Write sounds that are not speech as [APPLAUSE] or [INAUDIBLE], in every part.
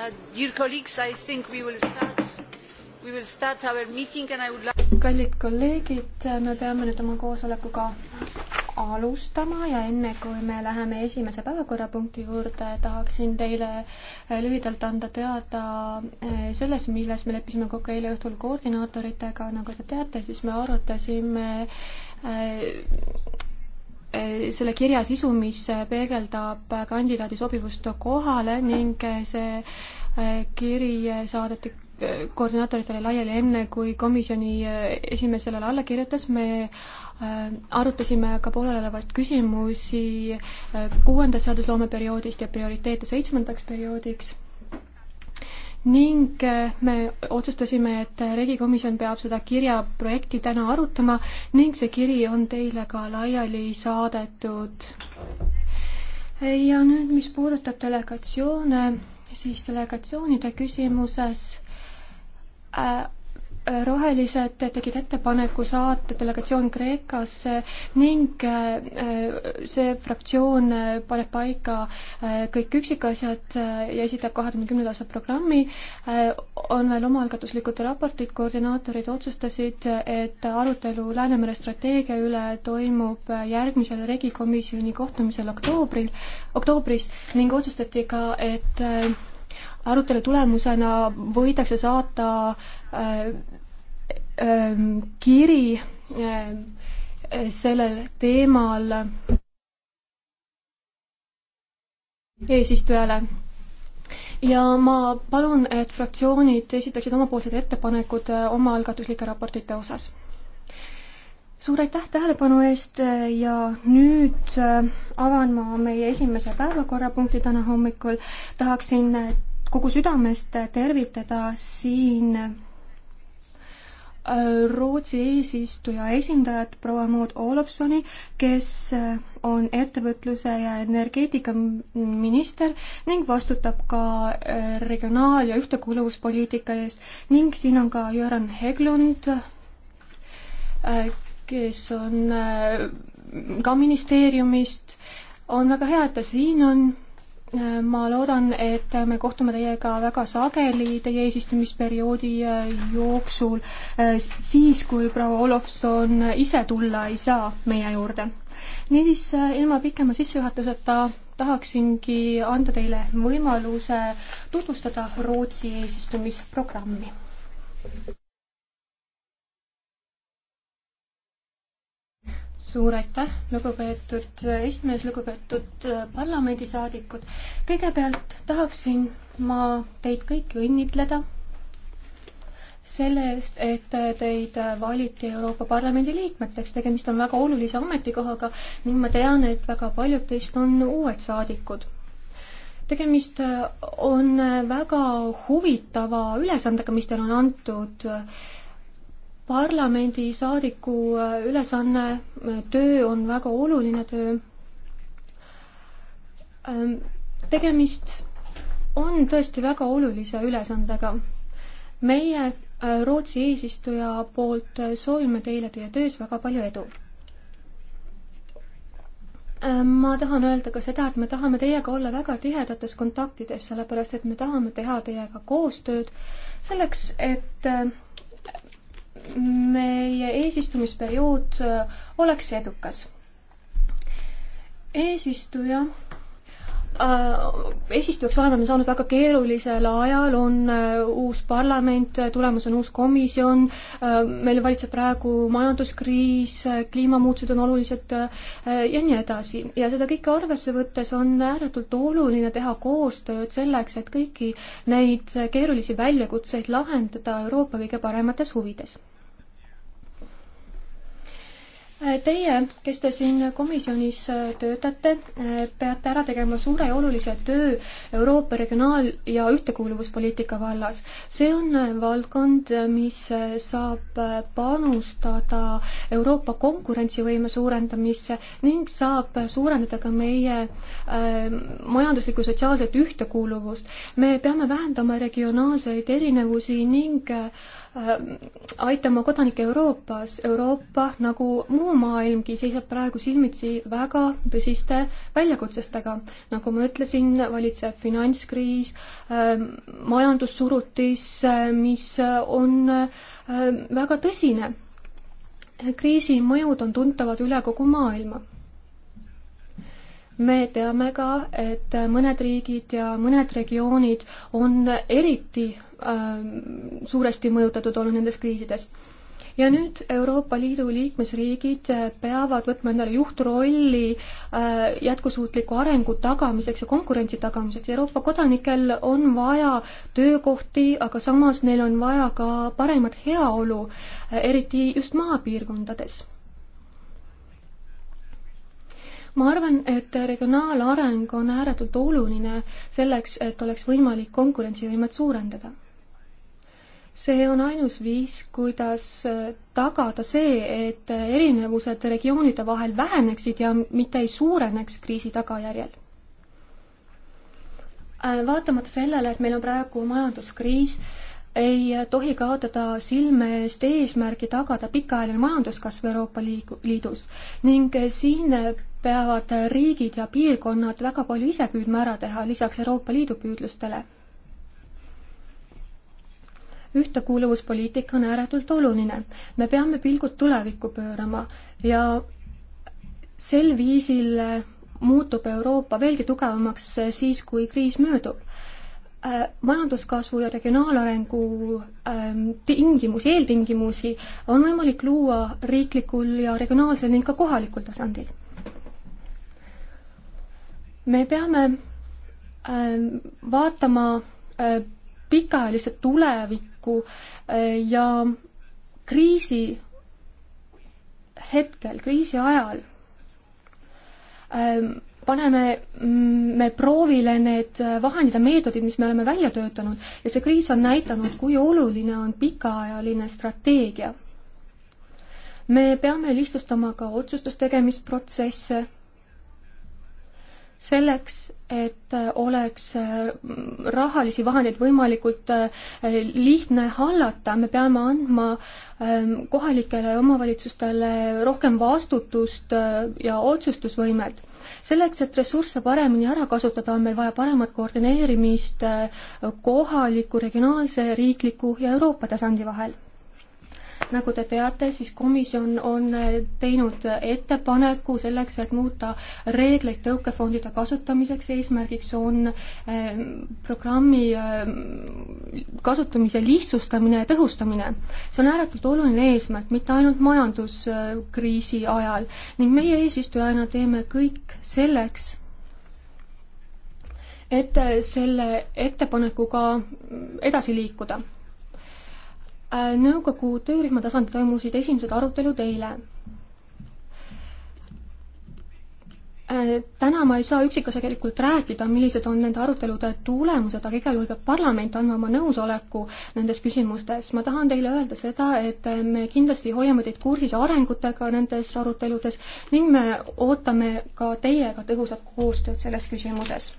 Uh, kallid kolleegid, me peame nüüd oma koosolekuga alustama ja enne, kui me läheme esimese päevakorrapunkti juurde, tahaksin teile eh, lühidalt anda teada eh, sellest, milles me leppisime kokku eile õhtul koordinaatoritega, nagu te teate, siis me arutasime eh, Eh, selle kirja sisu, mis eh, peegeldab eh, kandidaadi sobivust kohale ning see kiri saadeti koordinaatoritele laiali enne, kui komisjoni esimees sellele alla kirjutas, me arutasime ka pooleliolevaid küsimusi kuuendast seadusloomeperioodist ja prioriteete seitsmendaks perioodiks ning eh, me otsustasime, et regikomisjon peab seda kirjaprojekti täna arutama ning see kiri on teile ka laiali saadetud. ja nüüd, mis puudutab delegatsioone, siis delegatsioonide küsimuses äh, rohelised tegid ettepaneku saata delegatsioon Kreekasse ning äh, see fraktsioon äh, paneb paika äh, kõik üksikasjad ja esitab kahekümne kümnenda aasta programmi. on veel omaalgatuslikud raportid, koordinaatorid otsustasid, et arutelu Läänemere strateegia üle toimub järgmisel regikomisjoni kohtumisel oktoobril, oktoobris ning otsustati ka, et arutelu tulemusena võidakse saata äh, äh, kiri äh, sellel teemal eesistujale ja ma palun, et fraktsioonid esitaksid omapoolsed ettepanekud äh, omaalgatuslike raportite osas suur aitäh tähelepanu eest äh, ja nüüd äh, avan ma meie esimese päevakorrapunkti täna hommikul. tahaksin äh, kogu südamest tervitada siin Rootsi eesistuja esindajat proua Maud Olofsoni, kes on ettevõtluse ja energeetikaminister ning vastutab ka regionaal- ja ühtekuuluvuspoliitika eest ning siin on ka Jüran Heglund, kes on äh, ka ministeeriumist, on väga hea, et ta siin on. Äh, ma loodan, et me kohtume teiega väga sageli teie eesistumisperioodi äh, jooksul, siis kui proua Olofson ise tulla ei saa meie juurde. niisiis, ilma pikema sissejuhatuseta tahaksingi anda teile võimaluse tutvustada Rootsi eesistumisprogrammi. suur aitäh, lugupeetud esimees, lugupeetud parlamendisaadikud. kõigepealt tahaksin ma teid kõiki õnnitleda selle eest, et teid valiti Euroopa Parlamendi liikmeteks, tegemist on väga olulise ametikohaga ning ma tean, et väga paljud teist on uued saadikud. tegemist on väga huvitava ülesandega, mis teile on antud äh, parlamendisaadiku äh, ülesanne, äh, töö on väga oluline töö. Ähm, tegemist on tõesti väga olulise ülesandega. meie äh, Rootsi eesistuja poolt soovime teile teie töös väga palju edu. Ähm, ma tahan öelda ka seda, et me tahame teiega olla väga tihedates kontaktides, sellepärast et me tahame teha teiega koostööd selleks, et meie eesistumisperiood äh, oleks edukas. eesistuja äh, esistujaks oleme me saanud väga keerulisel ajal, on äh, uus parlament, tulemas on uus komisjon, meil valitseb praegu majanduskriis, kliimamuutused on olulised ja nii edasi. ja seda kõike arvesse võttes on ääretult oluline teha koostööd selleks, et kõiki neid keerulisi väljakutseid lahendada Euroopa kõige paremates huvides Äh, teie, kes te siin komisjonis äh, töötate, äh, peate ära tegema suure ja olulise töö Euroopa regionaal- ja ühtekuuluvuspoliitika vallas. see on valdkond, mis saab panustada Euroopa konkurentsivõime suurendamisse ning saab suurendada ka meie majanduslikku, sotsiaalset ühtekuuluvust. me peame vähendama regionaalseid erinevusi ning äh, Ähm, aitama kodanikke Euroopas. Euroopa nagu muu maailmgi seisab praegu silmitsi väga tõsiste väljakutsetega. nagu ma ütlesin, valitseb finantskriis, ähm, majandussurutis, äh, mis on äh, väga tõsine. kriisi mõjud on tuntavad üle kogu maailma me teame ka, et mõned riigid ja mõned regioonid on eriti äh, suuresti mõjutatud olnud nendest kriisidest. ja nüüd Euroopa Liidu liikmesriigid peavad võtma endale juhtrolli äh, jätkusuutliku arengu tagamiseks ja konkurentsi tagamiseks. Euroopa kodanikel on vaja töökohti, aga samas neil on vaja ka paremat heaolu, äh, eriti just maapiirkondades ma arvan, et regionaalareng on ääretult oluline selleks, et oleks võimalik konkurentsivõimet suurendada. see on ainus viis, kuidas tagada see, et erinevused regioonide vahel väheneksid ja mitte ei suureneks kriisi tagajärjel vaatamata sellele, et meil on praegu majanduskriis, ei tohi kaotada silme eest eesmärgi tagada pikaajaline majanduskasv Euroopa Liidus ning siin peavad riigid ja piirkonnad väga palju ise püüdma ära teha, lisaks Euroopa Liidu püüdlustele. ühtekuuluvuspoliitika on ääretult oluline. me peame pilgud tulevikku pöörama ja sel viisil muutub Euroopa veelgi tugevamaks siis, kui kriis möödub Äh, majanduskasvu ja regionaalarengu ähm, tingimusi, eeltingimusi on võimalik luua riiklikul ja regionaalsel ning ka kohalikul tasandil. me peame ähm, vaatama äh, pikaajalisse tulevikku äh, ja kriisi hetkel, kriisi ajal ähm, paneme mm, me proovile need äh, vahendid ja meetodid, mis me oleme välja töötanud ja see kriis on näidanud, kui oluline on pikaajaline strateegia. me peame lihtsustama ka otsustustegemisprotsesse selleks, et äh, oleks äh, rahalisi vahendeid võimalikult äh, lihtne hallata, me peame andma ähm, kohalikele omavalitsustele rohkem vastutust ja otsustusvõimet. selleks, et ressursse paremini ära kasutada, on meil vaja paremat koordineerimist kohaliku, regionaalse, riikliku ja Euroopa tasandi vahel nagu te teate, siis komisjon on teinud ettepaneku selleks, et muuta reegleid tõukefondide kasutamiseks, eesmärgiks on ehm, programmi ehm, kasutamise lihtsustamine ja tõhustamine. see on ääretult oluline eesmärk, mitte ainult majanduskriisi ajal ning meie eesistujana teeme kõik selleks, et selle ettepanekuga edasi liikuda Äh, nõukogu töörühma tasandil toimusid esimesed arutelud eile. Äh, täna ma ei saa üksikasjalikult rääkida, millised on nende arutelude tulemused, aga igal juhul peab parlament andma oma nõusoleku nendes küsimustes. ma tahan teile öelda seda, et me kindlasti hoiame teid kursis arengutega nendes aruteludes ning me ootame ka teiega tõhusat koostööd selles küsimuses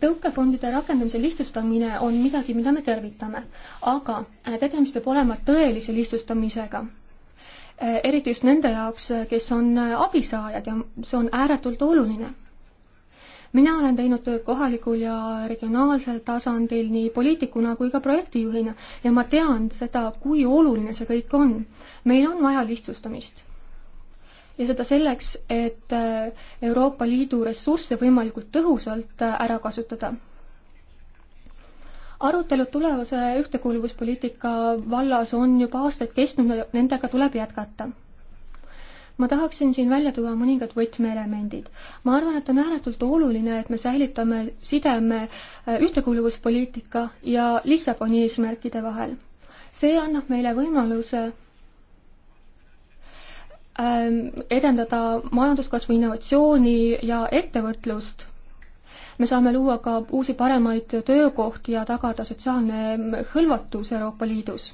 tõukefondide rakendamise lihtsustamine on midagi, mida me tervitame, aga äh, tegemist peab olema tõelise lihtsustamisega. Äh, eriti just nende jaoks, äh, kes on abisaajad ja see on ääretult oluline. mina olen teinud tööd kohalikul ja regionaalsel tasandil nii poliitikuna kui ka projektijuhina ja ma tean seda, kui oluline see kõik on. meil on vaja lihtsustamist ja seda selleks, et äh, Euroopa Liidu ressursse võimalikult tõhusalt äh, ära kasutada. arutelud tulevase ühtekuuluvuspoliitika vallas on juba aastaid kestnud, nendega tuleb jätkata ma tahaksin siin välja tuua mõningad võtmeelemendid. ma arvan, et on ääretult oluline, et me säilitame sideme äh, ühtekuuluvuspoliitika ja Lissaboni eesmärkide vahel. see annab meile võimaluse Ähm, edendada majanduskasvu, innovatsiooni ja ettevõtlust. me saame luua ka uusi paremaid töökohti ja tagada sotsiaalne hõlvatus Euroopa Liidus.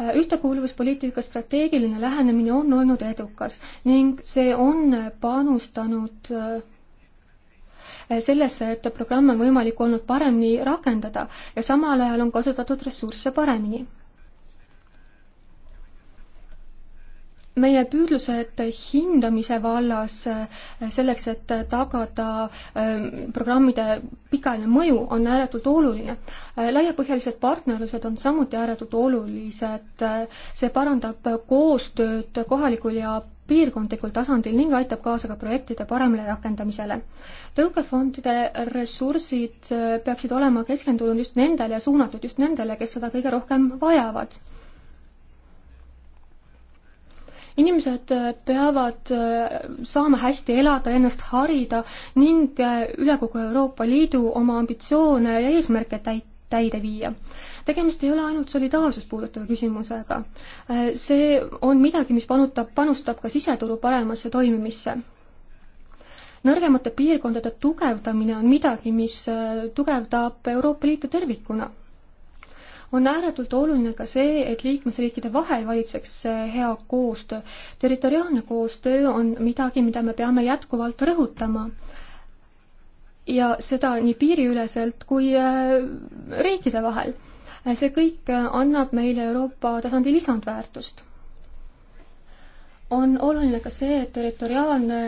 Äh, ühtekuuluvuspoliitika strateegiline lähenemine on olnud edukas ning see on panustanud äh, sellesse, et programme on võimalik olnud paremini rakendada ja samal ajal on kasutatud ressursse paremini meie püüdlused hindamise vallas eh, selleks, et tagada eh, programmide pikaajaline mõju, on ääretult oluline. Eh, laiapõhjalised partnerlused on samuti ääretult olulised, see parandab koostööd kohalikul ja piirkondlikul tasandil ning aitab kaasa ka projektide paremale rakendamisele. tõukefondide ressursid peaksid olema keskendunud just nendele ja suunatud just nendele, kes seda kõige rohkem vajavad inimesed äh, peavad äh, saama hästi elada, ennast harida ning äh, üle kogu Euroopa Liidu oma ambitsioone ja eesmärke täita täide viia. tegemist ei ole ainult solidaarsust puudutava küsimusega. see on midagi, mis panutab, panustab ka siseturu paremasse toimimisse. nõrgemate piirkondade tugevdamine on midagi, mis tugevdab Euroopa Liitu tervikuna on ääretult oluline ka see, et liikmesriikide vahel valitseks hea koostöö. territoriaalne koostöö on midagi, mida me peame jätkuvalt rõhutama. ja seda nii piiriüleselt kui äh, riikide vahel. Äh, see kõik äh, annab meile Euroopa tasandi lisandväärtust on oluline ka see, et territoriaalne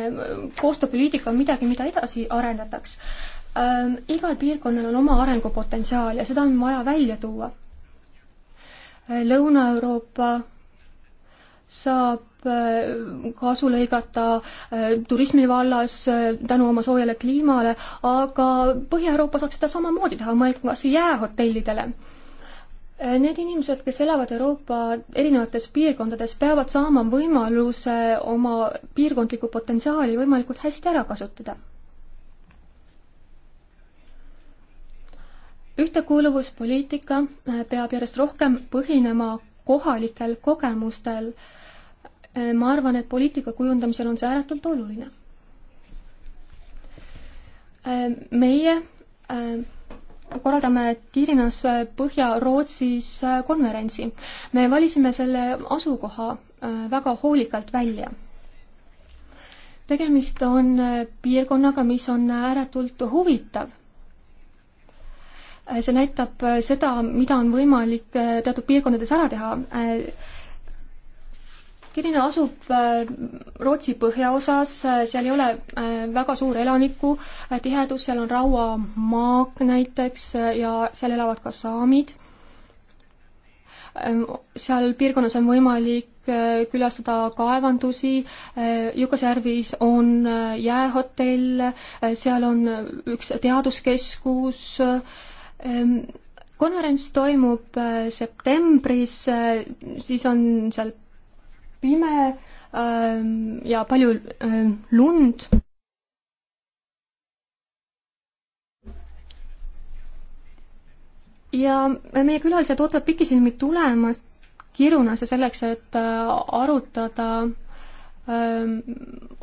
koostööpoliitika on midagi, mida edasi arendataks ähm,. igal piirkonnal on oma arengupotentsiaal ja seda on vaja välja tuua Äh, Lõuna-Euroopa saab äh, kasu lõigata äh, turismi vallas tänu oma soojale kliimale, aga Põhja-Euroopa saaks seda samamoodi teha, mõelge kas või jäähotellidele. Need inimesed, kes elavad Euroopa erinevates piirkondades, peavad saama võimaluse oma piirkondlikku potentsiaali võimalikult hästi ära kasutada ühtekuuluvuspoliitika äh, peab järjest rohkem põhinema kohalikel kogemustel. Äh, ma arvan, et poliitika kujundamisel on see ääretult oluline. Äh, meie korraldame Kirinas Põhja-Rootsis konverentsi. me valisime selle asukoha väga hoolikalt välja. tegemist on piirkonnaga, mis on ääretult huvitav Äh, see näitab äh, seda, mida on võimalik äh, teatud piirkondades ära teha. Kirina asub Rootsi põhjaosas, seal ei ole väga suur elaniku tihedus, seal on rauamaak näiteks ja seal elavad ka saamid. seal piirkonnas on võimalik külastada kaevandusi, Jukasjärvis on jäähotell, seal on üks teaduskeskus, Ehm, konverents toimub äh, septembris, äh, siis on seal pime ähm, ja palju ähm, lund. ja meie külalised ootavad pikisilmi tulemas Kirunasse selleks, et äh, arutada ähm,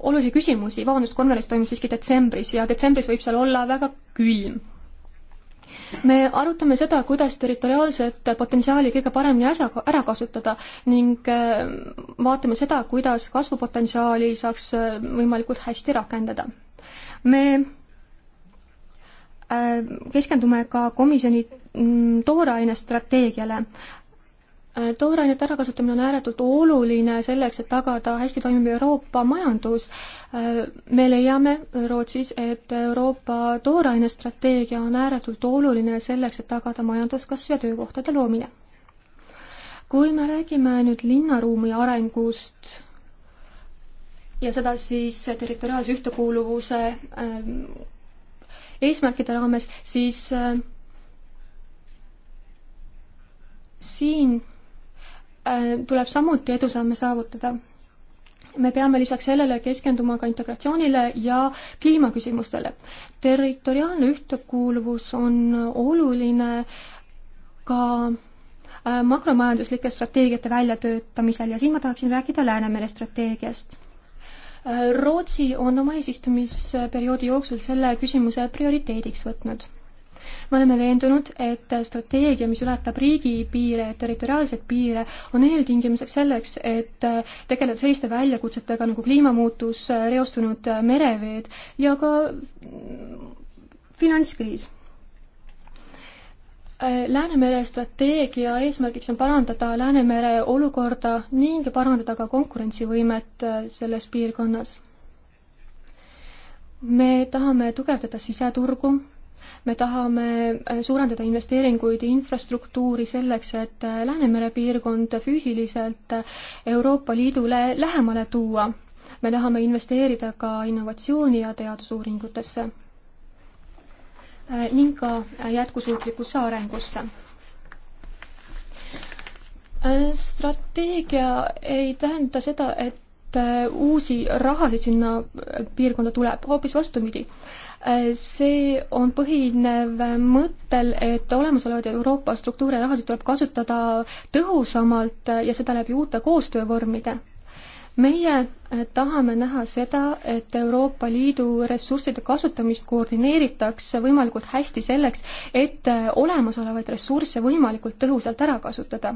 olulisi küsimusi, vabandust, konverents toimub siiski detsembris ja detsembris võib seal olla väga külm me arutame seda, kuidas territoriaalset potentsiaali kõige paremini äsa, ära kasutada ning äh, vaatame seda, kuidas kasvupotentsiaali saaks äh, võimalikult hästi rakendada. me äh, keskendume ka komisjoni mm, tooraine strateegiale. Äh, toorainete ärakasutamine on ääretult oluline selleks, et tagada hästi toimiv Euroopa majandus. Äh, me leiame Rootsis, et Euroopa toorainestrateegia on ääretult oluline selleks, et tagada majanduskasv ja töökohtade loomine. kui me räägime nüüd linnaruumi arengust ja seda siis territoriaalse ühtekuuluvuse äh, eesmärkide raames, siis siin Äh, tuleb samuti edusamme saavutada. me peame lisaks sellele keskenduma ka integratsioonile ja kliimaküsimustele. territoriaalne ühtekuuluvus on oluline ka äh, makromajanduslike strateegiate väljatöötamisel ja siin ma tahaksin rääkida Läänemere strateegiast. Äh, Rootsi on oma eesistumisperioodi jooksul selle küsimuse prioriteediks võtnud me oleme veendunud, et strateegia, mis ületab riigipiire, territoriaalseid piire, on eeltingimuseks selleks, et tegeleda selliste väljakutsetega nagu kliimamuutus, reostunud mereveed ja ka finantskriis Läänemere strateegia eesmärgiks on parandada Läänemere olukorda ning parandada ka konkurentsivõimet selles piirkonnas. me tahame tugevdada siseturgu me tahame äh, suurendada investeeringuid infrastruktuuri selleks, et äh, Läänemere piirkond füüsiliselt äh, Euroopa Liidule lähemale tuua. me tahame investeerida ka innovatsiooni ja teadusuuringutesse ning ka jätkusuutlikusse arengusse. strateegia ei tähenda seda, et et äh, uusi rahasid sinna piirkonda tuleb, hoopis vastupidi. Äh, see on põhinev mõttel, et olemasolevaid Euroopa struktuure ja rahasid tuleb kasutada tõhusamalt ja seda läbi uute koostöövormide meie äh, tahame näha seda, et Euroopa Liidu ressursside kasutamist koordineeritakse võimalikult hästi selleks, et olemasolevaid ressursse võimalikult tõhusalt ära kasutada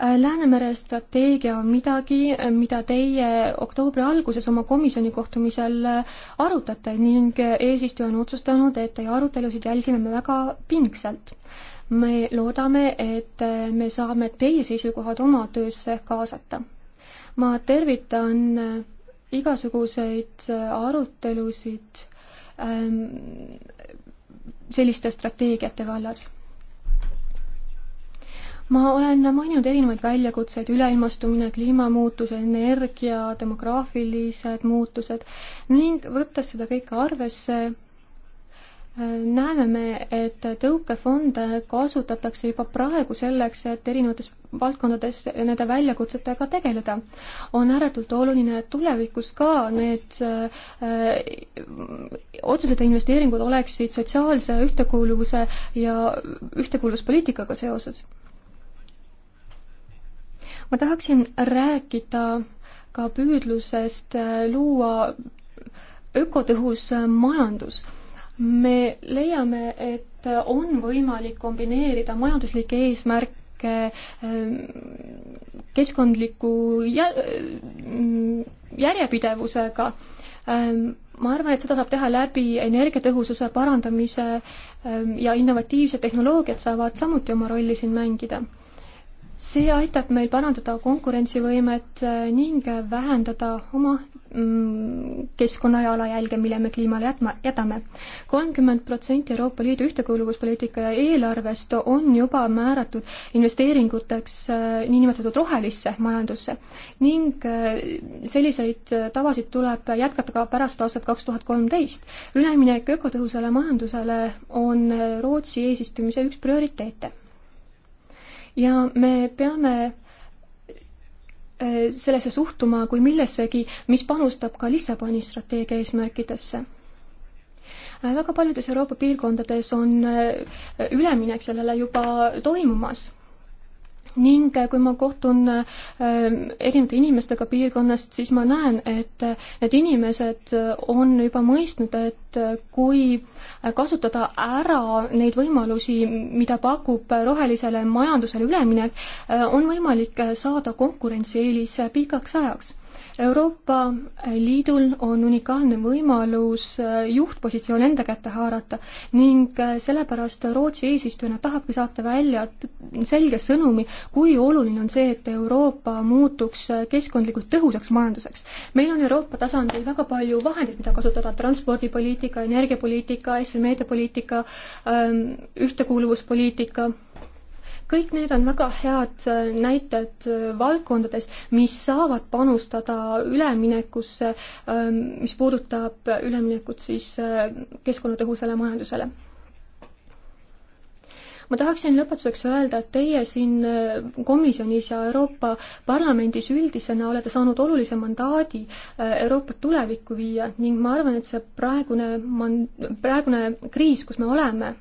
Äh, Läänemere strateegia on midagi, mida teie oktoobri alguses oma komisjoni kohtumisel äh, arutate ning äh, eesistuja on otsustanud, et teie arutelusid jälgime me väga pingsalt. me loodame, et me saame teie seisukohad oma töösse kaasata. ma tervitan igasuguseid arutelusid ähm, selliste strateegiate vallas ma olen maininud erinevaid väljakutseid, üleilmastumine, kliimamuutus, energia, demograafilised muutused ning võttes seda kõike arvesse, näeme me, et tõukefonde kasutatakse juba praegu selleks, et erinevates valdkondades nende väljakutsetega tegeleda. on ääretult oluline, et tulevikus ka need äh, otsused ja investeeringud oleksid sotsiaalse ühtekuuluvuse ja ühtekuuluvuspoliitikaga seoses ma tahaksin rääkida ka püüdlusest äh, luua ökotõhus äh, majandus. me leiame, et äh, on võimalik kombineerida majanduslikke eesmärke keskkondliku järjepidevusega. ma arvan, et seda saab teha läbi energiatõhususe parandamise ja innovatiivsed tehnoloogiad saavad samuti oma rolli siin mängida see aitab meil parandada konkurentsivõimet äh, ning äh, vähendada oma mm, keskkonna jalajälge, mille me kliimale jätma, jätame. kolmkümmend protsenti Euroopa Liidu ühtekuuluvuspoliitika eelarvest on juba määratud investeeringuteks äh, niinimetatud rohelisse majandusse ning selliseid tavasid tuleb jätkata ka pärast aastat kaks tuhat kolmteist. üleminek ökotõhusale majandusele on Rootsi eesistumise üks prioriteete ja me peame äh, sellesse suhtuma kui millessegi, mis panustab ka Lissaboni strateegia eesmärkidesse. Äh, väga paljudes Euroopa piirkondades on äh, üleminek sellele juba toimumas ning äh, kui ma kohtun äh, erinevate inimestega piirkonnast, siis ma näen, et äh, need inimesed on juba mõistnud, et kui kasutada ära neid võimalusi, mida pakub rohelisele majandusele üleminek, on võimalik saada konkurentsieelis pikaks ajaks Euroopa Liidul on unikaalne võimalus äh, juhtpositsioon enda kätte haarata ning äh, sellepärast Rootsi eesistujana tahabki saata välja selge sõnumi, kui oluline on see, et Euroopa muutuks äh, keskkondlikult tõhusaks majanduseks. meil on Euroopa tasandil väga palju vahendeid, mida kasutada, transpordipoliitika, energiapoliitika, SME-de poliitika, ähm, ühtekuuluvuspoliitika kõik need on väga head äh, näited äh, valdkondadest, mis saavad panustada üleminekusse, ähm, mis puudutab üleminekut siis äh, keskkonnatõhusale majandusele. ma tahaksin lõpetuseks öelda, et teie siin komisjonis ja Euroopa Parlamendis üldisena olete saanud olulise mandaadi Euroopat tulevikku viia ning ma arvan, et see praegune man-, praegune kriis, kus me oleme,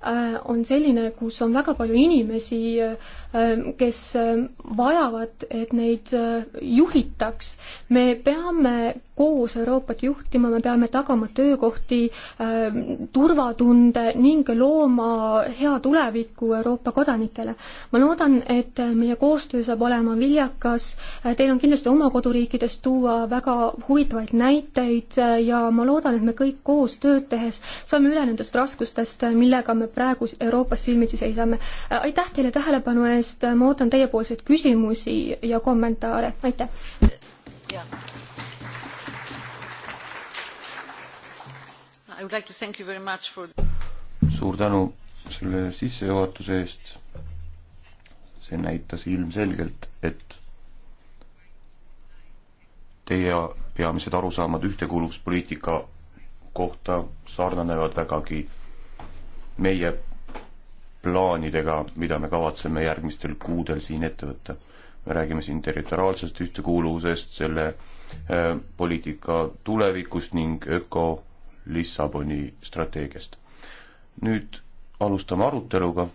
Äh, on selline, kus on väga palju inimesi, äh, kes äh, vajavad, et neid juhitaks. me peame koos Euroopat juhtima, me peame tagama töökohti, turvatunde ning looma hea tuleviku Euroopa kodanikele. ma loodan, et meie koostöö saab olema viljakas, teil on kindlasti oma koduriikides tuua väga huvitavaid näiteid ja ma loodan, et me kõik koos tööd tehes saame üle nendest raskustest, millega me praegu Euroopas silmitsi seisame. aitäh teile tähelepanu eest, ma ootan teiepoolseid küsimusi ja kommentaare, aitäh! Like for... suur tänu selle sissejuhatuse eest, see näitas ilmselgelt, et teie peamised arusaamad ühtekuuluvuspoliitika kohta sarnanevad vägagi meie plaanidega, mida me kavatseme järgmistel kuudel siin ette võtta. me räägime siin territoriaalsest ühtekuuluvusest, selle äh, poliitika tulevikust ning öko Lissaboni strateegiast. nüüd alustame aruteluga.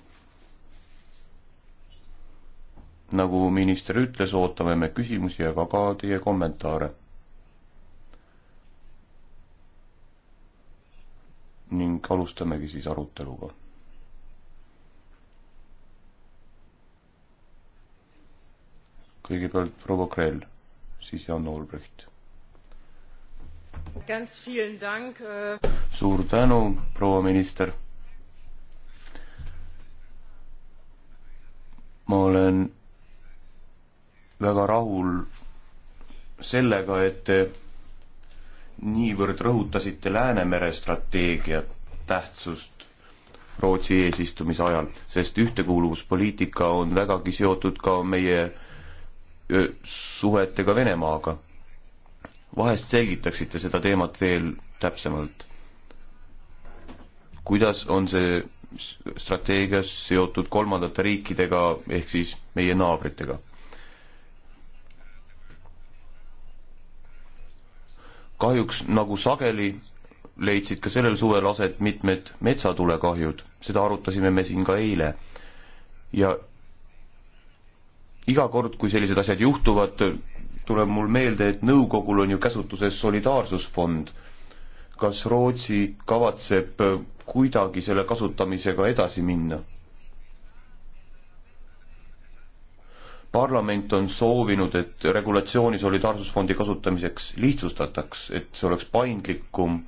nagu minister ütles, ootame me küsimusi, aga ka teie kommentaare ning alustamegi siis aruteluga. kõigepealt proua Krell, siis Jan Olbricht. Äh. suur tänu, proua minister. ma olen väga rahul sellega, et te niivõrd rõhutasite Läänemere strateegia tähtsust Rootsi eesistumise ajal, sest ühtekuuluvuspoliitika on vägagi seotud ka meie suhetega Venemaaga. vahest selgitaksite seda teemat veel täpsemalt? kuidas on see strateegias seotud kolmandate riikidega ehk siis meie naabritega? kahjuks nagu sageli leidsid ka sellel suvel aset mitmed metsatulekahjud, seda arutasime me siin ka eile. ja iga kord, kui sellised asjad juhtuvad, tuleb mul meelde, et nõukogul on ju käsutuses solidaarsusfond. kas Rootsi kavatseb kuidagi selle kasutamisega edasi minna? parlament on soovinud, et regulatsiooni solidaarsusfondi kasutamiseks lihtsustataks, et see oleks paindlikum,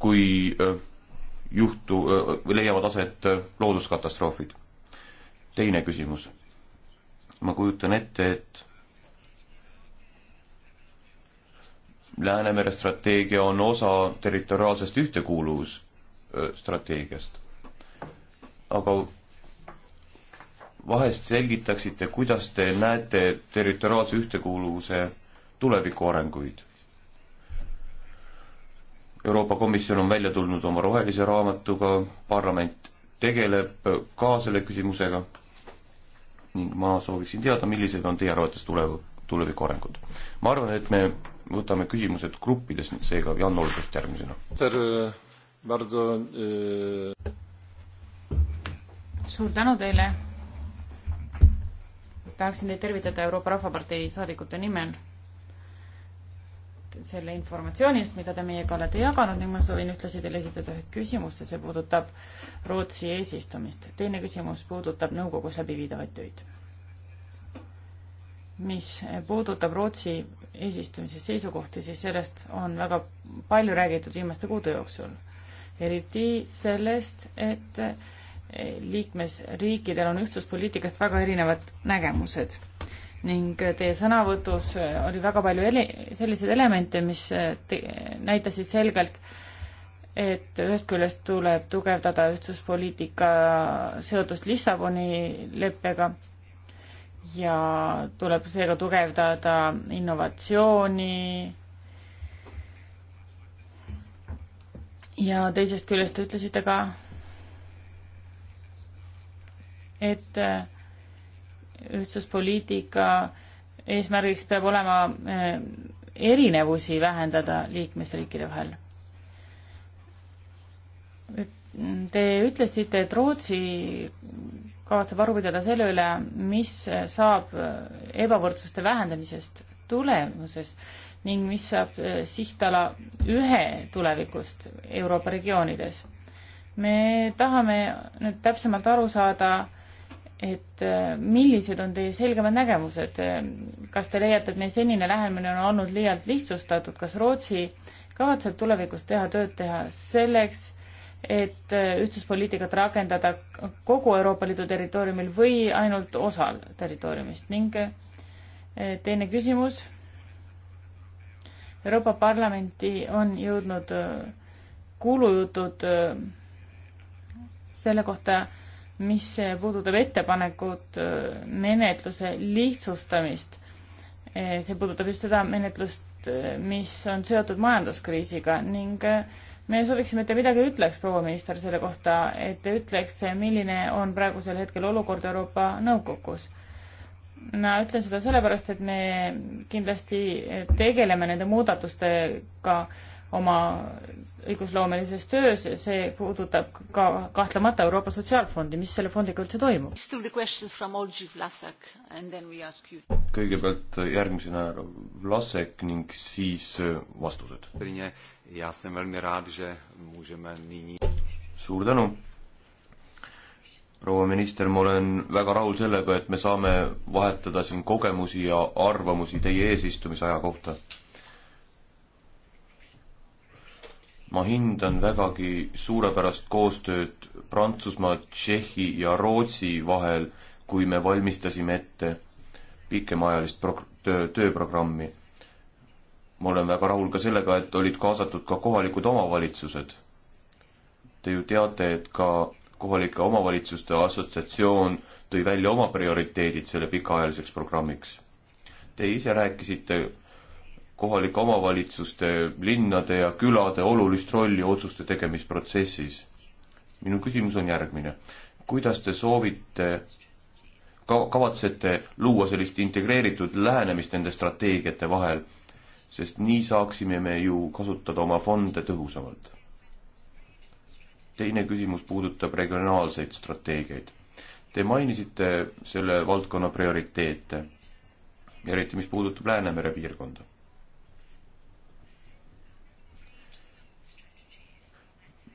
kui juhtu, leiavad aset looduskatastroofid. teine küsimus. ma kujutan ette, et Läänemere strateegia on osa territoriaalsest ühtekuuluvusstrateegiast. aga vahest selgitaksite, kuidas te näete territoriaalse ühtekuuluvuse tuleviku arenguid? Euroopa Komisjon on välja tulnud oma rohelise raamatuga, parlament tegeleb ka selle küsimusega ning ma sooviksin teada, millised on teie arvates tulev, tuleviku arengud. ma arvan, et me võtame küsimused gruppides, seega Jan Olbrecht järgmisena. E- suur tänu teile tahaksin teid tervitada Euroopa Rahvapartei saadikute nimel selle informatsiooni eest, mida te meiega olete jaganud ning ma soovin ühtlasi teile esitada ühe küsimuse, see puudutab Rootsi eesistumist. teine küsimus puudutab nõukogus läbiviidavaid töid. mis puudutab Rootsi eesistumise seisukohti, siis sellest on väga palju räägitud viimaste kuude jooksul. eriti sellest, et liikmesriikidel on ühtsuspoliitikast väga erinevad nägemused ning teie sõnavõtus oli väga palju ele-, selliseid elemente, mis te-, näitasid selgelt, et ühest küljest tuleb tugevdada ühtsuspoliitika seotust Lissaboni leppega ja tuleb seega tugevdada innovatsiooni ja teisest küljest te ütlesite ka, et äh, ühtsuspoliitika eesmärgiks peab olema äh, erinevusi vähendada liikmesriikide vahel. Mm, te ütlesite, et Rootsi kavatseb aru pidada selle üle, mis saab äh, ebavõrdsuste vähendamisest tulemuses ning mis saab sihtala ühe tulevikust Euroopa regioonides. me tahame nüüd täpsemalt aru saada äh, et äh, millised on teie selgemad nägemused, kas te leiate, et meie senine lähenemine on olnud liialt lihtsustatud, kas Rootsi kavatseb tulevikus teha tööd teha selleks, et äh, ühtsuspoliitikat rakendada kogu Euroopa Liidu territooriumil või ainult osal territooriumist ning äh, teine küsimus. Euroopa Parlamenti on jõudnud kuulujutud selle kohta, mis puudutab ettepanekut äh, menetluse lihtsustamist. Äh, see puudutab just seda menetlust, äh, mis on seotud majanduskriisiga ning me sooviksime, et te midagi ütleks, proua minister, selle kohta, et te ütleks, milline on praegusel hetkel olukord Euroopa Nõukogus. ma ütlen seda sellepärast, et me kindlasti tegeleme nende muudatustega oma õigusloomelises töös, see puudutab ka kahtlemata Euroopa Sotsiaalfondi, mis selle fondiga üldse toimub? kõigepealt äh, järgmisena Vlasek ning siis äh, vastused. suur tänu! proua minister, ma olen väga rahul sellega, et me saame vahetada siin kogemusi ja arvamusi teie eesistumisaja kohta ma hindan vägagi suurepärast koostööd Prantsusmaa, Tšehhi ja Rootsi vahel, kui me valmistasime ette pikemaajalist prog-, töö, tööprogrammi. ma olen väga rahul ka sellega, et olid kaasatud ka kohalikud omavalitsused. Te ju teate, et ka kohalike omavalitsuste assotsiatsioon tõi välja oma prioriteedid selle pikaajaliseks programmiks. Te ise rääkisite kohalike omavalitsuste, linnade ja külade olulist rolli otsuste tegemisprotsessis. minu küsimus on järgmine. kuidas te soovite ka-, kavatsete luua sellist integreeritud lähenemist nende strateegiate vahel, sest nii saaksime me ju kasutada oma fonde tõhusamalt. teine küsimus puudutab regionaalseid strateegiaid. Te mainisite selle valdkonna prioriteete, eriti mis puudutab Läänemere piirkonda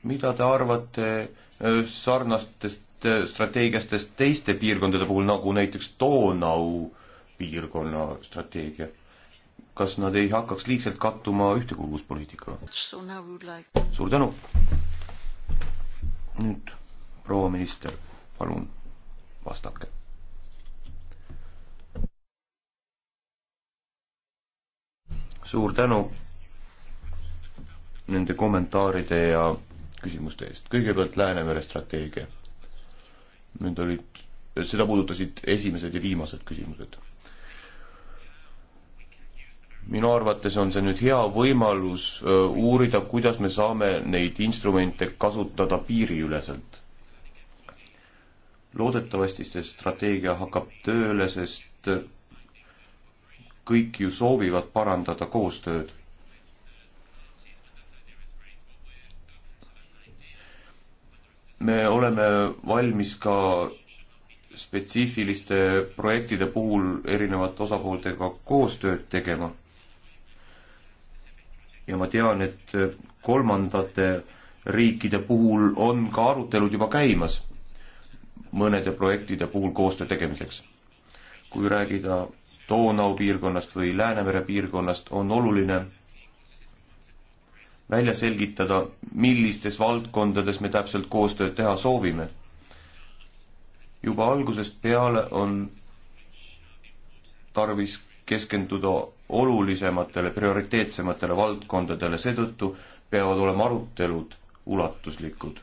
mida te arvate äh, sarnastest äh, strateegiastest teiste piirkondade puhul, nagu näiteks Donau piirkonna strateegia? kas nad ei hakkaks liigselt kattuma ühtekuuluvuspoliitikaga? suur tänu! nüüd proua minister, palun vastake. suur tänu nende kommentaaride ja küsimuste eest. kõigepealt Läänemere strateegia. Need olid, seda puudutasid esimesed ja viimased küsimused. minu arvates on see nüüd hea võimalus äh, uurida, kuidas me saame neid instrumente kasutada piiriüleselt. loodetavasti see strateegia hakkab tööle, sest äh, kõik ju soovivad parandada koostööd me oleme valmis ka spetsiifiliste projektide puhul erinevate osapooltega koostööd tegema. ja ma tean, et kolmandate riikide puhul on ka arutelud juba käimas mõnede projektide puhul koostöö tegemiseks. kui räägida Donau piirkonnast või Läänemere piirkonnast, on oluline välja selgitada, millistes valdkondades me täpselt koostööd teha soovime. juba algusest peale on tarvis keskenduda olulisematele, prioriteetsematele valdkondadele, seetõttu peavad olema arutelud ulatuslikud.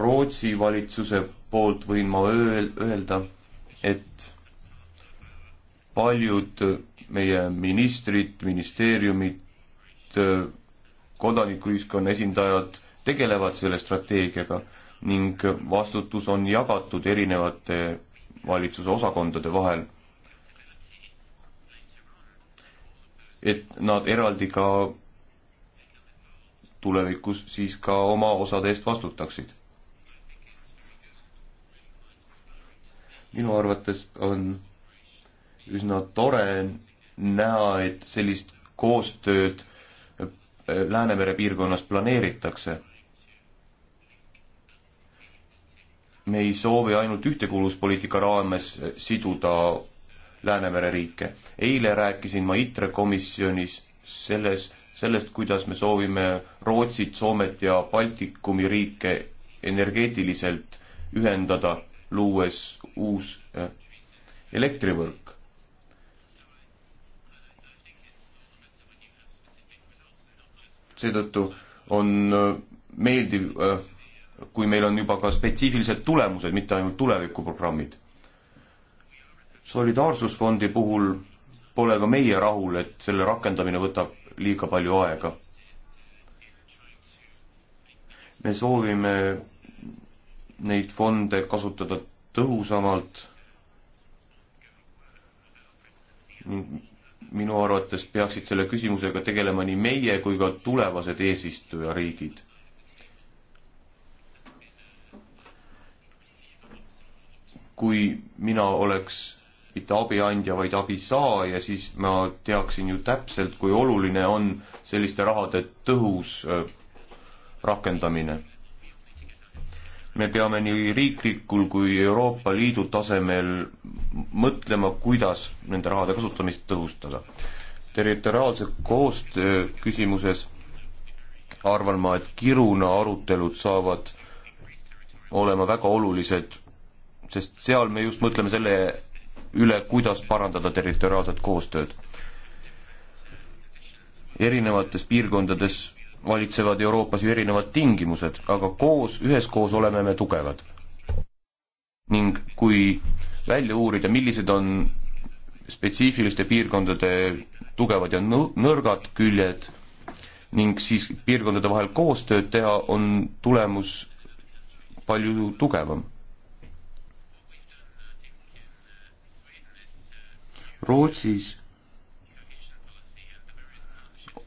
Rootsi valitsuse poolt võin ma öel-, öelda, et paljud meie ministrid, ministeeriumid, äh, kodanikuühiskonna esindajad tegelevad selle strateegiaga ning vastutus on jagatud erinevate valitsuse osakondade vahel. et nad eraldi ka tulevikus siis ka oma osade eest vastutaksid. minu arvates on üsna tore näha, et sellist koostööd äh, Läänemere piirkonnas planeeritakse. me ei soovi ainult ühtekuuluvuspoliitika raames äh, siduda Läänemere riike. eile rääkisin ma ITRE komisjonis selles, sellest, kuidas me soovime Rootsit, Soomet ja Baltikumi riike energeetiliselt ühendada, luues uus äh, elektrivõrk. seetõttu on äh, meeldiv, äh, kui meil on juba ka spetsiifilised tulemused, mitte ainult tulevikuprogrammid. solidaarsusfondi puhul pole ka meie rahul, et selle rakendamine võtab liiga palju aega. me soovime neid fonde kasutada tõhusamalt ning minu arvates peaksid selle küsimusega tegelema nii meie kui ka tulevased eesistujariigid. kui mina oleks mitte abiandja, vaid abisaaja, siis ma teaksin ju täpselt, kui oluline on selliste rahade tõhus äh, rakendamine me peame nii riiklikul kui Euroopa Liidu tasemel mõtlema, kuidas nende rahade kasutamist tõhustada. territoriaalse koostöö küsimuses arvan ma, et Kiruna arutelud saavad olema väga olulised, sest seal me just mõtleme selle üle, kuidas parandada territoriaalset koostööd. erinevates piirkondades valitsevad Euroopas ju erinevad tingimused, aga koos, üheskoos oleme me tugevad. ning kui välja uurida, millised on spetsiifiliste piirkondade tugevad ja nõrgad küljed ning siis piirkondade vahel koostööd teha, on tulemus palju tugevam. Rootsis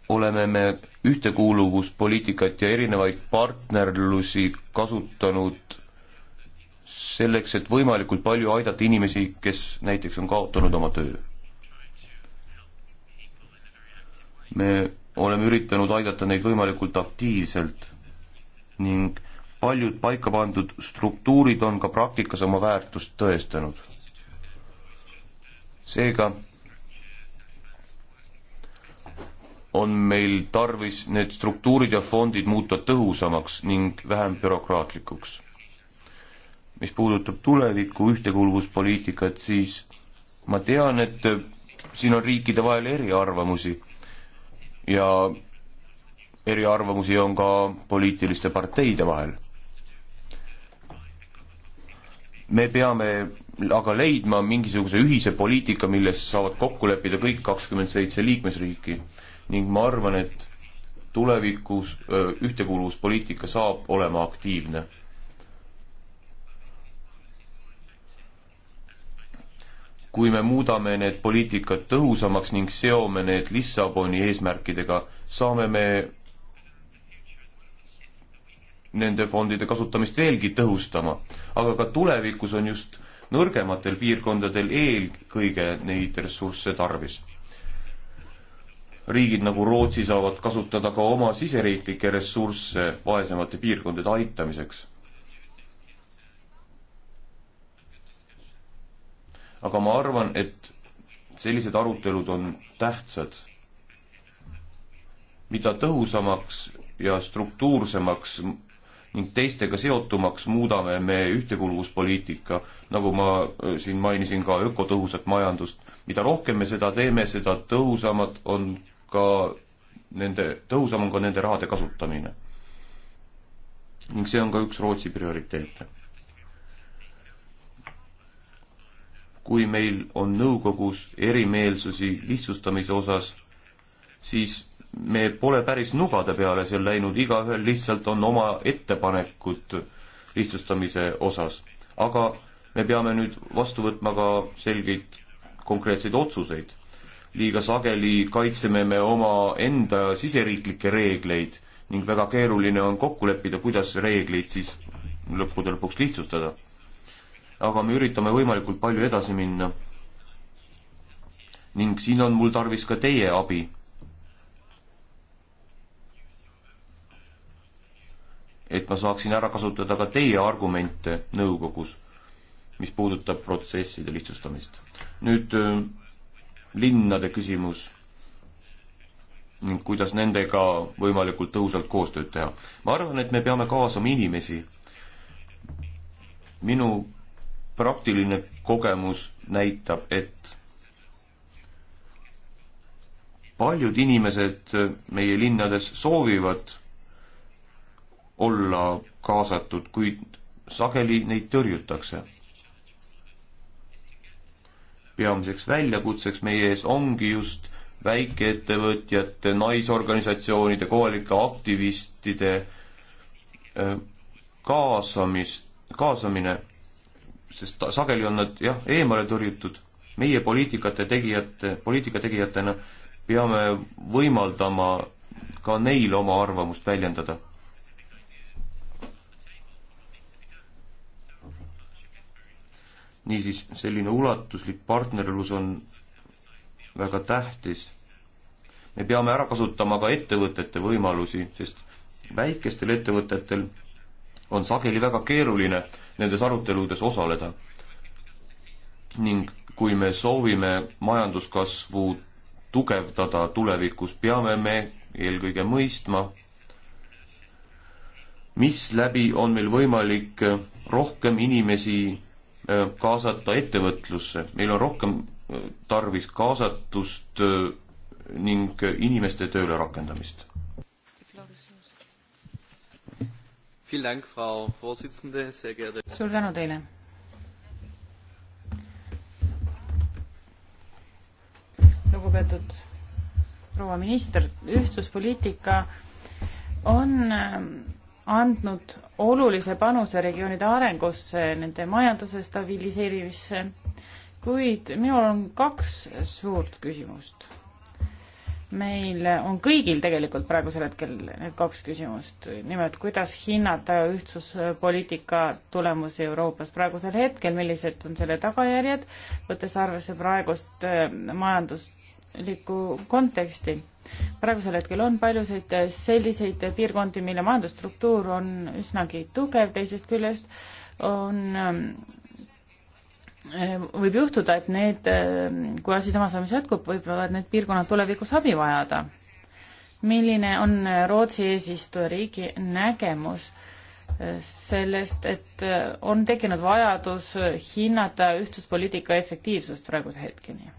oleme me ühtekuuluvuspoliitikat ja erinevaid partnerlusi kasutanud selleks, et võimalikult palju aidata inimesi, kes näiteks on kaotanud oma töö. me oleme üritanud aidata neid võimalikult aktiivselt ning paljud paika pandud struktuurid on ka praktikas oma väärtust tõestanud. seega on meil tarvis need struktuurid ja fondid muuta tõhusamaks ning vähem bürokraatlikuks. mis puudutab tuleviku ühtekuuluvuspoliitikat, siis ma tean, et siin on riikide vahel eriarvamusi ja eriarvamusi on ka poliitiliste parteide vahel. me peame aga leidma mingisuguse ühise poliitika, milles saavad kokku leppida kõik kakskümmend seitse liikmesriiki ning ma arvan, et tulevikus ühtekuuluvuspoliitika saab olema aktiivne. kui me muudame need poliitikad tõhusamaks ning seome need Lissaboni eesmärkidega, saame me nende fondide kasutamist veelgi tõhustama, aga ka tulevikus on just nõrgematel piirkondadel eelkõige neid ressursse tarvis riigid nagu Rootsi saavad kasutada ka oma siseriiklikke ressursse vaesemate piirkondade aitamiseks. aga ma arvan, et sellised arutelud on tähtsad. mida tõhusamaks ja struktuursemaks ning teistega seotumaks muudame me ühtekuuluvuspoliitika, nagu ma äh, siin mainisin ka ökotõhusat majandust, mida rohkem me seda teeme, seda tõhusamad on ka nende, tõhusam on ka nende rahade kasutamine. ning see on ka üks Rootsi prioriteete. kui meil on nõukogus erimeelsusi lihtsustamise osas, siis me pole päris nugade peale seal läinud, igaühel lihtsalt on oma ettepanekud lihtsustamise osas. aga me peame nüüd vastu võtma ka selgeid konkreetseid otsuseid liiga sageli kaitseme me omaenda siseriiklikke reegleid ning väga keeruline on kokku leppida, kuidas reegleid siis lõppude lõpuks lihtsustada. aga me üritame võimalikult palju edasi minna. ning siin on mul tarvis ka teie abi. et ma saaksin ära kasutada ka teie argumente nõukogus, mis puudutab protsesside lihtsustamist. nüüd linnade küsimus ning kuidas nendega võimalikult tõhusalt koostööd teha. ma arvan, et me peame kaasama inimesi. minu praktiline kogemus näitab, et paljud inimesed meie linnades soovivad olla kaasatud, kuid sageli neid tõrjutakse peamiseks väljakutseks meie ees ongi just väikeettevõtjate, naisorganisatsioonide, kohalike aktivistide kaasamis, kaasamine, sest sageli on nad jah, eemale tõrjutud. meie poliitikate tegijate, poliitika tegijatena peame võimaldama ka neil oma arvamust väljendada niisiis, selline ulatuslik partnerlus on väga tähtis. me peame ära kasutama ka ettevõtete võimalusi, sest väikestel ettevõtetel on sageli väga keeruline nendes aruteludes osaleda. ning kui me soovime majanduskasvu tugevdada tulevikus, peame me eelkõige mõistma, mis läbi on meil võimalik rohkem inimesi Äh, kaasata ettevõtlusse, meil on rohkem äh, tarvis kaasatust äh, ning inimeste tööle rakendamist. suur tänu teile. lugupeetud proua minister, ühtsuspoliitika on ähm, andnud olulise panuse regioonide arengusse, nende majanduse stabiliseerimisse, kuid minul on kaks suurt küsimust. meil on kõigil tegelikult praegusel hetkel need kaks küsimust, nimelt kuidas hinnata ühtsuspoliitika tulemusi Euroopas praegusel hetkel, millised on selle tagajärjed, võttes arvesse praegust äh, majanduslikku konteksti praegusel hetkel on paljusid eh, selliseid eh, piirkondi, mille majandusstruktuur on üsnagi tugev, teisest küljest on eh, võib juhtuda, et need, kui asi samas ajal jätkub, võivad need piirkonnad tulevikus abi vajada. milline on Rootsi eesistujariigi nägemus sellest, et on tekkinud vajadus hinnata ühtsuspoliitika efektiivsust praeguse hetkeni?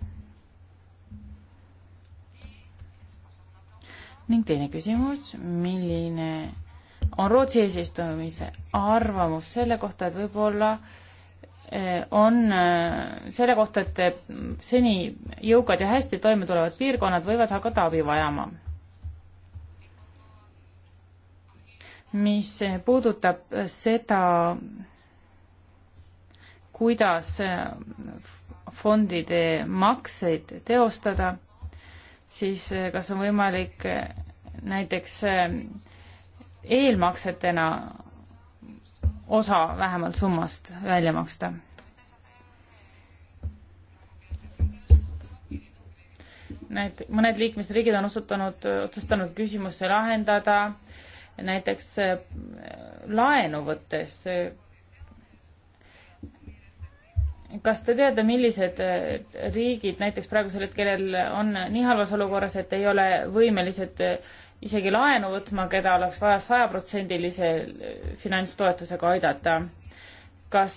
ning teine küsimus, milline on Rootsi eesistumise arvamus selle kohta, et võib-olla eh, on eh, selle kohta, et eh, seni jõukad ja hästi toime tulevad piirkonnad võivad hakata abi vajama. mis puudutab seda, kuidas fondide makseid teostada siis eh, kas on võimalik eh, näiteks eh, eelmaksetena osa vähemalt summast välja maksta? näit-, mõned liikmesriigid on osutanud, otsustanud küsimusse lahendada näiteks laenu võttes kas te teate, millised äh, riigid näiteks praegusel hetkel on nii halvas olukorras, et ei ole võimelised äh, isegi laenu võtma, keda oleks vaja sajaprotsendilise äh, finantstoetusega aidata? kas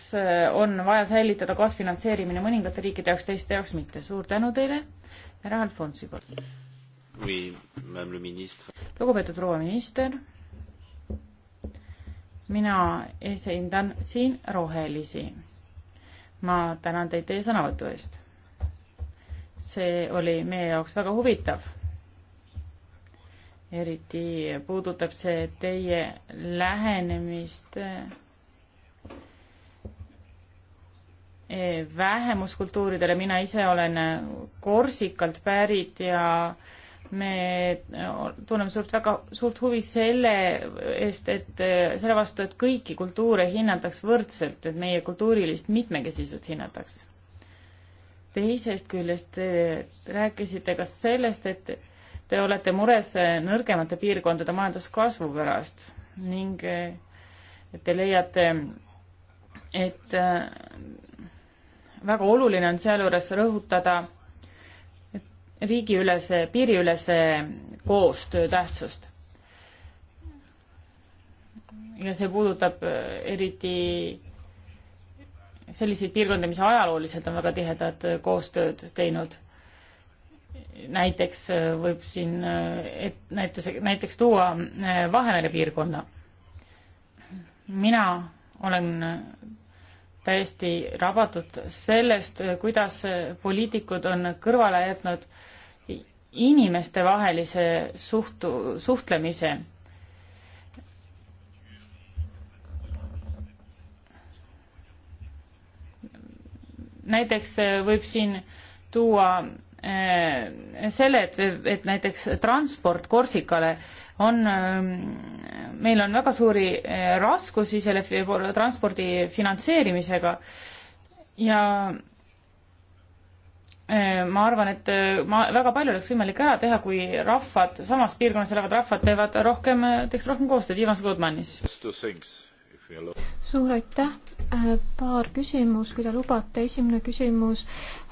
on vaja säilitada kaasfinantseerimine mõningate riikide jaoks, teiste jaoks mitte? suur tänu teile, härra Alfonsi poolt oui,. lugupeetud proua minister, mina esindan siin rohelisi ma tänan teid teie sõnavõtu eest. see oli meie jaoks väga huvitav. eriti puudutab see teie lähenemist eh, vähemuskultuuridele, mina ise olen Korsikalt pärit ja äh, me tunneme suurt, väga suurt huvi selle eest, et selle vastu, et kõiki kultuure hinnataks võrdselt, et meie kultuurilist mitmekesisust hinnataks. teisest küljest te rääkisite ka sellest, et te olete mures nõrgemate piirkondade majanduskasvu pärast ning te leiate, et väga oluline on sealjuures rõhutada riigiülese, piiriülese koostöö tähtsust. ja see puudutab äh, eriti selliseid piirkondi, mis ajalooliselt on väga tihedat äh, koostööd teinud. näiteks äh, võib siin et-, näituse, näiteks tuua Vahemere piirkonna. mina olen täiesti rabatud sellest, kuidas poliitikud on kõrvale jätnud inimestevahelise suhtu, suhtlemise. näiteks võib siin tuua eh, selle, et, et näiteks transport Korsikale äh, on, ähm, meil on väga suuri äh, raskusi selle transpordi finantseerimisega ja äh, ma arvan, et äh, ma, väga palju oleks võimalik ära teha, kui rahvad, samas piirkonnas elavad rahvad teevad rohkem, teeks rohkem koostööd, Ivan Skodmanis. suur aitäh, paar küsimust, kui te lubate, esimene küsimus.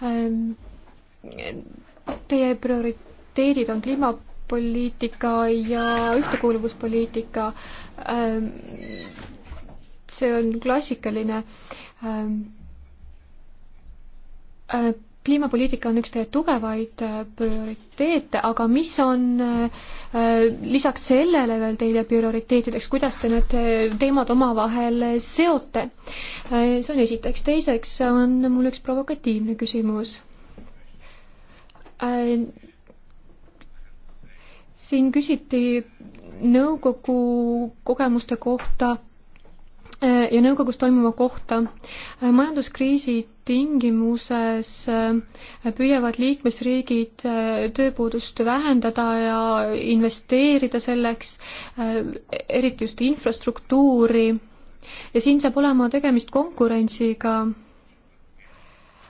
Ähm, teie prioriteedid on kliima naabruspoliitika ja ühtekuuluvuspoliitika. Ähm, see on klassikaline. Ähm, äh, kliimapoliitika on üks teie tugevaid äh, prioriteete, aga mis on äh, lisaks sellele veel teile prioriteetideks, kuidas te need teemad omavahel seote? see on esiteks, teiseks on mul üks provokatiivne küsimus siin küsiti nõukogu kogemuste kohta eh, ja nõukogus toimuva kohta. Eh, majanduskriisi tingimuses eh, püüavad liikmesriigid tööpuudust vähendada ja investeerida selleks, eriti just infrastruktuuri. ja siin saab olema tegemist konkurentsiga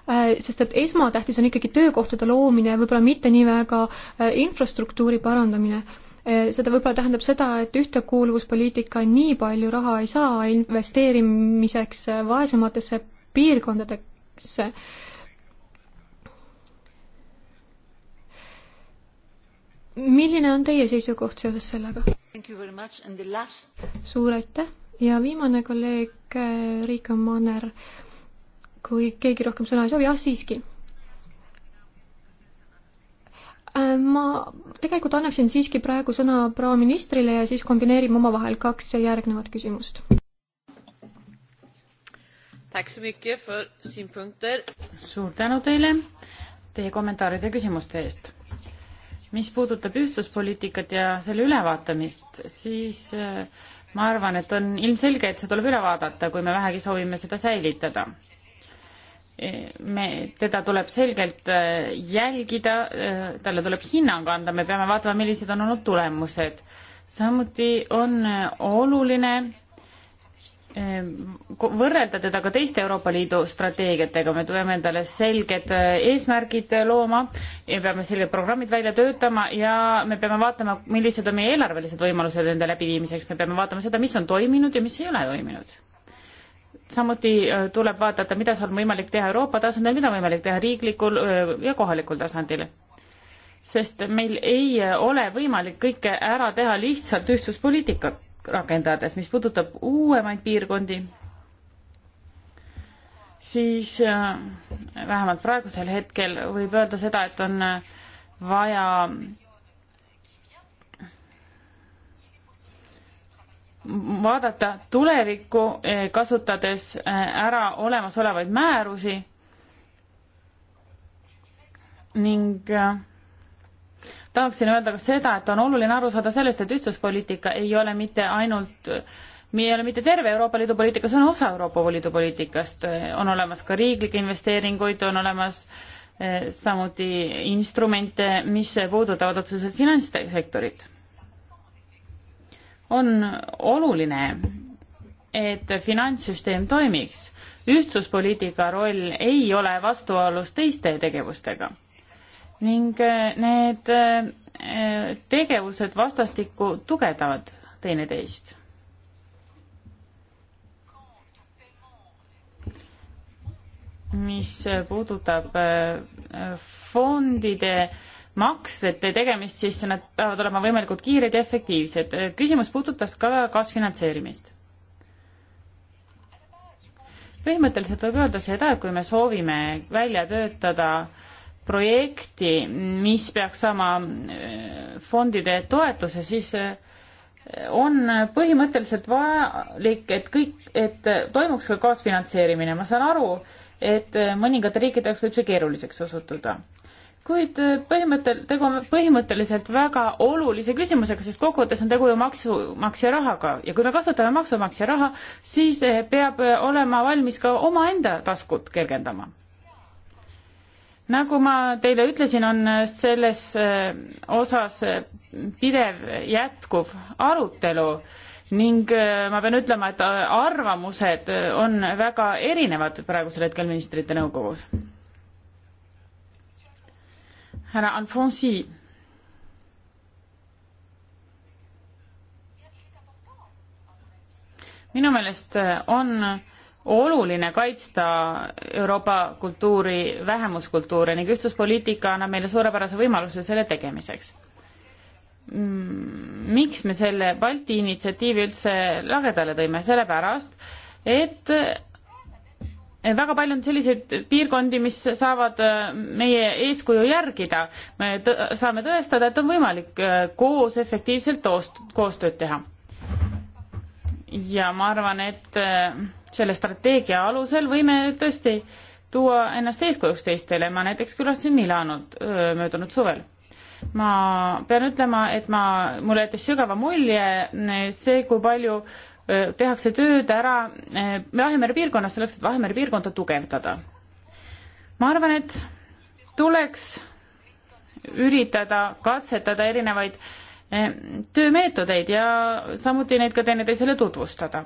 Äh, sest et esmatähtis on ikkagi töökohtade loomine, võib-olla mitte nii väga äh, infrastruktuuri parandamine. Äh, seda võib-olla tähendab seda, et ühtekuuluvuspoliitika nii palju raha ei saa investeerimiseks vaesematesse piirkondadesse milline on teie seisukoht seoses sellega? Last... suur aitäh ja viimane kolleeg Riika Manner kui keegi rohkem sõna ei soovi, ah siiski. Äh, ma tegelikult annaksin siiski praegu sõna proua ministrile ja siis kombineerime omavahel kaks järgnevat küsimust. suur tänu teile teie kommentaaride ja küsimuste eest. mis puudutab ühtsuspoliitikat ja selle ülevaatamist, siis äh, ma arvan, et on ilmselge, et see tuleb üle vaadata, kui me vähegi soovime seda säilitada me, teda tuleb selgelt äh, jälgida, äh, talle tuleb hinnang anda, me peame vaatama, millised on olnud tulemused. samuti on äh, oluline võrrelda teda ka teiste Euroopa Liidu strateegiatega, me peame endale selged eesmärgid looma ja peame selged programmid välja töötama ja me peame vaatama, millised on meie eelarvelised võimalused nende läbiviimiseks, me peame vaatama seda, mis on toiminud ja mis ei ole toiminud samuti äh, tuleb vaadata, mida seal on võimalik teha Euroopa tasandil, mida on võimalik teha riiklikul äh, ja kohalikul tasandil. sest meil ei äh, ole võimalik kõike ära teha lihtsalt ühtsuspoliitika rakendades, mis puudutab uuemaid piirkondi, siis vähemalt praegusel hetkel võib öelda seda, et on vaja vaadata tulevikku, eh, kasutades eh, ära olemasolevaid määrusi ning eh, tahaksin öelda ka seda, et on oluline aru saada sellest, et ühtsuspoliitika ei ole mitte ainult me ei ole mitte terve Euroopa Liidu poliitika, see on osa Euroopa Liidu poliitikast, on olemas ka riiklikke investeeringuid, on olemas samuti instrumente, mis puudutavad otseselt finantssektorit on oluline, et finantssüsteem toimiks. ühtsuspoliitika roll ei ole vastuolus teiste tegevustega ning äh, need äh, tegevused vastastikku tugevdavad teineteist. mis puudutab äh, fondide maksete tegemist, siis nad peavad olema võimalikult kiired ja efektiivsed. küsimus puudutas ka kaasfinantseerimist. põhimõtteliselt võib öelda seda, et kui me soovime välja töötada projekti, mis peaks saama äh, fondide toetuse, siis äh, on põhimõtteliselt vajalik, et kõik, et toimuks ka kaasfinantseerimine. ma saan aru, et äh, mõningate riikide jaoks võib see keeruliseks osutuda kuid äh, põhimõttel, tegu on põhimõtteliselt väga olulise küsimusega, sest kokkuvõttes on tegu ju maksumaksja rahaga ja kui me kasutame maksumaksja raha, siis äh, peab äh, olema valmis ka omaenda taskut kergendama. nagu ma teile ütlesin, on selles osas pidev jätkuv arutelu ning ma pean ütlema, et arvamused on väga erinevad praegusel hetkel ministrite nõukogus härra Alfonsi. minu meelest äh, on oluline kaitsta Euroopa kultuuri, vähemuskultuure ning ühtsuspoliitika annab meile suurepärase võimaluse selle tegemiseks. Mm, miks me selle Balti initsiatiivi üldse lagedale tõime, sellepärast et väga palju on selliseid piirkondi, mis saavad äh, meie eeskuju järgida. me tõ saame tõestada, et on võimalik äh, koos efektiivselt koostööd teha. ja ma arvan, et äh, selle strateegia alusel võime tõesti tuua ennast eeskujuks teistele. ma näiteks külastasin Milanot möödunud suvel. ma pean ütlema, et ma, mulle jättis sügava mulje see, kui palju tehakse tööd ära eh, Vahemere piirkonnas selleks, et Vahemere piirkonda tugevdada. ma arvan, et tuleks üritada katsetada erinevaid eh, töömeetodeid ja samuti neid ka teineteisele tutvustada.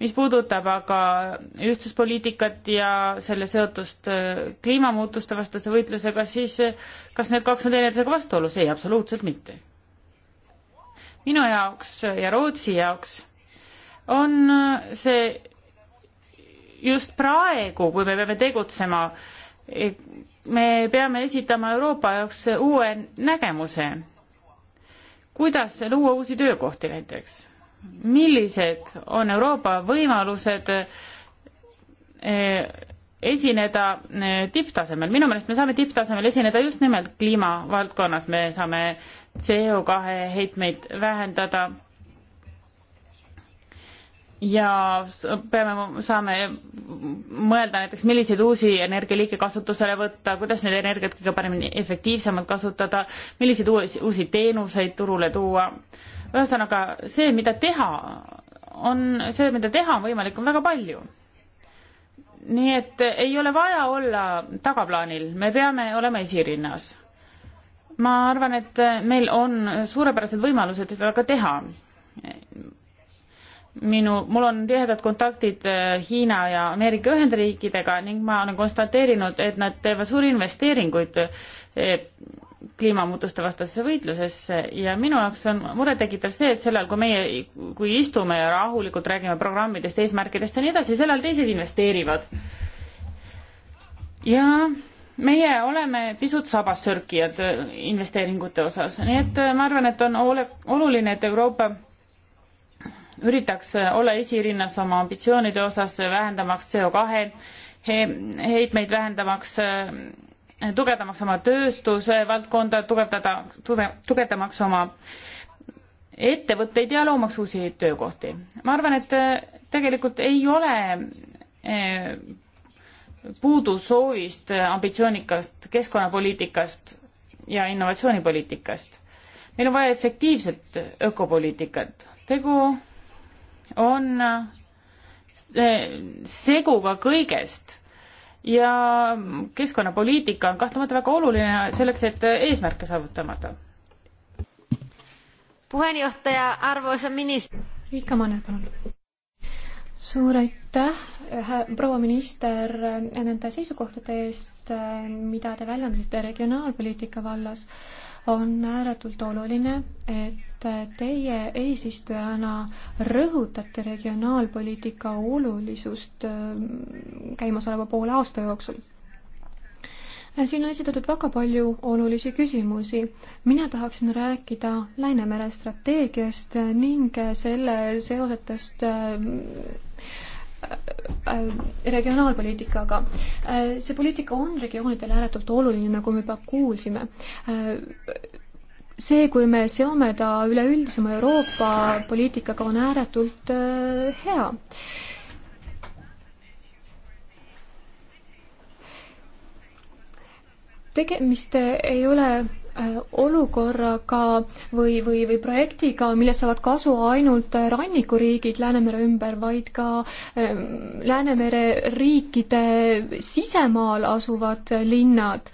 mis puudutab aga ühtsuspoliitikat ja selle seotust eh, kliimamuutuste vastase võitlusega, siis kas need kaks on teineteisega vastuolus? ei, absoluutselt mitte. minu jaoks ja Rootsi jaoks on äh, see just praegu, kui me peame tegutsema, e, me peame esitama Euroopa jaoks uue nägemuse. kuidas luua uusi töökohti näiteks? millised on Euroopa võimalused e, esineda e, tipptasemel, minu meelest me saame tipptasemel esineda just nimelt kliimavaldkonnas, me saame CO2 heitmeid vähendada ja peame, saame mõelda näiteks, milliseid uusi energialiike kasutusele võtta, kuidas neid energiat kõige paremini, efektiivsemalt kasutada, milliseid uusi, uusi teenuseid turule tuua. ühesõnaga, see, mida teha, on, see, mida teha on võimalik, on väga palju. nii et ei ole vaja olla tagaplaanil, me peame olema esirinnas. ma arvan, et meil on suurepärased võimalused seda ka teha minu, mul on tihedad kontaktid äh, Hiina ja Ameerika Ühendriikidega ning ma olen konstateerinud, et nad teevad suuri investeeringuid äh, kliimamuutuste vastasesse võitlusesse ja minu jaoks on muretekitav see, et sellal, kui meie, kui istume ja rahulikult räägime programmidest, eesmärkidest ja nii edasi, sellal teised investeerivad. ja meie oleme pisut sabassörkijad äh, investeeringute osas, nii et ma arvan, et on ole, oluline, et Euroopa üritaks olla esirinnas oma ambitsioonide osas, vähendamaks CO2 heitmeid, vähendamaks, tugevdamaks oma tööstuse valdkonda, tugevdada, tugevdamaks oma ettevõtteid ja loomaks uusi töökohti. ma arvan, et tegelikult ei ole e, puudu soovist ambitsioonikast keskkonnapoliitikast ja innovatsioonipoliitikast. meil on vaja efektiivset ökopoliitikat. tegu on eh, segu ka kõigest ja keskkonnapoliitika on kahtlemata väga oluline selleks, et eesmärke saavutamata. puheenjohtaja, arvoisa minister. Riika Manner, palun. suur aitäh, proua minister, nende seisukohtade eest, eh, mida te väljendasite regionaalpoliitika vallas on ääretult oluline, et teie eesistujana rõhutate regionaalpoliitika olulisust ähm, käimasoleva poole aasta jooksul. siin on esitatud väga palju olulisi küsimusi. mina tahaksin rääkida Läänemere strateegiast ning selle seosetest ähm, Äh, äh, regionaalpoliitikaga. Äh, see poliitika on regioonidele ääretult oluline, nagu me juba kuulsime. see, kui me seome ta üleüldisema Euroopa poliitikaga, on ääretult hea tegemist ei ole Äh, olukorraga või, või, või projektiga, millest saavad kasu ainult äh, rannikuriigid Läänemere ümber, vaid ka ähm, Läänemere riikide sisemaal asuvad äh, linnad.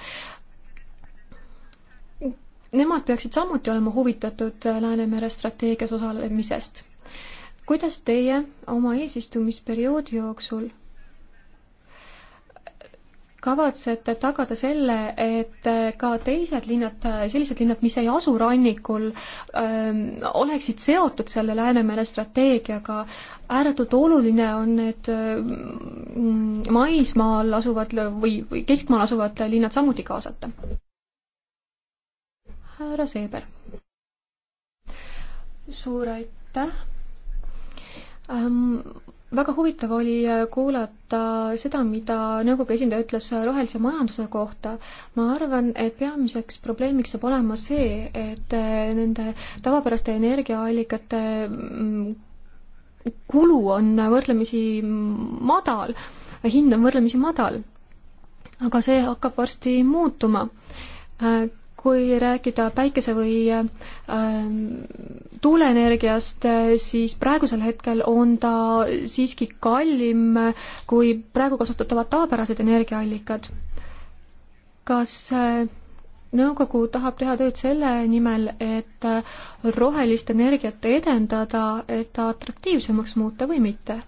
Nemad peaksid samuti olema huvitatud Läänemere strateegias osalemisest. kuidas teie oma eesistumisperioodi jooksul kavatsete tagada selle, et ka teised linnad, sellised linnad, mis ei asu rannikul, ähm, oleksid seotud selle Läänemere strateegiaga? ääretult oluline on need ähm, maismaal asuvad või, või keskmaal asuvad linnad samuti kaasata. härra Seeber. suur aitäh ähm, väga huvitav oli äh, kuulata seda, mida nõukogu esindaja ütles äh, rohelise majanduse kohta. ma arvan, et peamiseks probleemiks saab olema see, et äh, nende tavapäraste energiaallikate mm, kulu on võrdlemisi madal, hind on võrdlemisi madal. aga see hakkab varsti muutuma kui rääkida päikese või ähm, tuuleenergiast, siis praegusel hetkel on ta siiski kallim kui praegu kasutatavad tavapärased energiaallikad. kas äh, nõukogu tahab teha tööd selle nimel, et äh, rohelist energiat edendada, et ta atraktiivsemaks muuta või mitte?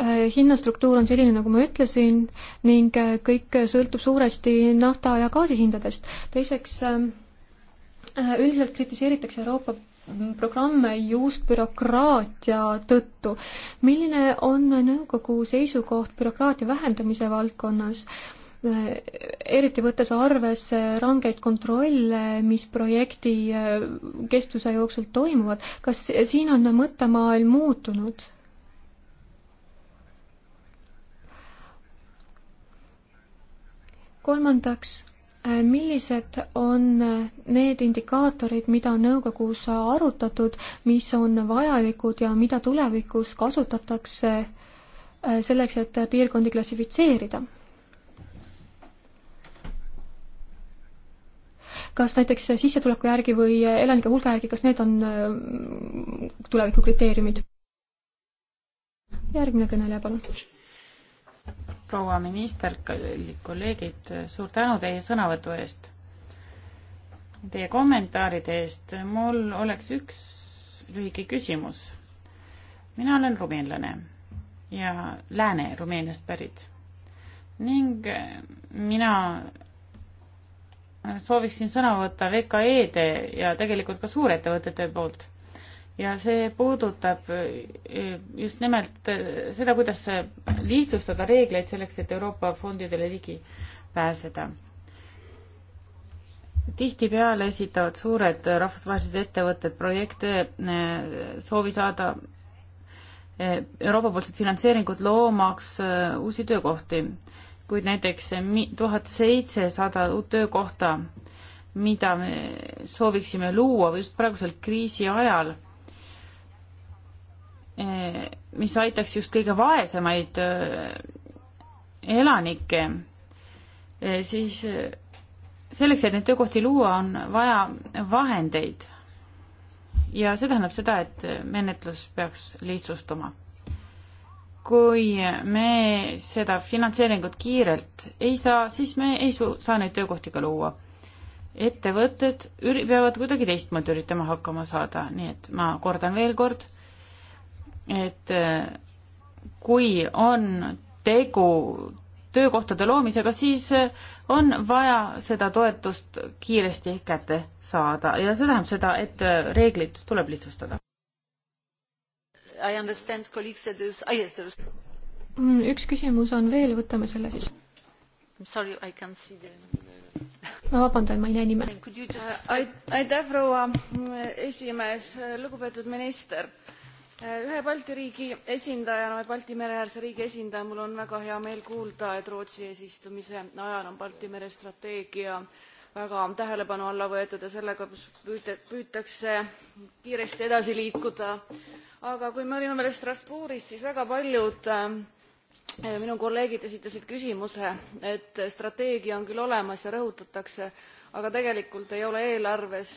Äh, hinnastruktuur on selline, nagu ma ütlesin, ning äh, kõik sõltub suuresti nafta ja gaasi hindadest. teiseks, ähm, äh, üldiselt kritiseeritakse Euroopa programme just bürokraatia tõttu. milline on nõukogu seisukoht bürokraatia vähendamise valdkonnas? eriti võttes arvesse rangeid kontrolle, mis projekti kestuse jooksul toimuvad, kas siin on mõttemaailm muutunud? kolmandaks, äh, millised on äh, need indikaatorid, mida nõukogus arutatud, mis on vajalikud ja mida tulevikus kasutatakse äh, selleks, et piirkondi klassifitseerida? kas näiteks sissetuleku järgi või elanike hulga järgi, kas need on tuleviku kriteeriumid? järgmine kõneleja, palun proua minister, kallid kolleegid, suur tänu teie sõnavõtu eest, teie kommentaaride eest. mul oleks üks lühike küsimus. mina olen rumeenlane ja Lääne-Rumeeniast pärit ning eh, mina sooviksin sõna võtta VKE-de ja tegelikult ka suurettevõtete poolt ja see puudutab eh, just nimelt eh, seda, kuidas lihtsustada reegleid selleks, et Euroopa fondidele ligi pääseda. tihtipeale esitavad suured rahvusvahelised ettevõtted projekte, eh, soovi saada Euroopa poolset finantseeringut loomaks uusi töökohti, kuid näiteks tuhat seitsesada uut töökohta mida me sooviksime luua just praegusel kriisi ajal, Eh, mis aitaks just kõige vaesemaid eh, elanikke, eh, siis selleks, et neid töökohti luua, on vaja vahendeid. ja see tähendab seda, et menetlus peaks lihtsustuma. kui me seda finantseeringut kiirelt ei saa, siis me ei su-, saa neid töökohti ka luua. ettevõtted üri-, peavad kuidagi teistmoodi üritama hakkama saada, nii et ma kordan veel kord et äh, kui on tegu töökohtade loomisega, siis äh, on vaja seda toetust kiiresti kätte saada ja see tähendab seda, et äh, reeglid tuleb lihtsustada. Ah, mm, üks küsimus on veel, võtame selle siis. Sorry, I can't see the ma vabandan, ma ei näe nime. aitäh, proua mm, esimees, lugupeetud minister Eh, ühe Balti riigi esindajana või Balti mereäärse riigi esindajana mul on väga hea meel kuulda, et Rootsi eesistumise ajal on Balti mere strateegia väga tähelepanu alla võetud ja sellega püütakse kiiresti edasi liikuda. aga kui me olime veel Strasbourgis, siis väga paljud eh, minu kolleegid esitasid küsimuse, et strateegia on küll olemas ja rõhutatakse, aga tegelikult ei ole eelarves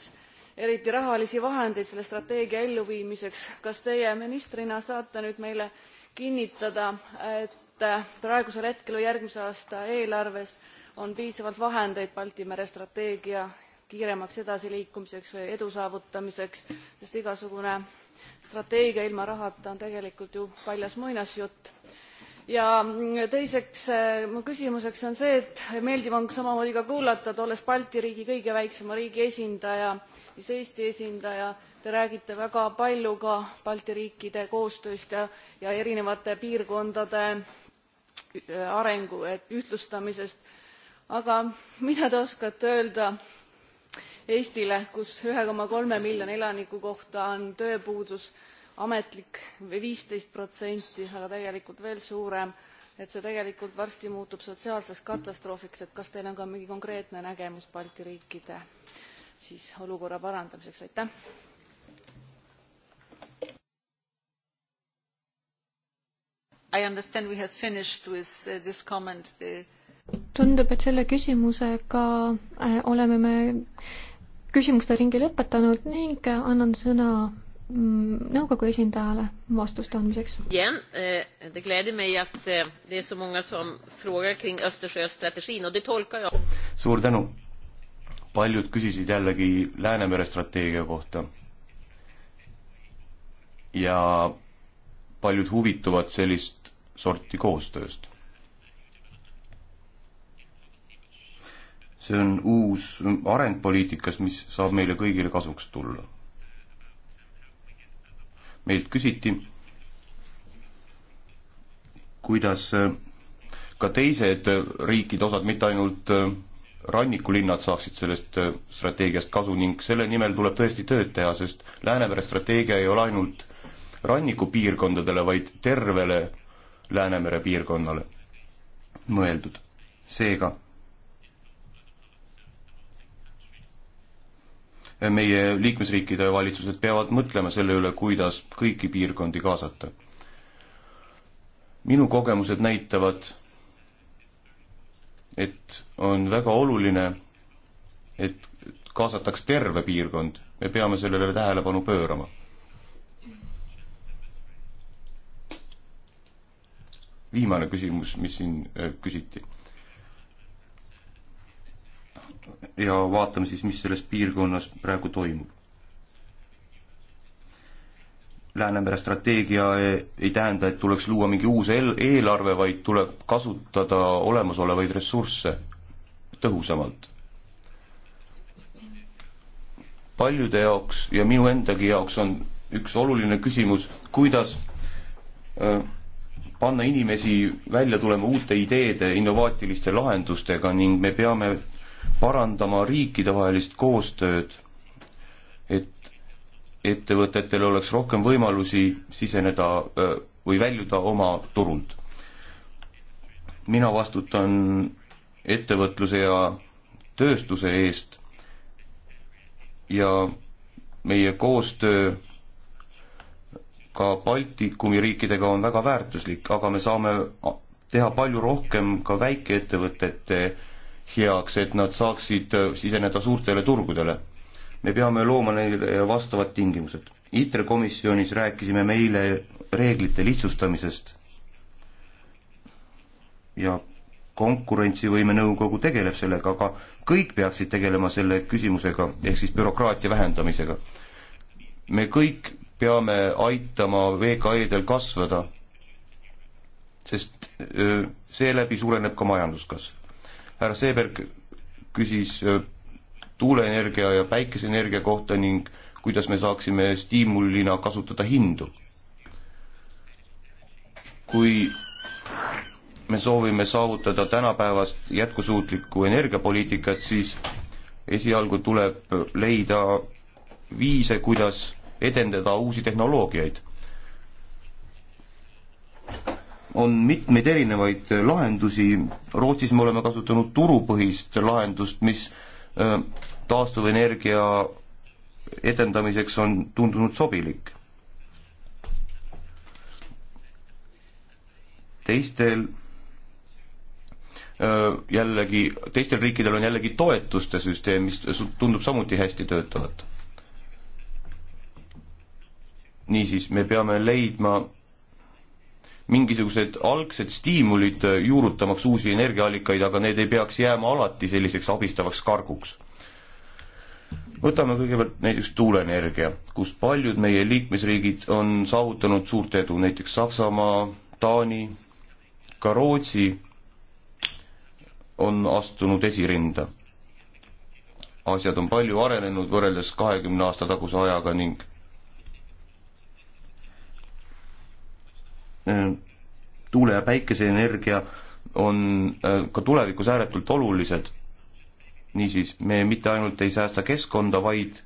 eriti rahalisi vahendeid selle strateegia elluviimiseks kas teie ministrina saate nüüd meile kinnitada et äh, praegusel hetkel või järgmise aasta eelarves on piisavalt vahendeid balti mere strateegia kiiremaks edasiliikumiseks või edu saavutamiseks sest igasugune strateegia ilma rahata on tegelikult ju paljas muinasjutt ja mm, teiseks äh, mu küsimuseks on see et meeldiv on samamoodi ka kuulata et olles balti riigi kõige väiksema riigi esindaja siis eesti esindaja te räägite väga palju ka balti riikide koostööst ja ja erinevate piirkondade äh, arengu ühtlustamisest aga mida te oskate öelda eestile kus ühe koma kolme miljoni elaniku kohta on tööpuudus ametlik viisteist protsenti aga tegelikult veel suurem et see tegelikult varsti muutub sotsiaalseks katastroofiks et kas teil on ka mingi konkreetne nägemus balti riikide siis olukorra parandamiseks aitäh I understand we have finished with uh, this comment the tundub, et selle küsimusega äh, oleme me küsimuste ringi lõpetanud ning annan sõna Mm, nõukogu esindajale vastuste andmiseks. Igen, eh, det gläder mig att eh, det är så många som frågar kring Östersjöstrategin och det tolkar jag. Suur tänu. Paljud küsisid jällegi Läänemere strateegia kohta. Ja paljud huvituvad sellist sorti koostööst. See on uus arendpoliitikas, mis saab meile kõigile kasuks tulla meilt küsiti, kuidas äh, ka teised äh, riikid, osad mitte ainult äh, rannikulinnad saaksid sellest strateegiast kasu ning selle nimel tuleb tõesti tööd teha, sest Läänemere strateegia ei ole ainult rannikupiirkondadele, vaid tervele Läänemere piirkonnale mõeldud. seega meie liikmesriikide valitsused peavad mõtlema selle üle, kuidas kõiki piirkondi kaasata. minu kogemused näitavad, et on väga oluline, et kaasataks terve piirkond, me peame sellele tähelepanu pöörama. viimane küsimus, mis siin äh, küsiti ja vaatame siis, mis selles piirkonnas praegu toimub. Läänemere strateegia ei tähenda, et tuleks luua mingi uus eel-, eelarve, vaid tuleb kasutada olemasolevaid ressursse tõhusamalt. paljude jaoks ja minu endagi jaoks on üks oluline küsimus, kuidas öö, panna inimesi välja tulema uute ideede, innovaatiliste lahendustega ning me peame parandama riikidevahelist koostööd, et ettevõtetel oleks rohkem võimalusi siseneda või väljuda oma turult. mina vastutan ettevõtluse ja tööstuse eest ja meie koostöö ka Baltikumi riikidega on väga väärtuslik, aga me saame teha palju rohkem ka väikeettevõtete heaks, et nad saaksid äh, siseneda suurtele turgudele. me peame looma neile vastavad tingimused. ITRE komisjonis rääkisime meile reeglite lihtsustamisest ja konkurentsivõime nõukogu tegeleb sellega, aga kõik peaksid tegelema selle küsimusega, ehk siis bürokraatia vähendamisega. me kõik peame aitama VKE-del kasvada, sest äh, seeläbi suureneb ka majanduskasv härra Seeberg küsis äh, tuuleenergia ja päikeseenergia kohta ning kuidas me saaksime stiimulina kasutada hindu. kui me soovime saavutada tänapäevast jätkusuutlikku energiapoliitikat, siis esialgu tuleb leida viise, kuidas edendada uusi tehnoloogiaid on mitmeid erinevaid lahendusi, Rootsis me oleme kasutanud turupõhist lahendust, mis äh, taastuvenergia edendamiseks on tundunud sobilik. teistel äh, jällegi, teistel riikidel on jällegi toetuste süsteem, mis tundub samuti hästi töötavat. niisiis, me peame leidma mingisugused algsed stiimulid äh, juurutamaks uusi energiaallikaid, aga need ei peaks jääma alati selliseks abistavaks karguks. võtame kõigepealt näiteks tuuleenergia, kus paljud meie liikmesriigid on saavutanud suurt edu, näiteks Saksamaa, Taani, ka Rootsi on astunud esirinda. asjad on palju arenenud võrreldes kahekümne aasta taguse ajaga ning Äh, tuule- ja päikeseenergia on äh, ka tulevikus ääretult olulised. niisiis, me mitte ainult ei säästa keskkonda, vaid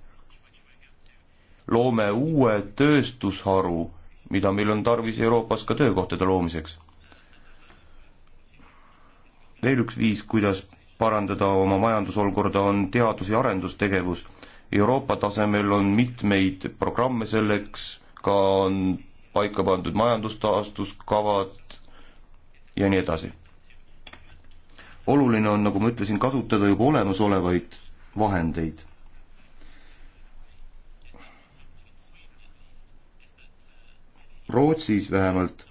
loome uue tööstusharu, mida meil on tarvis Euroopas ka töökohtade loomiseks. veel üks viis, kuidas parandada oma majandusolukorda, on teadus- ja arendustegevus. Euroopa tasemel on mitmeid programme selleks, ka on paika pandud majandustaastuskavad ja nii edasi. oluline on, nagu ma ütlesin, kasutada juba olemasolevaid vahendeid. Rootsis vähemalt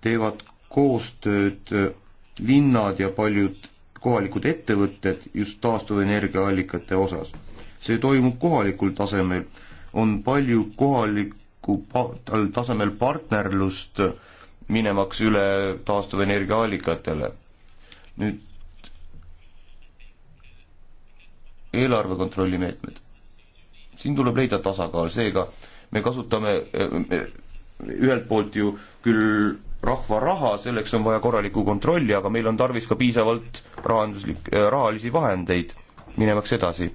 teevad koostööd äh, linnad ja paljud kohalikud ettevõtted just taastuvenergiaallikate osas see toimub kohalikul tasemel, on palju kohalikku pa-, tasemel partnerlust, minemaks üle taastuvenergia allikatele. nüüd eelarve kontrolli meetmed. siin tuleb leida tasakaal, seega me kasutame ühelt poolt ju küll rahva raha, selleks on vaja korralikku kontrolli, aga meil on tarvis ka piisavalt rahanduslik, rahalisi vahendeid minemaks edasi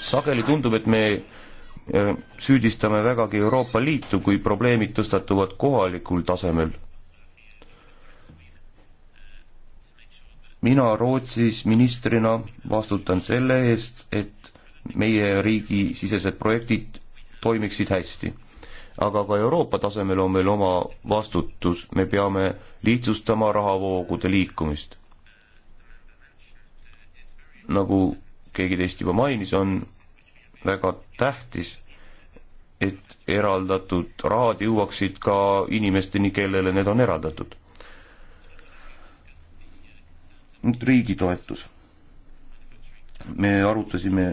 sageli tundub, et me äh, süüdistame vägagi Euroopa Liitu, kui probleemid tõstatuvad kohalikul tasemel. mina Rootsis ministrina vastutan selle eest, et meie riigisisesed projektid toimiksid hästi. aga ka Euroopa tasemel on meil oma vastutus, me peame lihtsustama rahavoogude liikumist. nagu keegi teist juba mainis, on väga tähtis, et eraldatud rahad jõuaksid ka inimesteni, kellele need on eraldatud. nüüd riigi toetus. me arutasime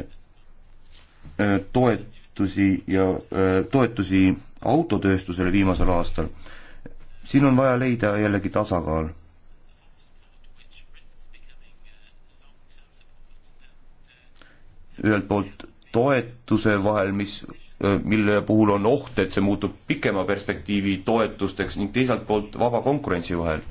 äh, toetusi ja äh, toetusi autotööstusele viimasel aastal. siin on vaja leida jällegi tasakaal ühelt poolt toetuse vahel, mis, mille puhul on oht, et see muutub pikema perspektiivi toetusteks ning teiselt poolt vaba konkurentsi vahel.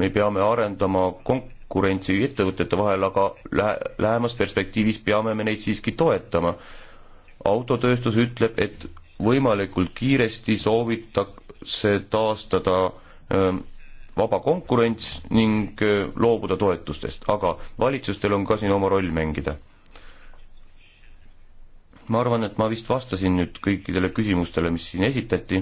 me peame arendama konkurentsi ettevõtete vahel, aga lähe-, lähemas perspektiivis peame me neid siiski toetama. autotööstus ütleb, et võimalikult kiiresti soovitakse taastada öö, ähm, vaba konkurents ning loobuda toetustest, aga valitsustel on ka siin oma roll mängida. ma arvan, et ma vist vastasin nüüd kõikidele küsimustele, mis siin esitati.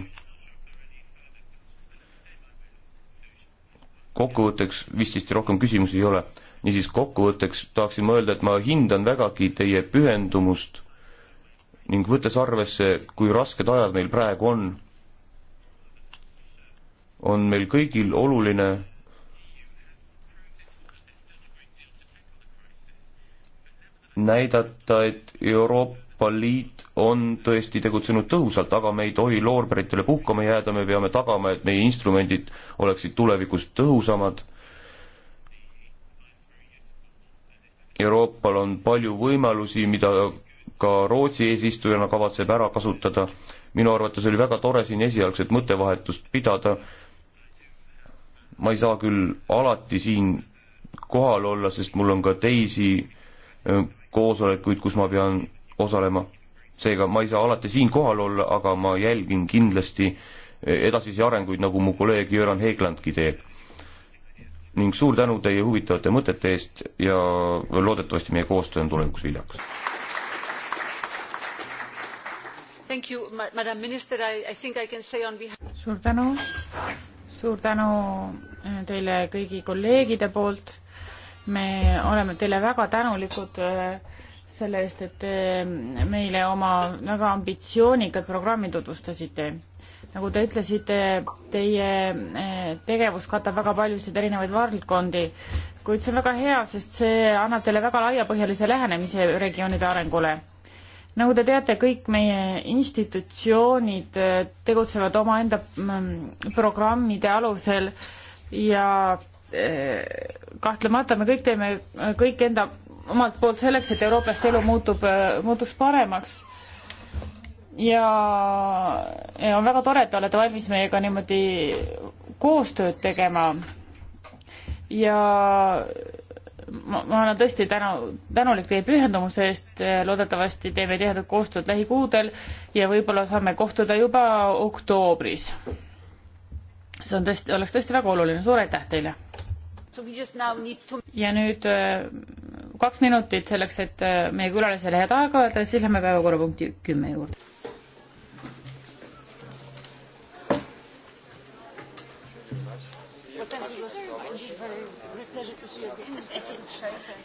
kokkuvõtteks vist vist rohkem küsimusi ei ole, niisiis kokkuvõtteks tahaksin ma öelda, et ma hindan vägagi teie pühendumust ning võttes arvesse, kui rasked ajad meil praegu on on meil kõigil oluline näidata, et Euroopa Liit on tõesti tegutsenud tõhusalt, aga me ei tohi loorberitele puhkama jääda, me peame tagama, et meie instrumendid oleksid tulevikus tõhusamad. Euroopal on palju võimalusi, mida ka Rootsi eesistujana kavatseb ära kasutada. minu arvates oli väga tore siin esialgset mõttevahetust pidada ma ei saa küll alati siin kohal olla, sest mul on ka teisi koosolekuid, kus ma pean osalema. seega ma ei saa alati siin kohal olla, aga ma jälgin kindlasti edasisi arenguid, nagu mu kolleeg Jüran Heeglandki teeb. ning suur tänu teie huvitavate mõtete eest ja loodetavasti meie koostöö on tulevikus viljakas. suur tänu suur tänu äh, teile kõigi kolleegide poolt. me oleme teile väga tänulikud äh, selle eest, et te meile oma väga ambitsioonikad programmi tutvustasite. nagu te ütlesite, teie äh, tegevus katab väga paljusid erinevaid valdkondi, kuid see on väga hea, sest see annab teile väga laiapõhjalise lähenemise regioonide arengule nagu te teate, kõik meie institutsioonid äh, tegutsevad omaenda mm, programmide alusel ja äh, kahtlemata me kõik teeme äh, kõik enda omalt poolt selleks, et Euroopast elu muutub, muutuks paremaks. ja, ja on väga tore, et te olete valmis meiega niimoodi koostööd tegema. ja ma, ma olen tõesti tänu, tänulik teie pühendumuse eest, loodetavasti teeme tihedat koostööd lähikuudel ja võib-olla saame kohtuda juba oktoobris. see on tõesti, oleks tõesti väga oluline, suur aitäh teile! ja nüüd äh, kaks minutit selleks, et äh, meie külalisele head aega öelda, siis lähme päevakorrapunkti kümme juurde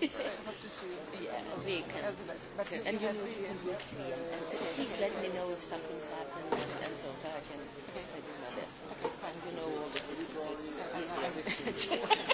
have to see. Yeah, we can. But you and you, have, you can reach me. And, and please let me know if something's happened, and, and so, so I can okay. I do my best. Okay, fine. You know all the systems. Yes, yes.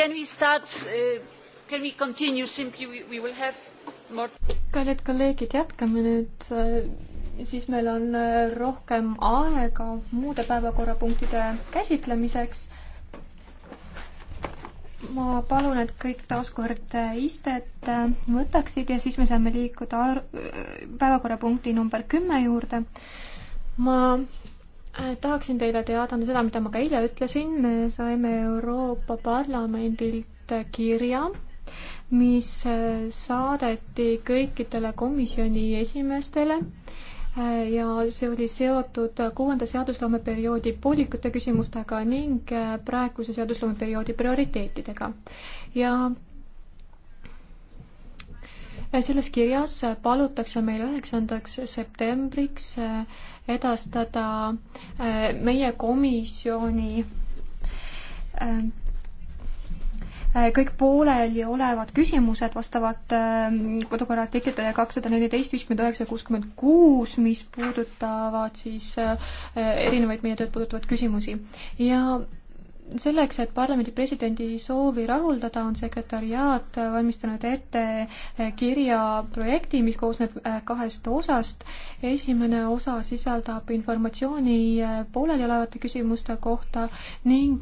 Can we start uh,, can we continue simply we, we will have more. kallid kolleegid, jätkame nüüd, äh, siis meil on äh, rohkem aega muude päevakorrapunktide käsitlemiseks. ma palun, et kõik taaskord äh, istet võtaksid ja siis me saame liikuda päevakorrapunkti number kümme juurde. ma tahaksin teile teada anda seda, mida ma ka eile ütlesin, me saime Euroopa Parlamendilt kirja, mis äh, saadeti kõikidele komisjoni esimeestele äh, ja see oli seotud kuuenda seadusloomeperioodi poolikute küsimustega ning äh, praeguse seadusloomeperioodi prioriteetidega. ja selles kirjas palutakse meil üheksandaks septembriks edastada äh, meie komisjoni äh, äh, kõik pooleli olevad küsimused vastavad kodukorra artiklitele kakssada neliteist, viiskümmend üheksa ja kuuskümmend kuus, mis puudutavad siis erinevaid meie tööd puudutavaid küsimusi ja selleks, et parlamendi presidendi soovi rahuldada, on sekretariaat valmistanud ette eh, kirja projekti, mis koosneb eh, kahest osast. esimene osa sisaldab informatsiooni eh, pooleliolevate küsimuste kohta ning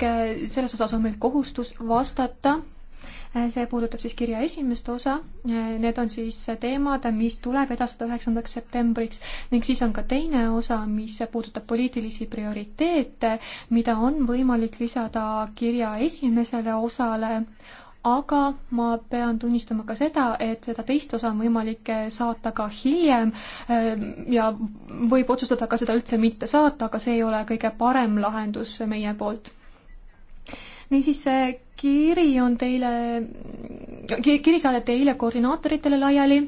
selles osas on meil kohustus vastata Eh, see puudutab siis kirja esimest osa, eh, need on siis teemad, mis tuleb edastada üheksandaks septembriks ning siis on ka teine osa, mis puudutab poliitilisi prioriteete, mida on võimalik lisada kirja esimesele osale, aga ma pean tunnistama ka seda, et seda teist osa on võimalik eh, saata ka hiljem ja võib otsustada ka seda üldse mitte saata, aga see ei ole kõige parem lahendus meie poolt niisiis, see kiri on teile, kiri saadeti eile koordinaatoritele laiali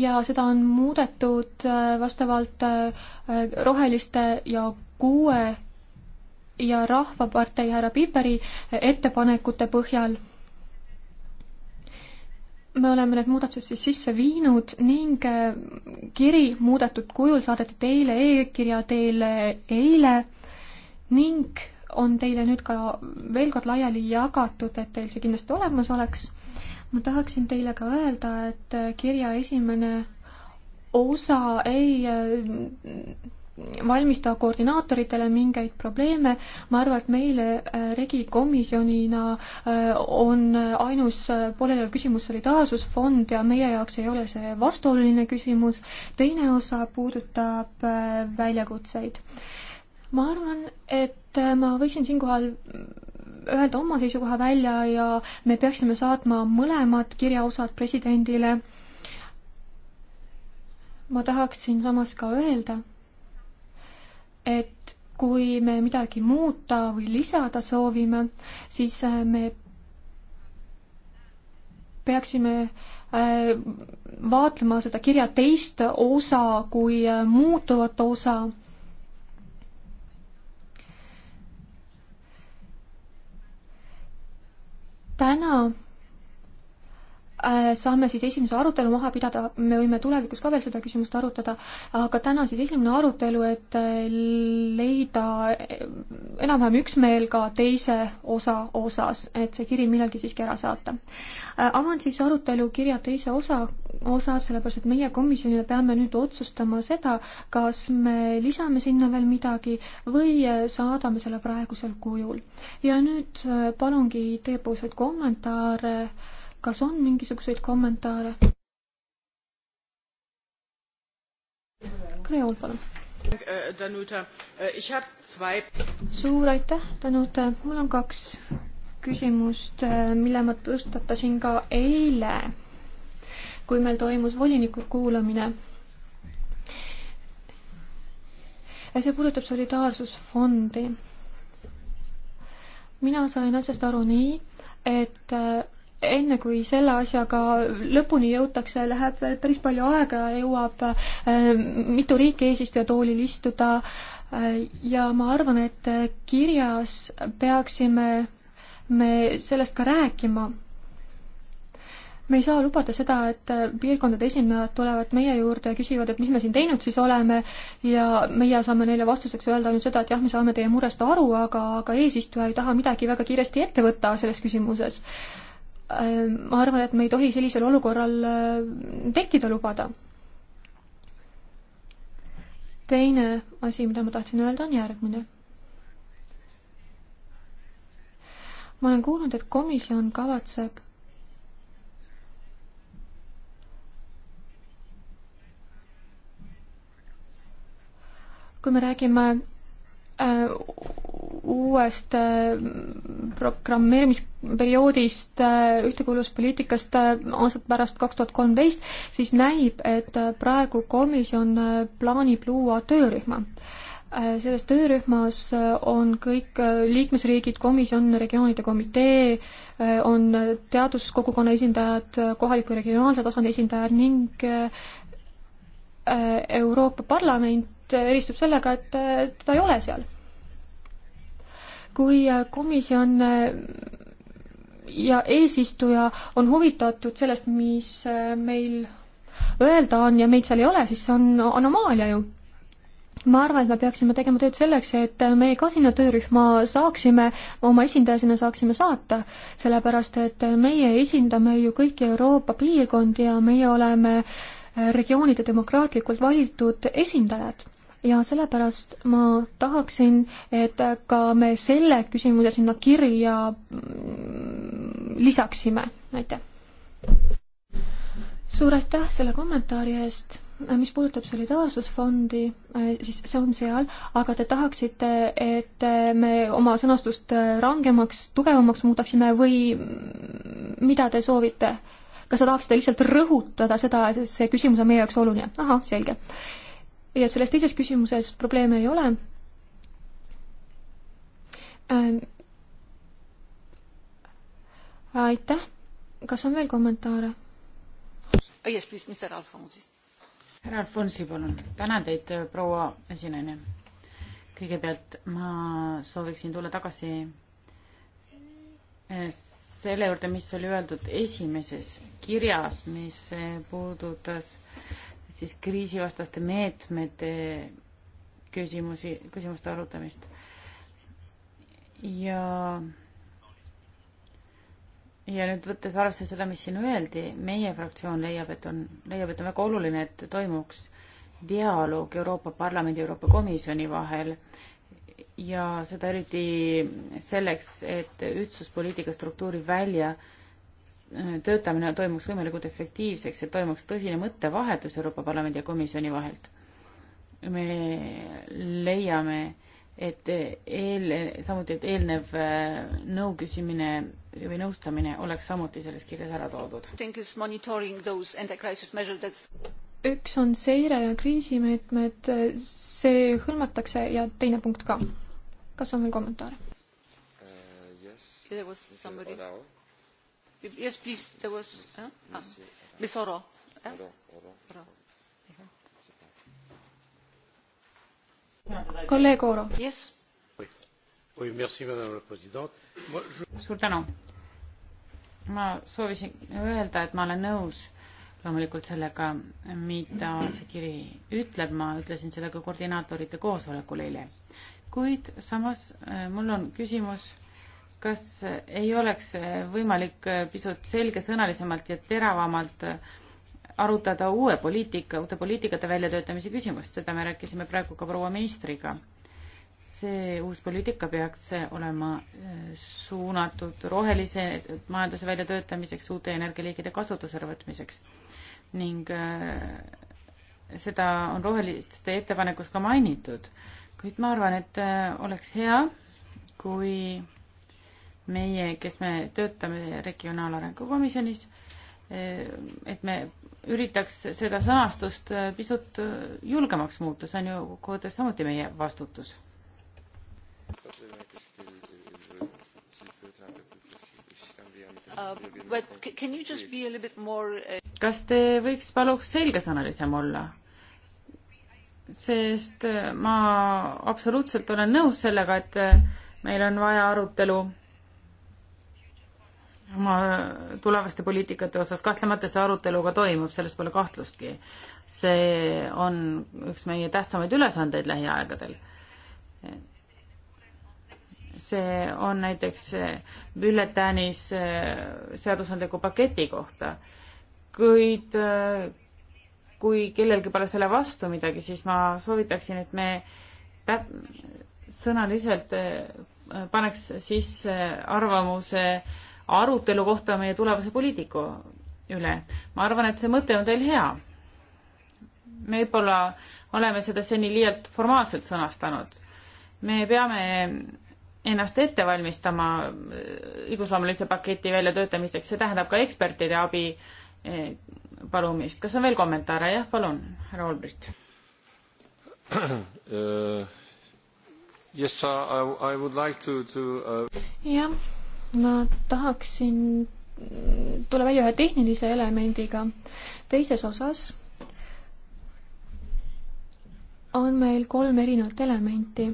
ja seda on muudetud äh, vastavalt äh, Roheliste ja Kuue ja Rahvapartei härra Piperi äh, ettepanekute põhjal. me oleme need muudatused siis sisse viinud ning kiri muudetud kujul saadeti teile e-kirja teele eile ning on teile nüüd ka veel kord laiali jagatud, et teil see kindlasti olemas oleks. ma tahaksin teile ka öelda, et kirja esimene osa ei äh, valmista koordinaatoritele mingeid probleeme, ma arvan, et meile äh, regikomisjonina äh, on ainus pooleliv küsimus solidaarsusfond ja meie jaoks ei ole see vastuoluline küsimus. teine osa puudutab väljakutseid ma arvan, et äh, ma võiksin siinkohal mm, öelda oma seisukoha välja ja me peaksime saatma mõlemad kirjaosad presidendile. ma tahaksin samas ka öelda, et kui me midagi muuta või lisada soovime, siis äh, me peaksime äh, vaatlema seda kirja teist osa kui muutuvat osa täna Äh, saame siis esimese arutelu maha pidada, me võime tulevikus ka veel seda küsimust arutada, aga täna siis esimene arutelu, et äh, leida äh, enam-vähem üksmeel ka teise osa osas, et see kiri millalgi siiski ära saata. avan siis arutelu kirja teise osa osas, sellepärast et meie komisjonile peame nüüd otsustama seda, kas me lisame sinna veel midagi või saadame selle praegusel kujul. ja nüüd palungi teiepoolseid kommentaare äh, kas on mingisuguseid kommentaare? Kreol, palun. Äh, suur aitäh, Danuta, mul on kaks küsimust, äh, mille ma tõstatasin ka eile, kui meil toimus voliniku kuulamine. see puudutab solidaarsusfondi. mina sain asjast aru nii, et äh, enne kui selle asjaga lõpuni jõutakse, läheb veel päris palju aega ja jõuab äh, mitu riiki eesistujatoolil istuda äh, ja ma arvan, et kirjas peaksime me sellest ka rääkima. me ei saa lubada seda, et piirkondade esindajad tulevad meie juurde ja küsivad, et mis me siin teinud siis oleme ja meie saame neile vastuseks öelda ainult seda, et jah, me saame teie murest aru, aga, aga eesistuja ei taha midagi väga kiiresti ette võtta selles küsimuses Äh, ma arvan, et me ei tohi sellisel olukorral äh, tekkida lubada. teine asi, mida ma tahtsin öelda, on järgmine. ma olen kuulnud, et komisjon kavatseb kui me räägime äh, uuest äh, programmeerimisperioodist, äh, ühtekuuluvuspoliitikast äh, aastat pärast kaks tuhat kolmteist, siis näib, et praegu komisjon plaanib luua töörühma. selles töörühmas on kõik liikmesriigid, komisjon, regioonide komitee, on teaduskogukonna esindajad, kohaliku regionaalse tasandi esindajad ning Euroopa Parlament eristub sellega, et teda ei ole seal kui äh, komisjon äh, ja eesistuja on huvitatud sellest, mis äh, meil öelda on ja meid seal ei ole, siis see on anomaalia ju. ma arvan, et me peaksime tegema tööd selleks, et meie ka sinna töörühma saaksime, oma esindaja sinna saaksime saata, sellepärast et meie esindame ju kõiki Euroopa piirkondi ja meie oleme regioonide demokraatlikult valitud esindajad ja sellepärast ma tahaksin, et ka me selle küsimuse sinna kirja mm, lisaksime, aitäh. suur aitäh selle kommentaari eest, mis puudutab solidaarsusfondi, eh, siis see on seal, aga te tahaksite, et me oma sõnastust rangemaks, tugevamaks muutaksime või mm, mida te soovite? kas te tahaksite lihtsalt rõhutada seda, et see küsimus on meie jaoks oluline? ahah, selge ja selles teises küsimuses probleeme ei ole ähm.. aitäh, kas on veel kommentaare? Oh, yes, please, Mr Alfonsi. härra Alfonsi, palun. tänan teid, proua esinaine. kõigepealt ma sooviksin tulla tagasi eh, selle juurde, mis oli öeldud esimeses kirjas, mis eh, puudutas äh, siis kriisivastaste meetmete küsimusi, küsimuste arutamist. ja, ja nüüd võttes arvesse seda, mis siin öeldi, meie fraktsioon leiab, et on, leiab, et on väga oluline, et toimuks dialoog Euroopa Parlamendi ja Euroopa Komisjoni vahel ja seda eriti selleks, et ühtsuspoliitika struktuuri välja äh, töötamine toimuks võimalikult efektiivseks, et toimuks tõsine mõttevahetus Euroopa Parlamendi ja komisjoni vahelt. me leiame, et eel, samuti, et eelnev äh, nõu küsimine või nõustamine oleks samuti selles kirjas ära toodud. üks on seire ja kriisimeetmed, see hõlmatakse ja teine punkt ka. kas on veel kommentaare uh,? Yes. There was somebody. Yes, please. There was huh? ah, Miss Oro. Eh? Oro. Oro. Oro. kolleeg Ooro. suur tänu. ma soovisin öelda, et ma olen nõus loomulikult sellega, mida see kiri ütleb, ma ütlesin seda ka koordinaatorite koosolekul eile. kuid samas eh, mul on küsimus kas ei oleks võimalik pisut selgesõnalisemalt ja teravamalt arutada uue poliitika, uute poliitikate väljatöötamise küsimust, seda me rääkisime praegu ka proua ministriga. see uus poliitika peaks olema eh, suunatud rohelise majanduse väljatöötamiseks, uute energialiigide kasutusele võtmiseks ning eh, seda on roheliste ettepanekus ka mainitud, kuid ma arvan, et eh, oleks hea, kui meie, kes me töötame Regionaalarengu Komisjonis, et me üritaks seda sõnastust äh, pisut äh, julgemaks muuta, see on ju kokkuvõttes samuti meie vastutus. Uh, uh, kas te võiks paluks selgesõnalisem olla? sest äh, ma absoluutselt olen nõus sellega, et meil on vaja arutelu oma tulevaste poliitikate osas, kahtlemata see arutelu ka toimub, selles pole kahtlustki. see on üks meie tähtsamaid ülesandeid lähiaegadel. see on näiteks bülletäänis eh, seadusandliku paketi kohta, kuid eh, kui kellelgi pole selle vastu midagi, siis ma soovitaksin, et me tä-, sõnaliselt eh, paneks sisse arvamuse äh, arutelu kohta meie tulevase poliitiku üle. ma arvan, et see mõte on teil hea. me võib-olla oleme seda seni liialt formaalselt sõnastanud. me peame ennast ette valmistama õigusloomelise paketi väljatöötamiseks, see tähendab ka ekspertide abi eh, palumist. kas on veel kommentaare? jah, palun, härra Olbrit. [COUGHS] Äh, yes, I, I would like to, to uh... jah ma tahaksin tulla välja ühe tehnilise elemendiga. teises osas on meil kolm erinevat elementi.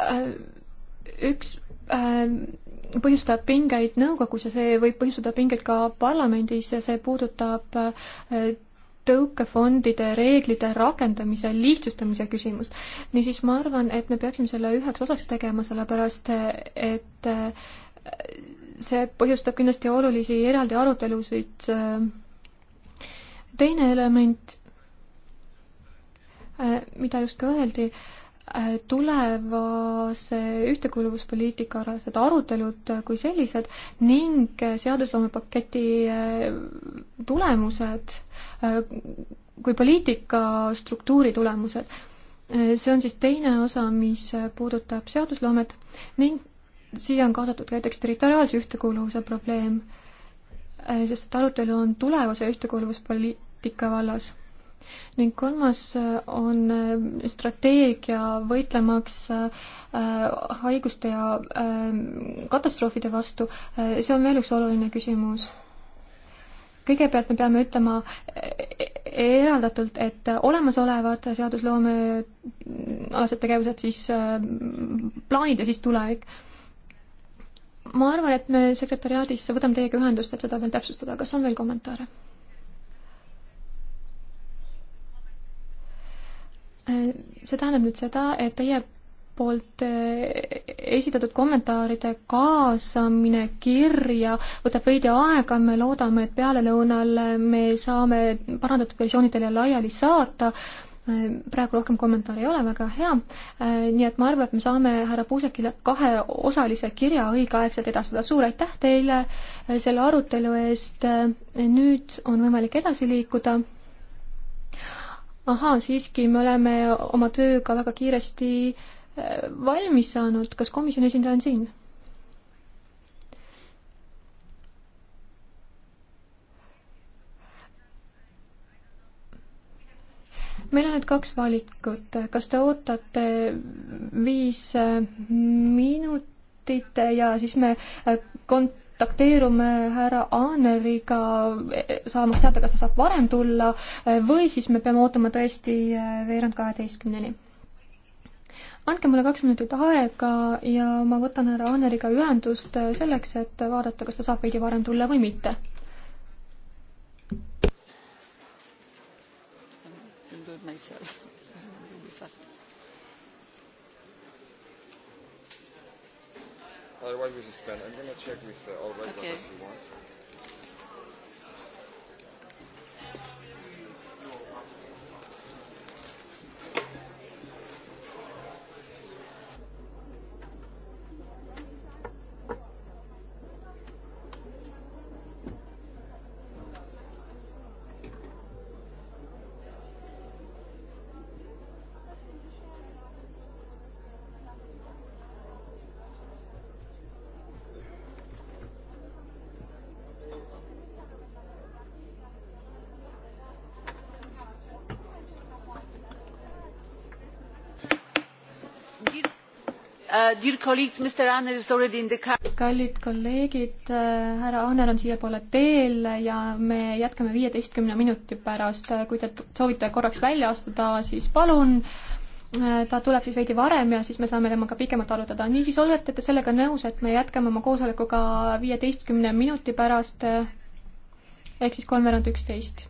Äh, üks äh, põhjustab pingeid nõukogus ja see võib põhjustada pingeid ka parlamendis ja see puudutab äh, tõukefondide reeglite rakendamise lihtsustamise küsimust. niisiis, ma arvan, et me peaksime selle üheks osaks tegema, sellepärast et äh, see põhjustab kindlasti olulisi eraldi arutelusid. Äh. teine element, äh, mida just ka öeldi, tulevase eh, ühtekuuluvuspoliitika alased arutelud eh, kui sellised ning eh, seadusloomepaketi tulemused kui poliitika struktuuri tulemused. see on siis teine osa, mis puudutab seadusloomet ning siia on kaasatud ka näiteks territoriaalse ühtekuuluvuse probleem, sest et arutelu on tulevase ühtekuuluvuspoliitika vallas ning kolmas äh, on äh, strateegia võitlemaks äh, haiguste ja katastroofide vastu, see on veel üks oluline küsimus. kõigepealt me peame ütlema e-, eraldatult, et olemasolevad seadusloome mm, alased tegevused, siis plaanid ja siis tulevik ma arvan, et me sekretäriaadis võtame teiega ühendust, et seda veel täpsustada, kas on veel kommentaare? see tähendab nüüd seda, et teie poolt eh, esitatud kommentaaride kaasamine kirja võtab veidi aega, me loodame, et pealelõunal me saame parandatud versiooni teile laiali saata, eh, praegu rohkem kommentaare ei ole, väga hea, eh, nii et ma arvan, et me saame härra Puusekile kaheosalise kirja õigeaegselt edastada, suur aitäh teile selle arutelu eest, nüüd on võimalik edasi liikuda ahaa, siiski, me oleme oma tööga väga kiiresti äh, valmis saanud, kas komisjoni esindaja on siin? meil on nüüd kaks valikut, kas te ootate viis äh, minutit ja siis me äh, kont-, kontakteerume härra Aaneriga, saamaks teada, kas ta saab varem tulla või siis me peame ootama tõesti eh, veerand kaheteistkümneni. andke mulle kaks minutit aega ja ma võtan härra Aaneriga ühendust eh, selleks, et vaadata, kas ta saab veidi varem tulla või mitte. myself otherwise we suspend. I'm going to check with uh, all regulars okay. if you want. kallid kolleegid, äh, härra Anner on siiapoole teel ja me jätkame viieteistkümne minuti pärast. Äh, kui te soovite korraks välja astuda, siis palun. Äh, ta tuleb siis veidi varem ja siis me saame temaga pikemalt arutada. niisiis, olete te sellega nõus, et me jätkame oma koosolekuga viieteistkümne minuti pärast ehk siis kolmveerand üksteist?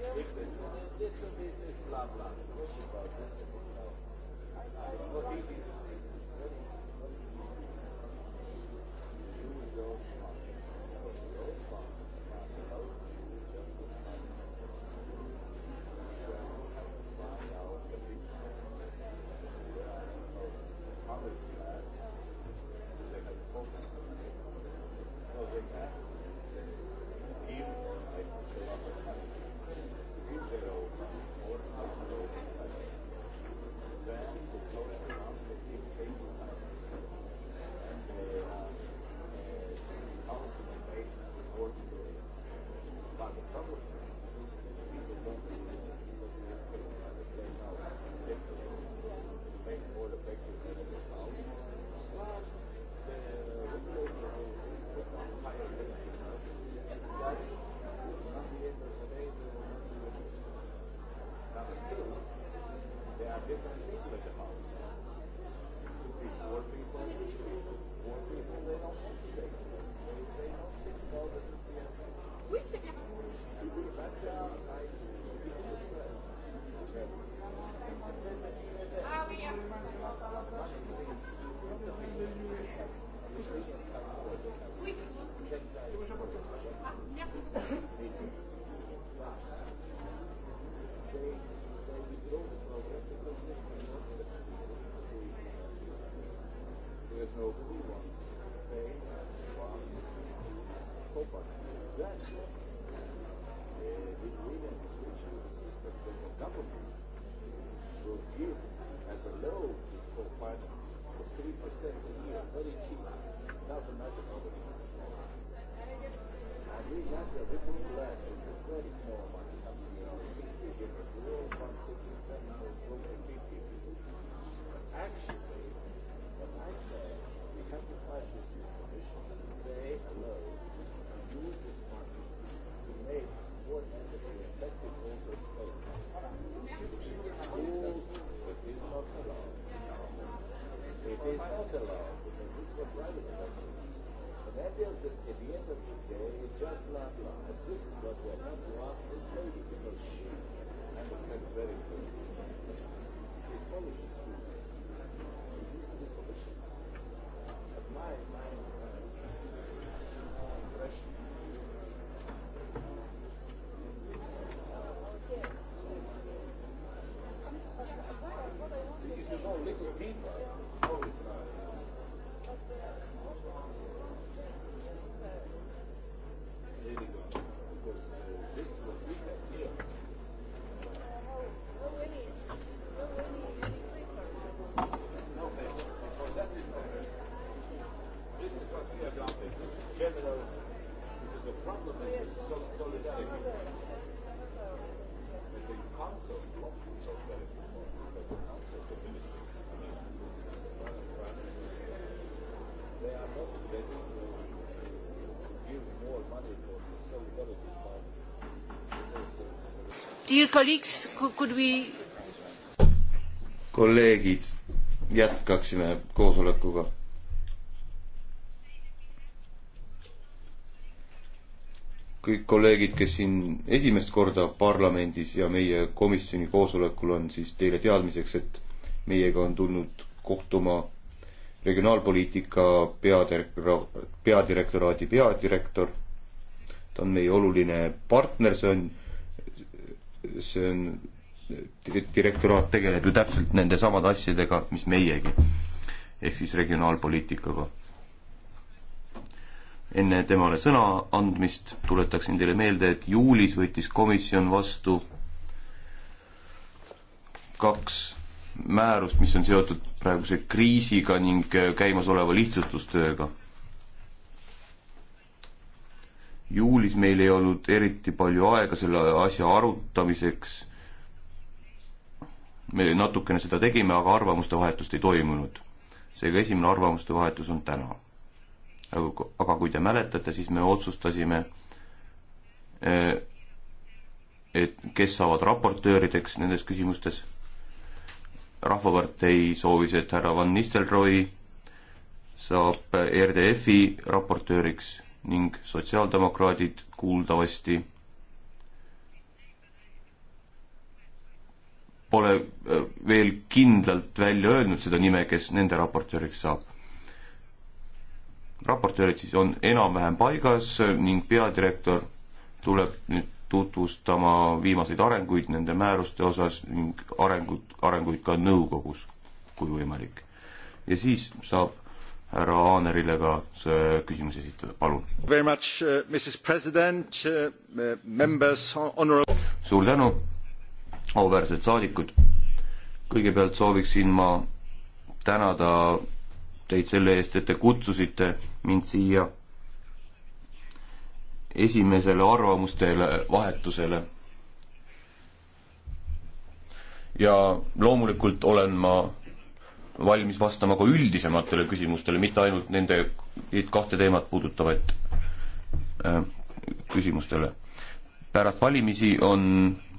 different, different business, blah, blah. What's about this? it allowed because this is what private sector is. And that is, at, at the end of the day, it's just blah, blah. It's just what we have lost this lady because she understands very clearly. She's Polish. Dear colleagues, could we? kolleegid, jätkaksime koosolekuga. kõik kolleegid, kes siin esimest korda parlamendis ja meie komisjoni koosolekul on, siis teile teadmiseks, et meiega on tulnud kohtuma regionaalpoliitika peadirek-, peadirektoraadi peadirektor. ta on meie oluline partner, see on see on, direktoraat tegeleb ju täpselt nende samade asjadega, mis meiegi, ehk siis regionaalpoliitikaga. enne temale sõna andmist tuletaksin teile meelde, et juulis võttis komisjon vastu kaks määrust, mis on seotud praeguse kriisiga ning käimasoleva lihtsustustööga juulis meil ei olnud eriti palju aega selle asja arutamiseks. me natukene seda tegime, aga arvamuste vahetust ei toimunud. seega esimene arvamuste vahetus on täna. aga kui te mäletate, siis me otsustasime, eh, et kes saavad raportöörideks nendes küsimustes. rahvapartei soovis, et härra Van Nistelrooy saab RDF-i raportööriks ning sotsiaaldemokraadid kuuldavasti pole äh, veel kindlalt välja öelnud seda nime, kes nende raportööriks saab. raportöörid siis on enam-vähem paigas ning peadirektor tuleb nüüd tutvustama viimaseid arenguid nende määruste osas ning arengut, arenguid ka nõukogus, kui võimalik. ja siis saab härra Aanerile ka see küsimus esitada, palun. Uh, uh, uh, suur tänu, auväärsed saadikud. kõigepealt sooviksin ma tänada teid selle eest, et te kutsusite mind siia esimesele arvamustele vahetusele. ja loomulikult olen ma valmis vastama ka üldisematele küsimustele, mitte ainult nende kahte teemat puudutavaid äh, küsimustele. pärast valimisi on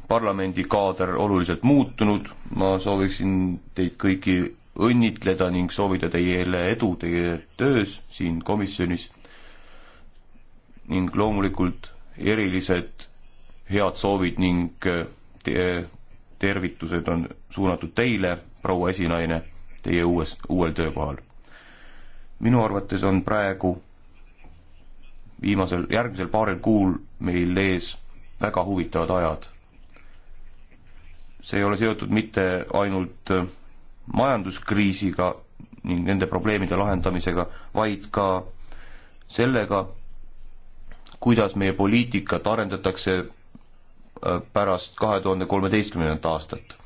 parlamendi kaader oluliselt muutunud, ma sooviksin teid kõiki õnnitleda ning soovida teile edu teie töös siin komisjonis ning loomulikult erilised head soovid ning äh, te tervitused on suunatud teile, proua esinaine teie uues, uuel töökohal. minu arvates on praegu viimasel, järgmisel paaril kuul meil ees väga huvitavad ajad. see ei ole seotud mitte ainult äh, majanduskriisiga ning nende probleemide lahendamisega, vaid ka sellega, kuidas meie poliitikat arendatakse äh, pärast kahe tuhande kolmeteistkümnendat aastat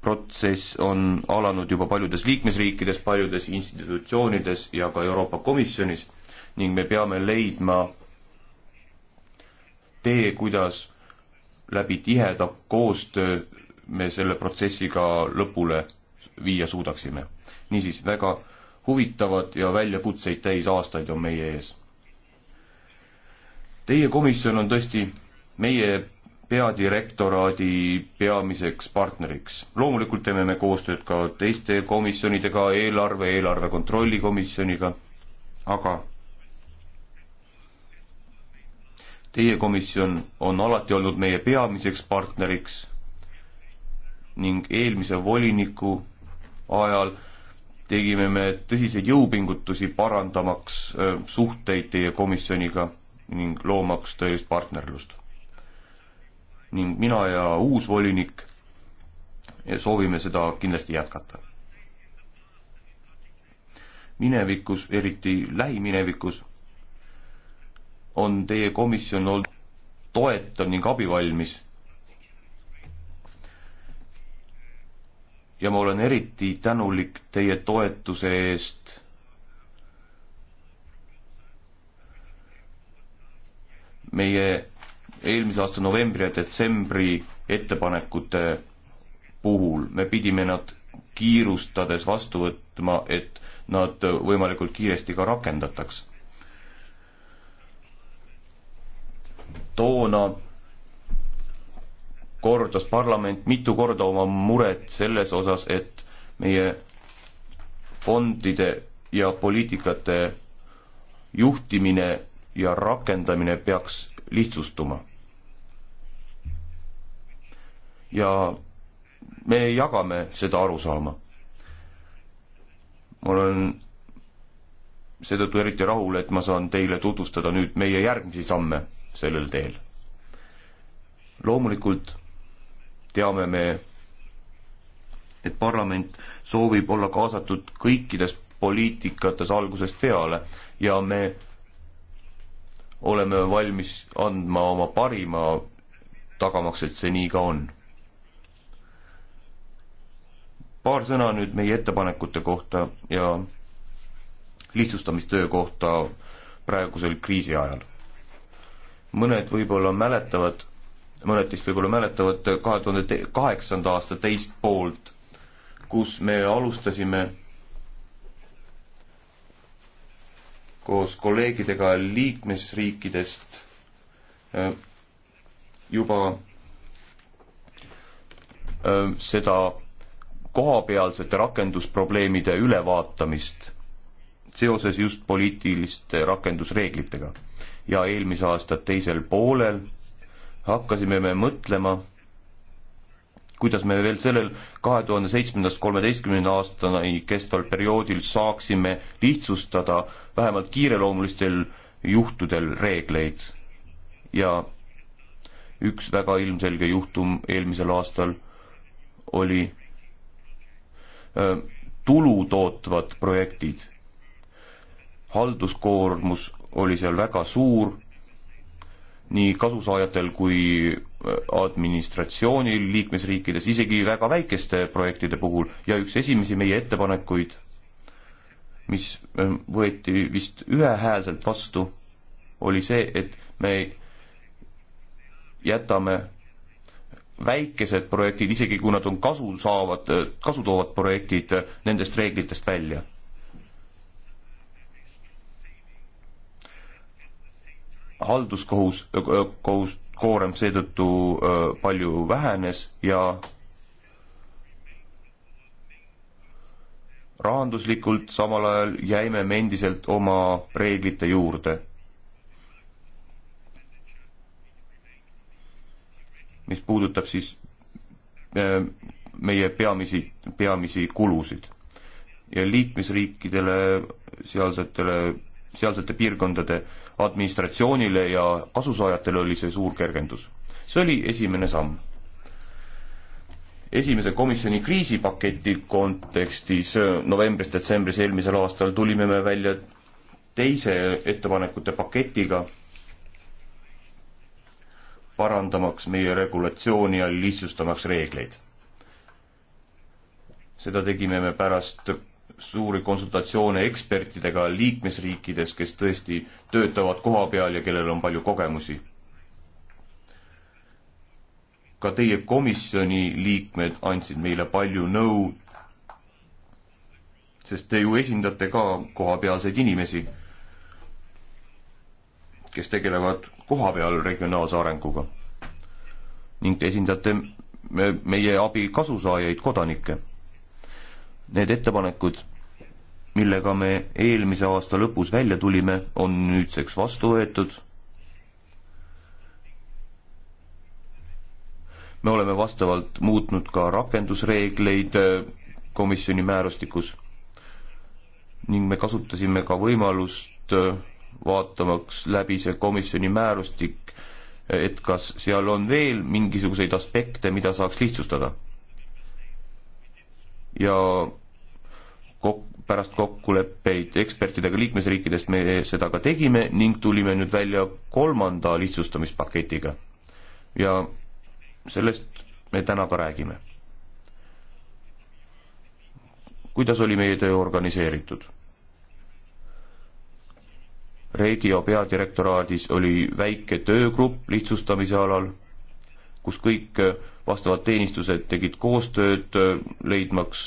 protsess on alanud juba paljudes liikmesriikides, paljudes institutsioonides ja ka Euroopa Komisjonis ning me peame leidma tee, kuidas läbi tiheda koostöö me selle protsessiga lõpule viia suudaksime. niisiis, väga huvitavad ja väljakutseid täis aastaid on meie ees. Teie komisjon on tõesti meie peadirektoraadi peamiseks partneriks. loomulikult teeme me koostööd ka teiste komisjonidega, eelarve, eelarve kontrolli komisjoniga, aga teie komisjon on alati olnud meie peamiseks partneriks ning eelmise voliniku ajal tegime me tõsiseid jõupingutusi parandamaks äh, suhteid teie komisjoniga ning loomaks tõelist partnerlust ning mina ja uus volinik soovime seda kindlasti jätkata. minevikus, eriti lähiminevikus, on teie komisjon olnud toetav ning abivalmis. ja ma olen eriti tänulik teie toetuse eest meie eelmise aasta novembri ja detsembri ettepanekute puhul me pidime nad kiirustades vastu võtma, et nad võimalikult kiiresti ka rakendataks. toona kordas parlament mitu korda oma muret selles osas, et meie fondide ja poliitikate juhtimine ja rakendamine peaks lihtsustuma ja me jagame seda arusaama. ma olen seetõttu eriti rahul, et ma saan teile tutvustada nüüd meie järgmisi samme sellel teel. loomulikult teame me, et parlament soovib olla kaasatud kõikides poliitikates algusest peale ja me oleme valmis andma oma parima, tagamaks, et see nii ka on paar sõna nüüd meie ettepanekute kohta ja lihtsustamistöö kohta praegusel kriisi ajal. mõned võib-olla mäletavad, mõned teist võib-olla mäletavad kahe tuhande kaheksanda aasta teist poolt, kus me alustasime koos kolleegidega liikmesriikidest äh, juba äh, seda kohapealsete rakendusprobleemide ülevaatamist seoses just poliitiliste rakendusreeglitega. ja eelmise aasta teisel poolel hakkasime me mõtlema, kuidas me veel sellel kahe tuhande seitsmendast kolmeteistkümnenda aastani kestval perioodil saaksime lihtsustada vähemalt kiireloomulistel juhtudel reegleid. ja üks väga ilmselge juhtum eelmisel aastal oli tulu tootvad projektid. halduskoormus oli seal väga suur nii kasusaajatel kui administratsioonil liikmesriikides, isegi väga väikeste projektide puhul ja üks esimesi meie ettepanekuid, mis võeti vist ühehäälselt vastu, oli see, et me jätame väikesed projektid, isegi kui nad on kasu saavad, kasu toovad projektid eh, nendest reeglitest välja. halduskohus, eh, kohus, koorem seetõttu eh, palju vähenes ja rahanduslikult samal ajal jäime me endiselt oma reeglite juurde mis puudutab siis äh, meie peamisi, peamisi kulusid. ja liikmesriikidele, sealsetele, sealsete piirkondade administratsioonile ja kasusaajatele oli see suur kergendus. see oli esimene samm. esimese komisjoni kriisipaketi kontekstis äh, novembris-detsembris eelmisel aastal tulime me välja teise ettepanekute paketiga parandamaks meie regulatsiooni ja lihtsustamaks reegleid. seda tegime me pärast suuri konsultatsioone ekspertidega liikmesriikides, kes tõesti töötavad koha peal ja kellel on palju kogemusi. ka teie komisjoni liikmed andsid meile palju nõu, sest te ju esindate ka kohapealseid inimesi, kes tegelevad kohapeal regionaalse arenguga ning te esindate me, meie abi kasusaajaid, kodanikke. Need ettepanekud, millega me eelmise aasta lõpus välja tulime, on nüüdseks vastu võetud. me oleme vastavalt muutnud ka rakendusreegleid äh, komisjoni määrustikus ning me kasutasime ka võimalust äh, vaatamaks läbi see komisjoni määrustik, et kas seal on veel mingisuguseid aspekte, mida saaks lihtsustada. ja kok-, pärast kokkuleppeid ekspertidega liikmesriikidest me seda ka tegime ning tulime nüüd välja kolmanda lihtsustamispaketiga. ja sellest me täna ka räägime. kuidas oli meie töö organiseeritud? Regio peadirektoraadis oli väike töögrupp lihtsustamise alal, kus kõik äh, vastavad teenistused tegid koostööd, äh, leidmaks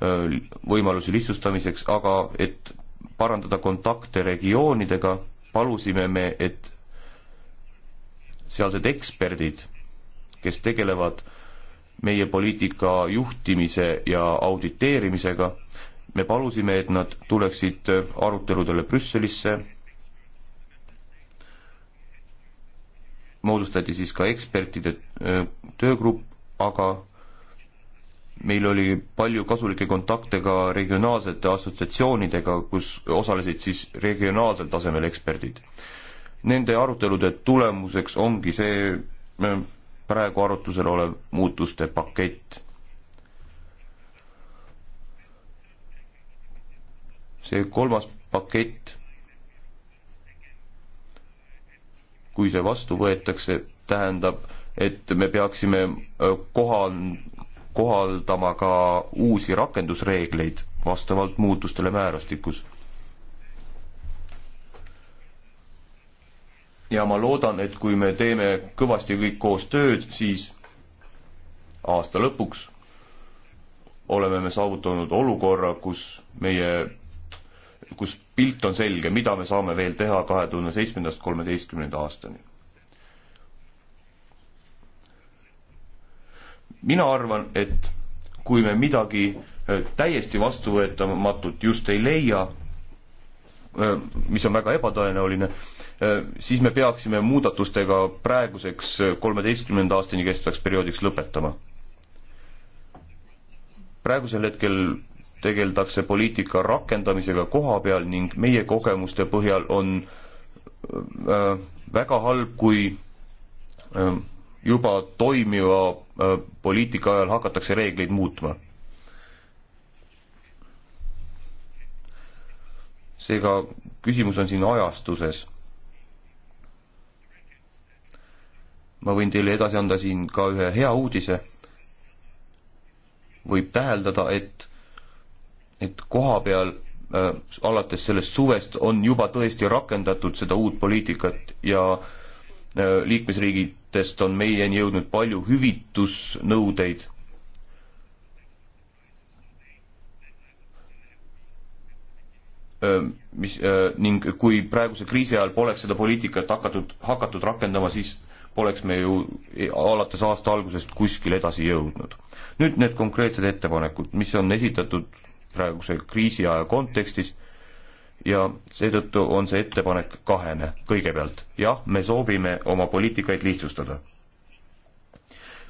äh, võimalusi lihtsustamiseks, aga et parandada kontakte regioonidega, palusime me, et sealsed eksperdid, kes tegelevad meie poliitika juhtimise ja auditeerimisega, me palusime, et nad tuleksid äh, aruteludele Brüsselisse, moodustati siis ka ekspertide äh, töögrupp, aga meil oli palju kasulikke kontakte ka regionaalsete assotsiatsioonidega, kus osalesid siis regionaalsel tasemel eksperdid. Nende arutelude tulemuseks ongi see äh, praegu arutusel olev muutuste pakett see kolmas pakett, kui see vastu võetakse, tähendab, et me peaksime kohal, kohaldama ka uusi rakendusreegleid vastavalt muutustele määrastikus. ja ma loodan, et kui me teeme kõvasti kõik koos tööd, siis aasta lõpuks oleme me saavutanud olukorra, kus meie kus pilt on selge, mida me saame veel teha kahe tuhande seitsmendast kolmeteistkümnenda aastani. mina arvan, et kui me midagi äh, täiesti vastuvõetamatut just ei leia, äh, mis on väga ebatõenäoline, äh, siis me peaksime muudatustega praeguseks kolmeteistkümnenda aastani kestvaks perioodiks lõpetama. praegusel hetkel tegeldakse poliitika rakendamisega koha peal ning meie kogemuste põhjal on äh, väga halb, kui äh, juba toimiva äh, poliitika ajal hakatakse reegleid muutma. seega küsimus on siin ajastuses. ma võin teile edasi anda siin ka ühe hea uudise. võib täheldada, et et koha peal äh, alates sellest suvest on juba tõesti rakendatud seda uut poliitikat ja äh, liikmesriigidest on meieni jõudnud palju hüvitusnõudeid. Äh, mis äh, ning kui praeguse kriisi ajal poleks seda poliitikat hakatud, hakatud rakendama, siis poleks me ju e, alates aasta algusest kuskil edasi jõudnud. nüüd need konkreetsed ettepanekud, mis on esitatud praeguse kriisiaja kontekstis ja seetõttu on see ettepanek kahene kõigepealt. jah, me soovime oma poliitikaid lihtsustada.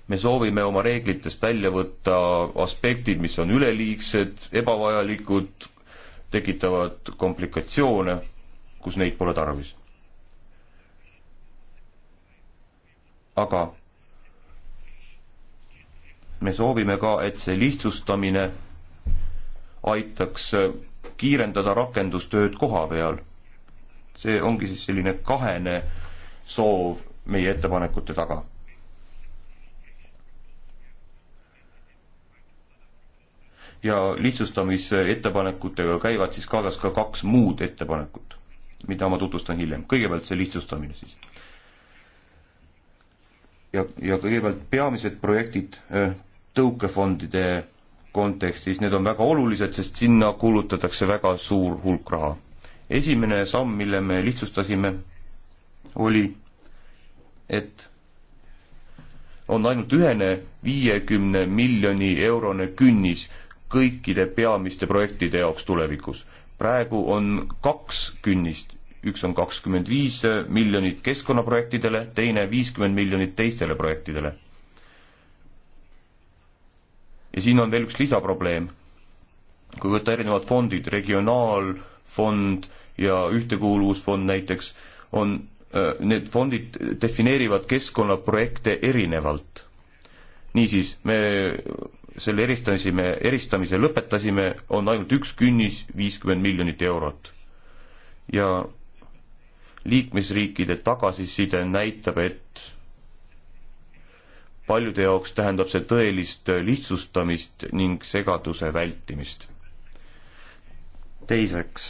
me soovime oma reeglitest välja võtta aspektid, mis on üleliigsed, ebavajalikud, tekitavad komplikatsioone, kus neid pole tarvis. aga me soovime ka, et see lihtsustamine aitaks äh, kiirendada rakendustööd koha peal. see ongi siis selline kahene soov meie ettepanekute taga. ja lihtsustamisettepanekutega käivad siis kaasas ka kaks muud ettepanekut, mida ma tutvustan hiljem. kõigepealt see lihtsustamine siis. ja, ja kõigepealt peamised projektid äh, tõukefondide kontekstis, need on väga olulised, sest sinna kulutatakse väga suur hulk raha. esimene samm, mille me lihtsustasime, oli, et on ainult ühene viiekümne miljoni eurone künnis kõikide peamiste projektide jaoks tulevikus. praegu on kaks künnist, üks on kakskümmend viis miljonit keskkonnaprojektidele, teine viiskümmend miljonit teistele projektidele ja siin on veel üks lisaprobleem. kui võtta erinevad fondid, regionaalfond ja ühtekuuluvusfond näiteks, on, äh, need fondid defineerivad keskkonnaprojekte erinevalt. niisiis, me selle eristasime, eristamise lõpetasime, on ainult üks künnis, viiskümmend miljonit eurot. ja liikmesriikide tagasiside näitab, et paljude jaoks tähendab see tõelist lihtsustamist ning segaduse vältimist. teiseks,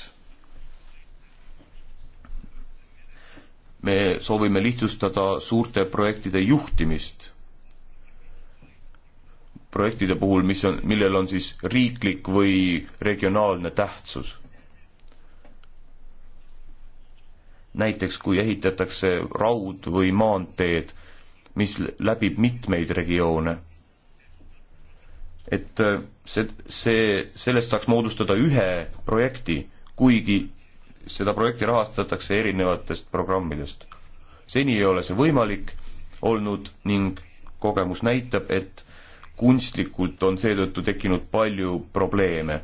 me soovime lihtsustada suurte projektide juhtimist. projektide puhul, mis on, millel on siis riiklik või regionaalne tähtsus. näiteks kui ehitatakse raud- või maanteed, mis läbib mitmeid regioone. et äh, see, see, sellest saaks moodustada ühe projekti, kuigi seda projekti rahastatakse erinevatest programmidest. seni ei ole see võimalik olnud ning kogemus näitab, et kunstlikult on seetõttu tekkinud palju probleeme.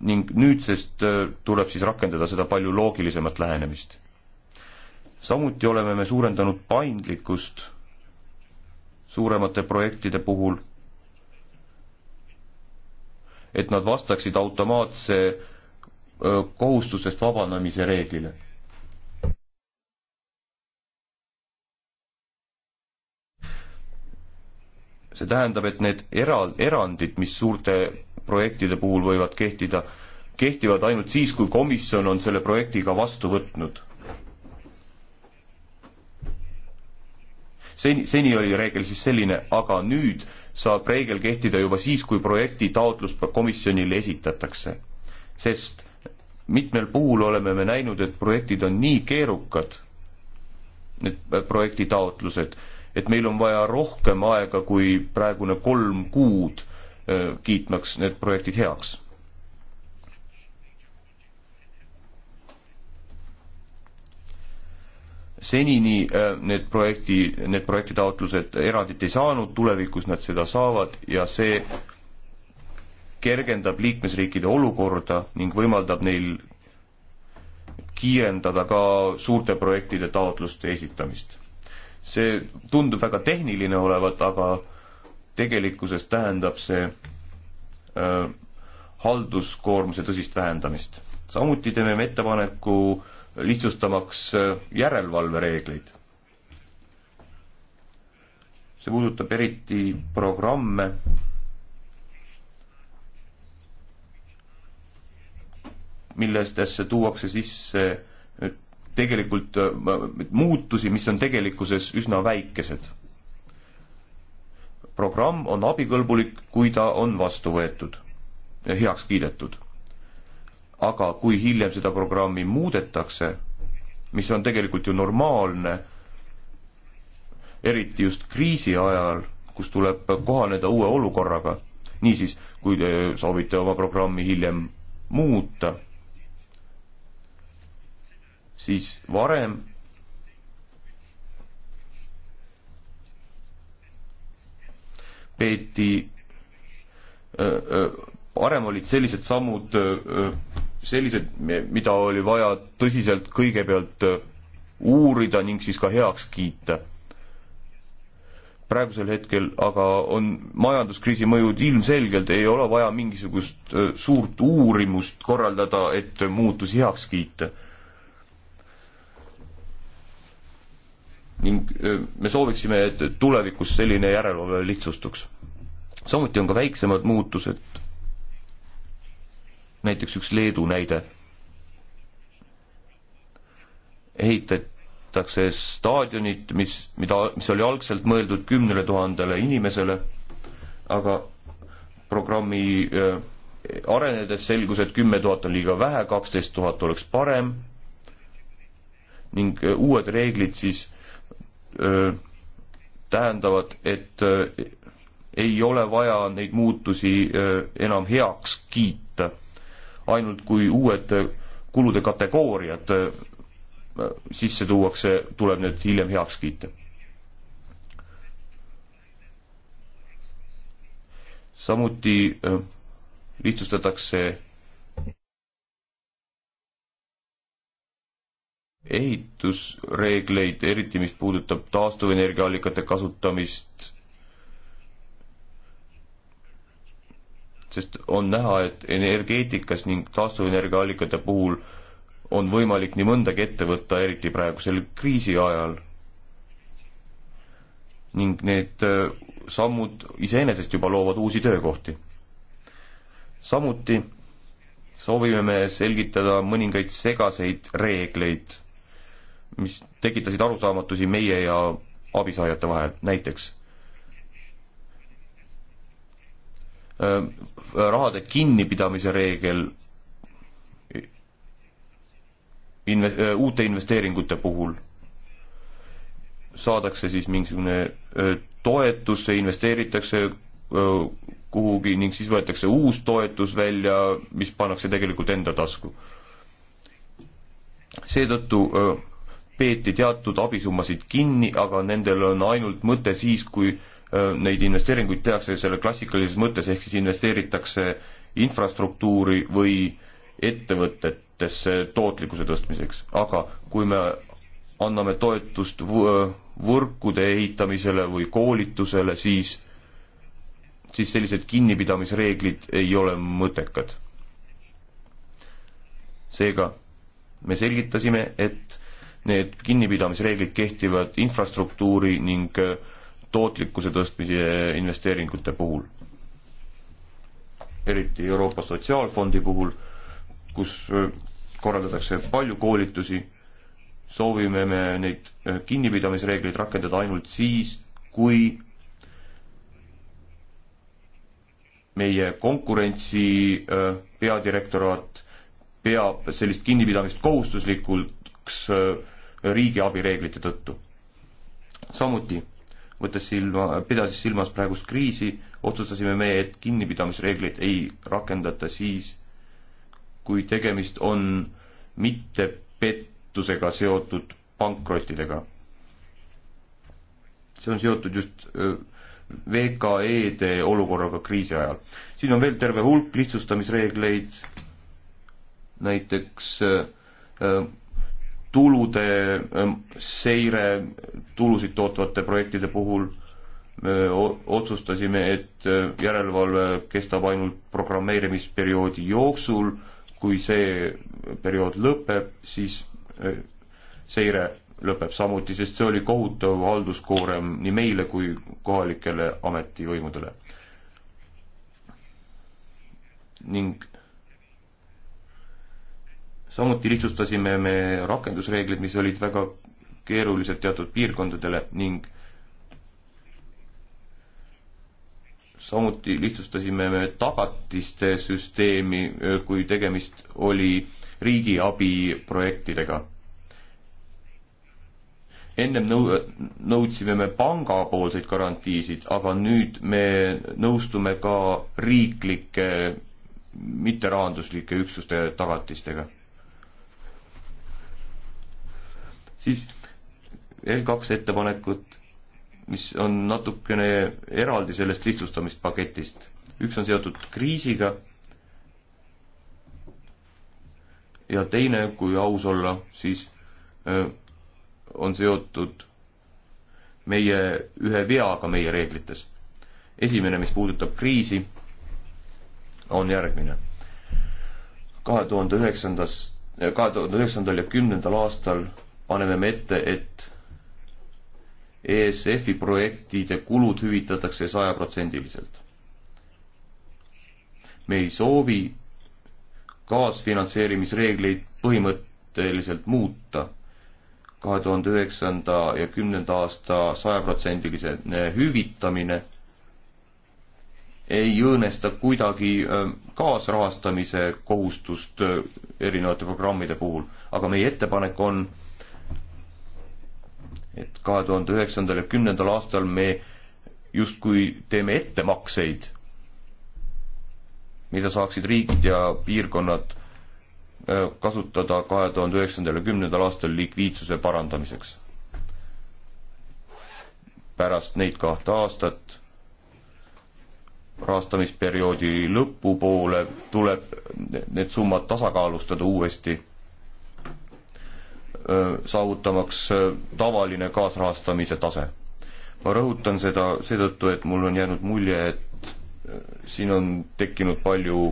ning nüüdsest äh, tuleb siis rakendada seda palju loogilisemat lähenemist samuti oleme me suurendanud paindlikkust suuremate projektide puhul, et nad vastaksid automaatse kohustusest vabanemise reeglile. see tähendab, et need era-, erandid, mis suurte projektide puhul võivad kehtida, kehtivad ainult siis, kui komisjon on selle projekti ka vastu võtnud seni, seni oli reegel siis selline, aga nüüd saab reegel kehtida juba siis, kui projekti taotlus komisjonile esitatakse. sest mitmel puhul oleme me näinud, et projektid on nii keerukad, need äh, projekti taotlused, et meil on vaja rohkem aega kui praegune kolm kuud äh, kiitmaks need projektid heaks. senini äh, need projekti, need projektitaotlused erandit ei saanud, tulevikus nad seda saavad ja see kergendab liikmesriikide olukorda ning võimaldab neil kiirendada ka suurte projektide taotluste esitamist. see tundub väga tehniline olevat, aga tegelikkuses tähendab see äh, halduskoormuse tõsist vähendamist. samuti teeme me ettepaneku äh, lihtsustamaks äh, järelevalvereegleid. see puudutab eriti programme, millestesse tuuakse sisse äh, tegelikult äh, muutusi, mis on tegelikkuses üsna väikesed. programm on abikõlbulik, kui ta on vastu võetud ja heaks kiidetud aga kui hiljem seda programmi muudetakse, mis on tegelikult ju normaalne, eriti just kriisi ajal, kus tuleb kohaneda uue olukorraga, niisiis, kui te soovite oma programmi hiljem muuta, siis varem peeti, varem olid sellised sammud öö, sellised, mida oli vaja tõsiselt kõigepealt äh, uurida ning siis ka heaks kiita. praegusel hetkel aga on majanduskriisi mõjud ilmselgelt, ei ole vaja mingisugust äh, suurt uurimust korraldada, et muutusi heaks kiita. ning äh, me sooviksime, et tulevikus selline järelevalve lihtsustuks. samuti on ka väiksemad muutused näiteks üks Leedu näide. ehitatakse staadionit, mis, mida, mis oli algselt mõeldud kümnele tuhandele inimesele, aga programmi äh, arenedes selgus, et kümme tuhat on liiga vähe, kaksteist tuhat oleks parem ning äh, uued reeglid siis öö, äh, tähendavad, et öö, ei ole vaja neid muutusi öö, enam heaks kiita ainult kui uued kulude kategooriad äh, sisse tuuakse, tuleb need hiljem heaks kiita. samuti äh, lihtsustatakse ehitusreegleid, eriti mis puudutab taastuvenergiaallikate kasutamist sest on näha, et energeetikas ning taastuvenergiaallikate puhul on võimalik nii mõndagi ette võtta, eriti praegusel kriisi ajal. ning need äh, sammud iseenesest juba loovad uusi töökohti. samuti soovime me selgitada mõningaid segaseid reegleid, mis tekitasid arusaamatusi meie ja abisaajate vahel, näiteks rahade kinnipidamise reegel inve-, uute investeeringute puhul saadakse siis mingisugune toetus, see investeeritakse kuhugi ning siis võetakse uus toetus välja, mis pannakse tegelikult enda tasku. seetõttu peeti teatud abisummasid kinni, aga nendel on ainult mõte siis, kui neid investeeringuid tehakse selle klassikalises mõttes, ehk siis investeeritakse infrastruktuuri või ettevõtetesse tootlikkuse tõstmiseks, aga kui me anname toetust võrkude ehitamisele või koolitusele, siis, siis sellised kinnipidamisreeglid ei ole mõttekad. seega me selgitasime, et need kinnipidamisreeglid kehtivad infrastruktuuri ning äh, tootlikkuse tõstmise investeeringute puhul. eriti Euroopa Sotsiaalfondi puhul, kus äh, korraldatakse palju koolitusi, soovime me neid äh, kinnipidamisreegleid rakendada ainult siis, kui meie konkurentsi äh, peadirektoraat peab sellist kinnipidamist kohustuslikuks riigiabi reeglite tõttu. samuti võttes silma, pidades silmas praegust kriisi, otsustasime me, et kinnipidamisreegleid ei rakendata siis, kui tegemist on mitte pettusega seotud pankrottidega. see on seotud just VKE-de olukorraga kriisi ajal. siin on veel terve hulk lihtsustamisreegleid, näiteks tulude ähm, seire tulusid tootvate projektide puhul me otsustasime, et äh, järelevalve kestab ainult programmeerimisperioodi jooksul, kui see periood lõpeb, siis äh, seire lõpeb samuti, sest see oli kohutav halduskoorem nii meile kui kohalikele ametivõimudele. ning samuti lihtsustasime me rakendusreeglid, mis olid väga keerulised teatud piirkondadele ning samuti lihtsustasime me tagatiste süsteemi, kui tegemist oli riigiabi projektidega. ennem nõu-, nõudsime me pangapoolseid garantiisid, aga nüüd me nõustume ka riiklike mitterahanduslike üksuste tagatistega siis veel kaks ettepanekut, mis on natukene eraldi sellest lihtsustamispaketist. üks on seotud kriisiga ja teine, kui aus olla, siis äh, on seotud meie ühe veaga meie reeglites. esimene, mis puudutab kriisi, on järgmine. kahe tuhande üheksandas, kahe tuhande üheksandal ja kümnendal aastal paneme me ette, et ESF-i projektide kulud hüvitatakse sajaprotsendiliselt. me ei soovi kaasfinantseerimisreegleid põhimõtteliselt muuta. kahe tuhande üheksanda ja kümnenda aasta sajaprotsendilise äh, hüvitamine ei õõnesta kuidagi äh, kaasrahastamise kohustust äh, erinevate programmide puhul, aga meie ettepanek on et kahe tuhande üheksandal ja kümnendal aastal me justkui teeme ettemakseid, mida saaksid riigid ja piirkonnad äh, kasutada kahe tuhande üheksandal ja kümnendal aastal likviidsuse parandamiseks. pärast neid kahte aastat rahastamisperioodi lõpupoole tuleb need summad tasakaalustada uuesti saavutamaks tavaline kaasrahastamise tase. ma rõhutan seda seetõttu, et mul on jäänud mulje, et siin on tekkinud palju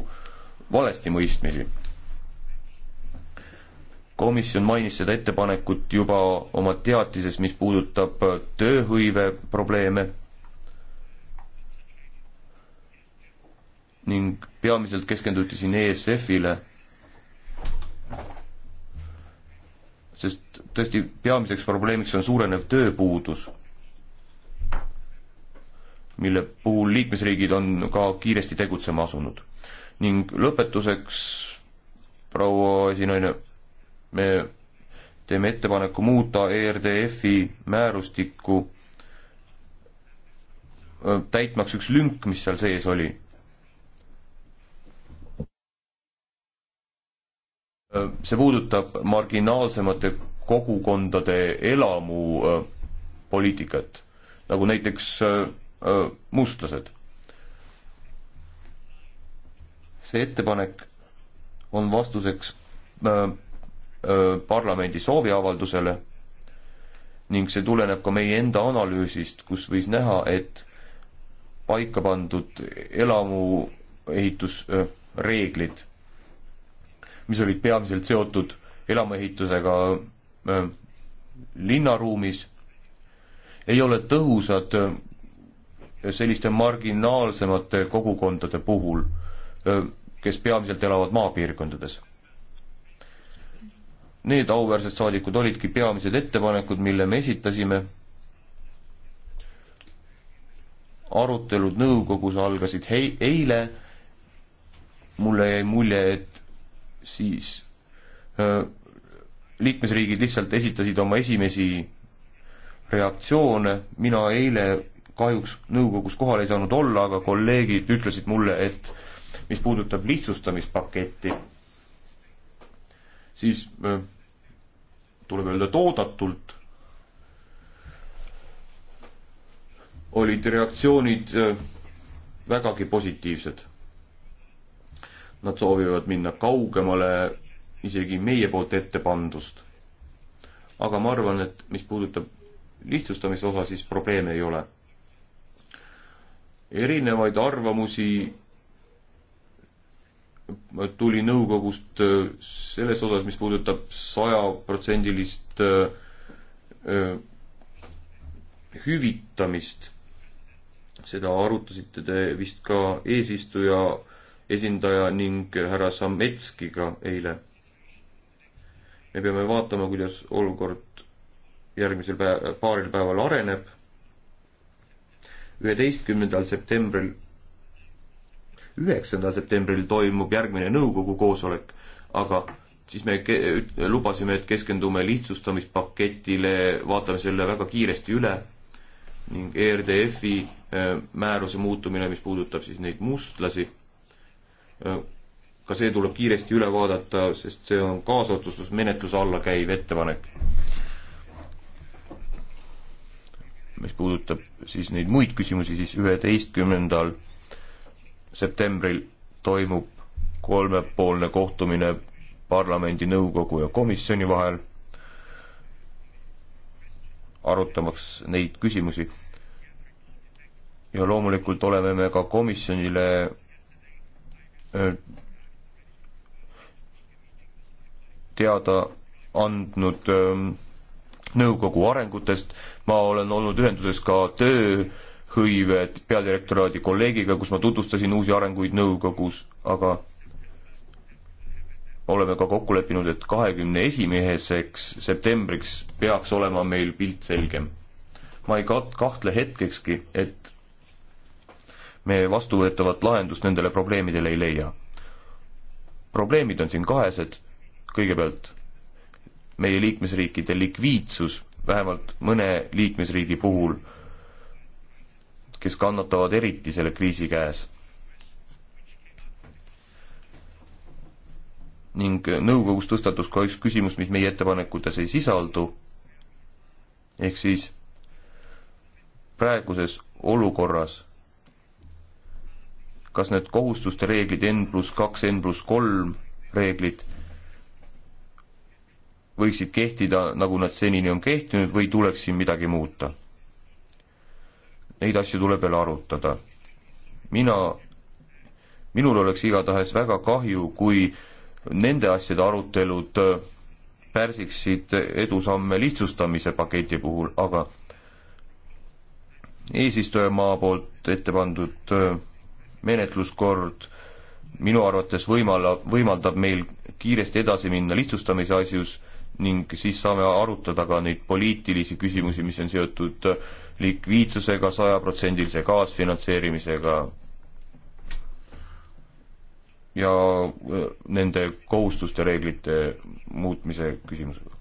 valestimõistmisi. komisjon mainis seda ettepanekut juba oma teatises, mis puudutab tööhõive probleeme ning peamiselt keskenduti siin ESF-ile sest tõesti peamiseks probleemiks on suurenev tööpuudus, mille puhul liikmesriigid on ka kiiresti tegutsema asunud. ning lõpetuseks, proua esinaine, me teeme ettepaneku muuta ERDF-i määrustikku, äh, täitmaks üks lünk, mis seal sees oli see puudutab marginaalsemate kogukondade elamupoliitikat, nagu näiteks mustlased. see ettepanek on vastuseks parlamendi sooviavaldusele ning see tuleneb ka meie enda analüüsist, kus võis näha, et paika pandud elamuehitusreeglid mis olid peamiselt seotud elamuehitusega äh, linnaruumis, ei ole tõhusad äh, selliste marginaalsemate kogukondade puhul äh,, kes peamiselt elavad maapiirkondades. Need auväärsed saadikud olidki peamised ettepanekud, mille me esitasime arutelud nõukogus algasid hei-, eile, mulle jäi mulje, et siis liikmesriigid lihtsalt esitasid oma esimesi reaktsioone, mina eile kahjuks nõukogus kohal ei saanud olla, aga kolleegid ütlesid mulle, et mis puudutab lihtsustamispaketti, siis tuleb öelda toodatult, olid reaktsioonid vägagi positiivsed. Nad soovivad minna kaugemale isegi meie poolt ette pandust. aga ma arvan, et mis puudutab lihtsustamise osa, siis probleeme ei ole. erinevaid arvamusi tuli nõukogust äh, selles osas, mis puudutab sajaprotsendilist äh, äh, hüvitamist. seda arutasite te vist ka eesistuja esindaja ning härra Sametskiga eile. me peame vaatama, kuidas olukord järgmisel päev, paaril päeval areneb. üheteistkümnendal septembril, üheksandal septembril toimub järgmine nõukogu koosolek, aga siis me lubasime, et keskendume lihtsustamispaketile, vaatame selle väga kiiresti üle ning ERDF-i äh, määruse muutumine, mis puudutab siis neid mustlasi Äh, ka see tuleb kiiresti üle vaadata, sest see on kaasotsustusmenetluse alla käiv ettepanek. mis puudutab siis neid muid küsimusi, siis üheteistkümnendal septembril toimub kolmepoolne kohtumine parlamendi, nõukogu ja komisjoni vahel, arutamaks neid küsimusi. ja loomulikult oleme me ka komisjonile teada andnud nõukogu arengutest, ma olen olnud ühenduses ka tööhõive peadirektoraadi kolleegiga, kus ma tutvustasin uusi arenguid nõukogus, aga oleme ka kokku leppinud, et kahekümne esimeseks septembriks peaks olema meil pilt selgem. ma ei kaht-, kahtle hetkekski, et me vastuvõetavat lahendust nendele probleemidele ei leia. probleemid on siin kahesed, kõigepealt meie liikmesriikide likviidsus, vähemalt mõne liikmesriigi puhul, kes kannatavad eriti selle kriisi käes. ning nõukogus tõstatus ka üks küsimus, mis meie ettepanekutes ei sisaldu, ehk siis praeguses olukorras kas need kohustuste reeglid N pluss kaks, N pluss kolm reeglid võiksid kehtida, nagu nad senini on kehtinud või tuleks siin midagi muuta? Neid asju tuleb veel arutada. mina, minul oleks igatahes väga kahju, kui nende asjade arutelud pärsiksid edusamme lihtsustamise paketi puhul, aga eesistujamaa poolt ette pandud äh, menetluskord minu arvates võimala, võimaldab meil kiiresti edasi minna lihtsustamise asjus ning siis saame arutada ka neid poliitilisi küsimusi, mis on seotud likviidsusega, sajaprotsendilise kaasfinantseerimisega ja äh, nende kohustuste reeglite muutmise küsimusega.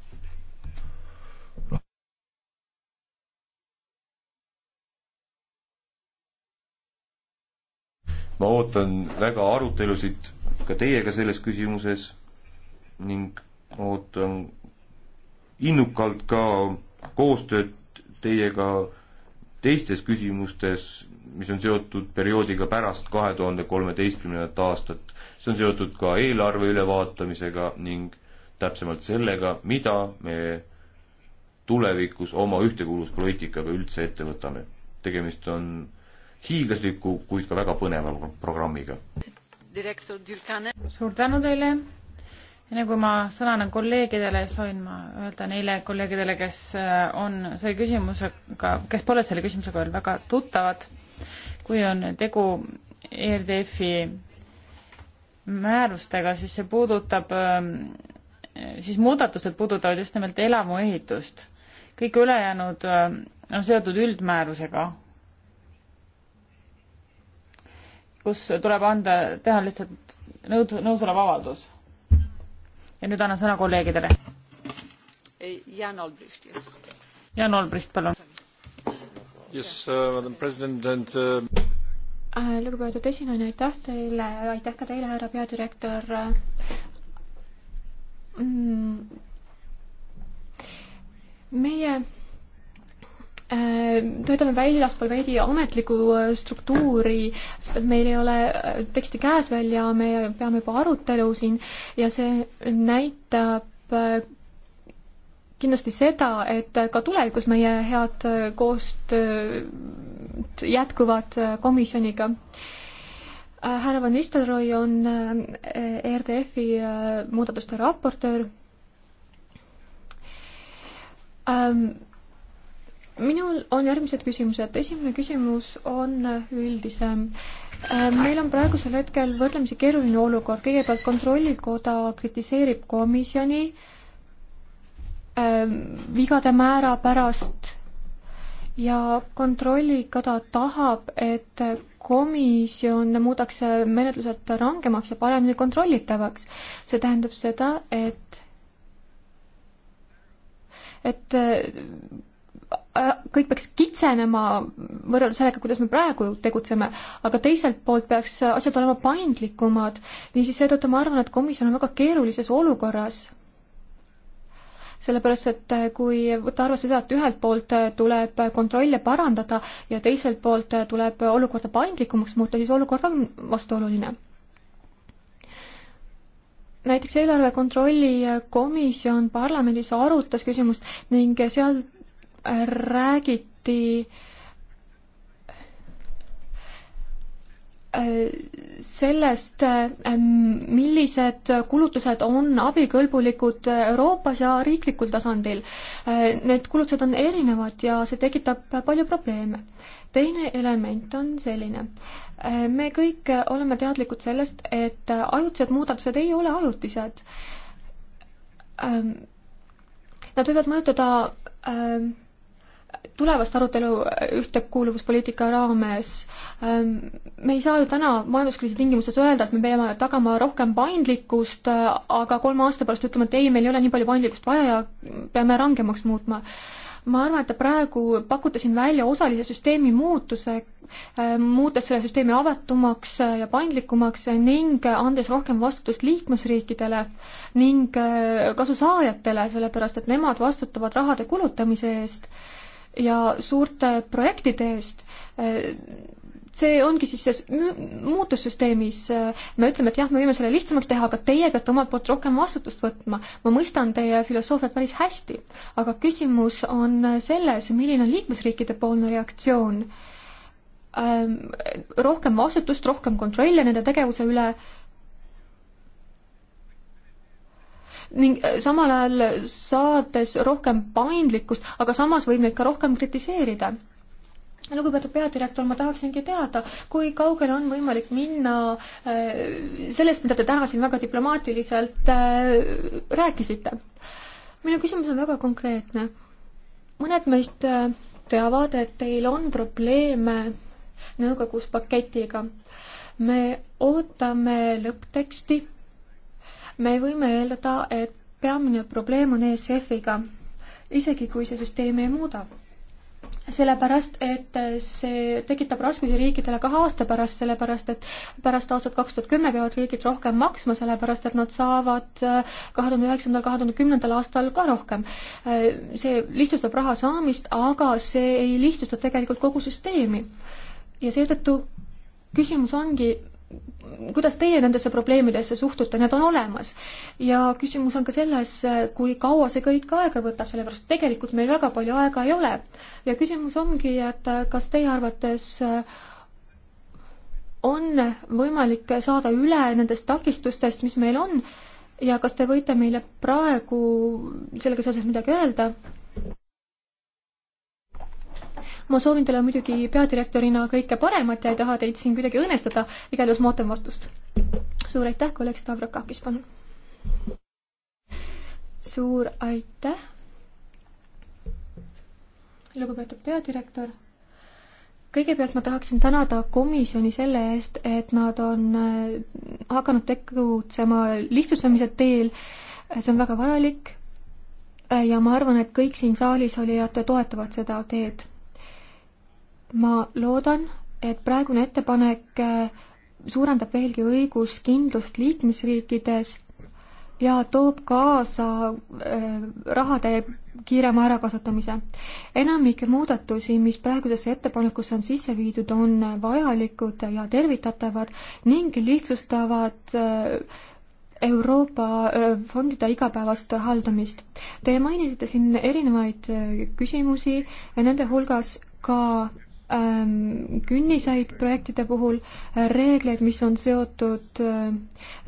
ma ootan väga arutelusid ka teiega selles küsimuses ning ootan innukalt ka koostööd teiega teistes küsimustes, mis on seotud perioodiga pärast kahe tuhande kolmeteistkümnendat aastat. see on seotud ka eelarve ülevaatamisega ning täpsemalt sellega, mida me tulevikus oma ühtekuuluvuspoliitikaga üldse ette võtame. tegemist on hiiglasliku, kuid ka väga põneva programmiga. suur tänu teile. enne kui ma sõna annan kolleegidele, soovin ma öelda neile kolleegidele, kes äh, on selle küsimusega, kes pole selle küsimusega veel väga tuttavad, kui on tegu ERDF-i määrustega, siis see puudutab, ähm, siis muudatused puudutavad just nimelt elamuehitust. kõik ülejäänud äh, on seotud üldmäärusega kus tuleb anda, teha lihtsalt nõud, nõusolev avaldus. ja nüüd annan sõna kolleegidele. Jan Olbricht, yes. Jan Olbricht, palun. Yes uh,, madam president and uh... Äh, lugupeetud esinaine, aitäh teile, aitäh ka teile, härra peadirektor mm,. meie Äh, töötame väljaspool veidi ametlikku äh, struktuuri, sest et meil ei ole äh, teksti käes veel ja me peame juba arutelu siin ja see näitab kindlasti seda, et ka tulevikus meie head koostööd jätkuvad komisjoniga. härra Van Nistelrooy on ERDF-i muudatuste raportöör ähm, minul on järgmised küsimused. esimene küsimus on üldisem. Äh, meil on praegusel hetkel võrdlemisi keeruline olukord. kõigepealt Kontrollikoda kritiseerib komisjoni äh, vigade määra pärast ja Kontrollikoda tahab, et komisjon muudaks menetlused rangemaks ja paremini kontrollitavaks. see tähendab seda, et et Äh, kõik peaks kitsenema võrreldes sellega, kuidas me praegu tegutseme, aga teiselt poolt peaks asjad olema paindlikumad, niisiis seetõttu ma arvan, et komisjon on väga keerulises olukorras sellepärast, et äh, kui võtta arvesse seda, et ühelt poolt äh, tuleb kontrolle parandada ja teiselt poolt tuleb olukorda paindlikumaks muuta, siis olukord on vastuoluline. näiteks eelarve kontrolli komisjon parlamendis arutas küsimust ning seal räägiti äh, sellest, äh, millised kulutused on abikõlbulikud Euroopas ja riiklikul tasandil. Äh, need kulutused on erinevad ja see tekitab palju probleeme. teine element on selline. me kõik oleme teadlikud sellest, et ajutised muudatused ei ole ajutised. Nad võivad mõjutada tulevast arutelu ühtekuuluvuspoliitika raames. Ähm, me ei saa ju täna majanduskriisi tingimustes öelda, et me peame tagama rohkem paindlikkust, äh, aga kolme aasta pärast ütlema, et ei, meil ei ole nii palju paindlikkust vaja ja peame rangemaks muutma ma arvan, et te praegu pakute siin välja osalise süsteemi muutuse, äh, muutes selle süsteemi avatumaks ja paindlikumaks ning andes rohkem vastutust liikmesriikidele ning äh, kasusaajatele, sellepärast et nemad vastutavad rahade kulutamise eest ja suurte projektide eest see ongi siis see muutussüsteemis, me ütleme, et jah, me võime selle lihtsamaks teha, aga teie peate omalt poolt rohkem vastutust võtma. ma mõistan teie filosoofiat päris hästi, aga küsimus on selles, milline on liikmesriikide poolne reaktsioon ähm,. rohkem vastutust, rohkem kontrolli nende tegevuse üle ning äh, samal ajal saades rohkem paindlikkust, aga samas võib neid ka rohkem kritiseerida lugupeetud peadirektor, ma tahaksingi teada, kui kaugele on võimalik minna äh, sellest, mida te täna siin väga diplomaatiliselt äh, rääkisite? minu küsimus on väga konkreetne. mõned meist teavad, et teil on probleeme nõukogus paketiga. me ootame lõppteksti me võime eeldada, et peamine probleem on ESF-iga, isegi kui see süsteem ei muuda. sellepärast, et see tekitab raskusi riikidele kahe aasta pärast, sellepärast et pärast aastat kaks tuhat kümme peavad riigid rohkem maksma, sellepärast et nad saavad kahe tuhande üheksandal, kahe tuhande kümnendal aastal ka rohkem. see lihtsustab raha saamist, aga see ei lihtsusta tegelikult kogu süsteemi. ja seetõttu küsimus ongi, kuidas teie nendesse probleemidesse suhtute, need on olemas. ja küsimus on ka selles, kui kaua see kõik aega võtab, sellepärast tegelikult meil väga palju aega ei ole. ja küsimus ongi, et kas teie arvates on võimalik saada üle nendest takistustest, mis meil on ja kas te võite meile praegu sellega seoses midagi öelda? ma soovin teile muidugi peadirektorina kõike paremat ja ei taha teid siin kuidagi õõnestada, igal juhul ma ootan vastust. suur aitäh, kolleeg Stavrakakis, palun. suur aitäh, lugupeetud peadirektor kõigepealt ma tahaksin tänada komisjoni selle eest, et nad on äh, hakanud tegutsema lihtsustamise teel. see on väga vajalik. Äh, ja ma arvan, et kõik siin saalis olijad toetavad seda teed ma loodan, et praegune ettepanek äh, suurendab veelgi õiguskindlust liikmesriikides ja toob kaasa äh, rahade kiirema ärakasutamise. enamik muudatusi, mis praegusesse ettepanekusse on sisse viidud, on vajalikud ja tervitatavad ning lihtsustavad äh, Euroopa fondide igapäevast haldamist. Te mainisite siin erinevaid küsimusi, nende hulgas ka Ähm, künniseid projektide puhul, äh, reegleid, mis on seotud äh,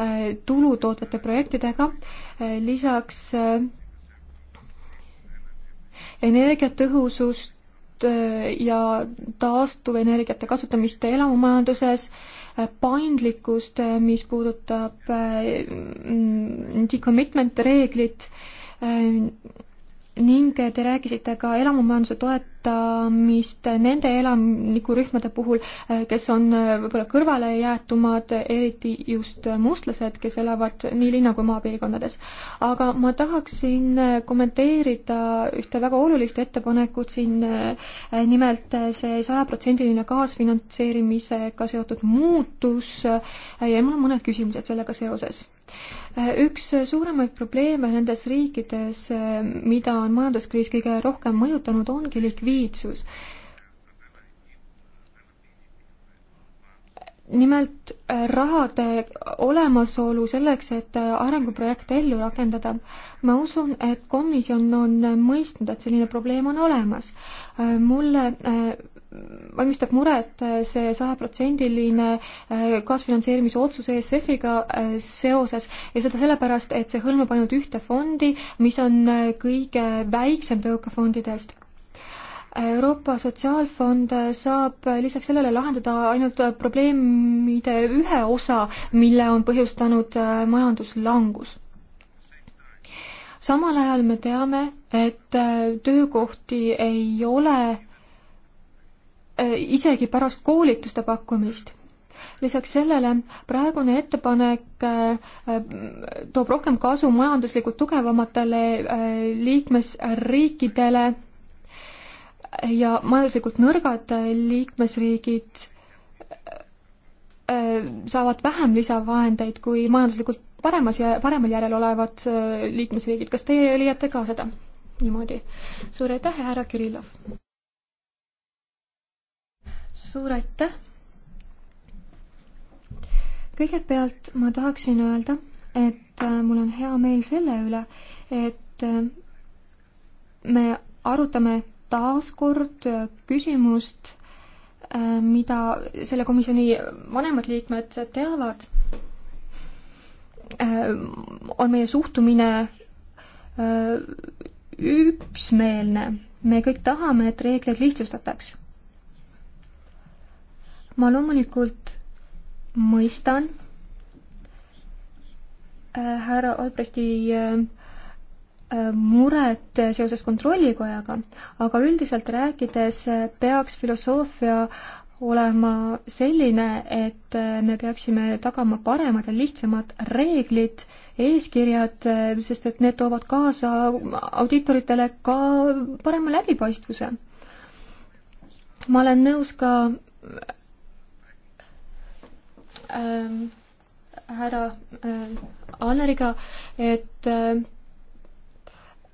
äh, tulu tootvate projektidega, lisaks energiatõhusust ja taastuvenergiate kasutamist elamumajanduses, paindlikkust, mis puudutab decommitment reeglit, ning te rääkisite ka elamumajanduse toetamist nende elanikurühmade puhul, kes on võib-olla kõrvalejäetumad, eriti just mustlased, kes elavad nii linna kui maapiirkondades. aga ma tahaksin kommenteerida ühte väga olulist ettepanekut siin, nimelt see sajaprotsendiline kaasfinantseerimisega seotud muutus ja mul on mõned küsimused sellega seoses üks suuremaid probleeme nendes riikides, mida on majanduskriis kõige rohkem mõjutanud, ongi likviidsus. nimelt rahade olemasolu selleks, et arenguprojekte ellu rakendada. ma usun, et komisjon on mõistnud, et selline probleem on olemas. mulle valmistab muret äh, see sajaprotsendiline äh, kaasfinantseerimise otsus ESF-iga äh, seoses ja seda sellepärast, et see hõlmab ainult ühte fondi, mis on kõige väiksem tõukefondidest Euroopa Sotsiaalfond saab lisaks sellele lahendada ainult probleemide ühe osa, mille on põhjustanud majanduslangus. samal ajal me teame, et töökohti ei ole Äh, isegi pärast koolituste pakkumist. lisaks sellele praegune ettepanek äh, äh, toob rohkem kasu majanduslikult tugevamatele liikmesriikidele ja majanduslikult nõrgad liikmesriigid saavad vähem lisavahendeid kui majanduslikult paremas ja paremal järel olevad liikmesriigid, kas teie leiate ka seda niimoodi? suur aitäh, härra Kirillov! suur aitäh! kõigepealt ma tahaksin öelda, et äh, mul on hea meel selle üle, et äh, me arutame taas kord äh, küsimust, mida selle komisjoni vanemad liikmed teavad, on meie suhtumine üksmeelne. me kõik tahame, et reegleid lihtsustataks ma loomulikult mõistan äh, härra Albrechti äh, äh, muret seoses kontrollikojaga, aga üldiselt rääkides peaks filosoofia olema selline, et me peaksime tagama paremad ja lihtsamad reeglid, eeskirjad, sest et need toovad kaasa audiitoritele ka parema läbipaistvuse. ma olen nõus ka ähm, härra äh, Anneriga, et ähm,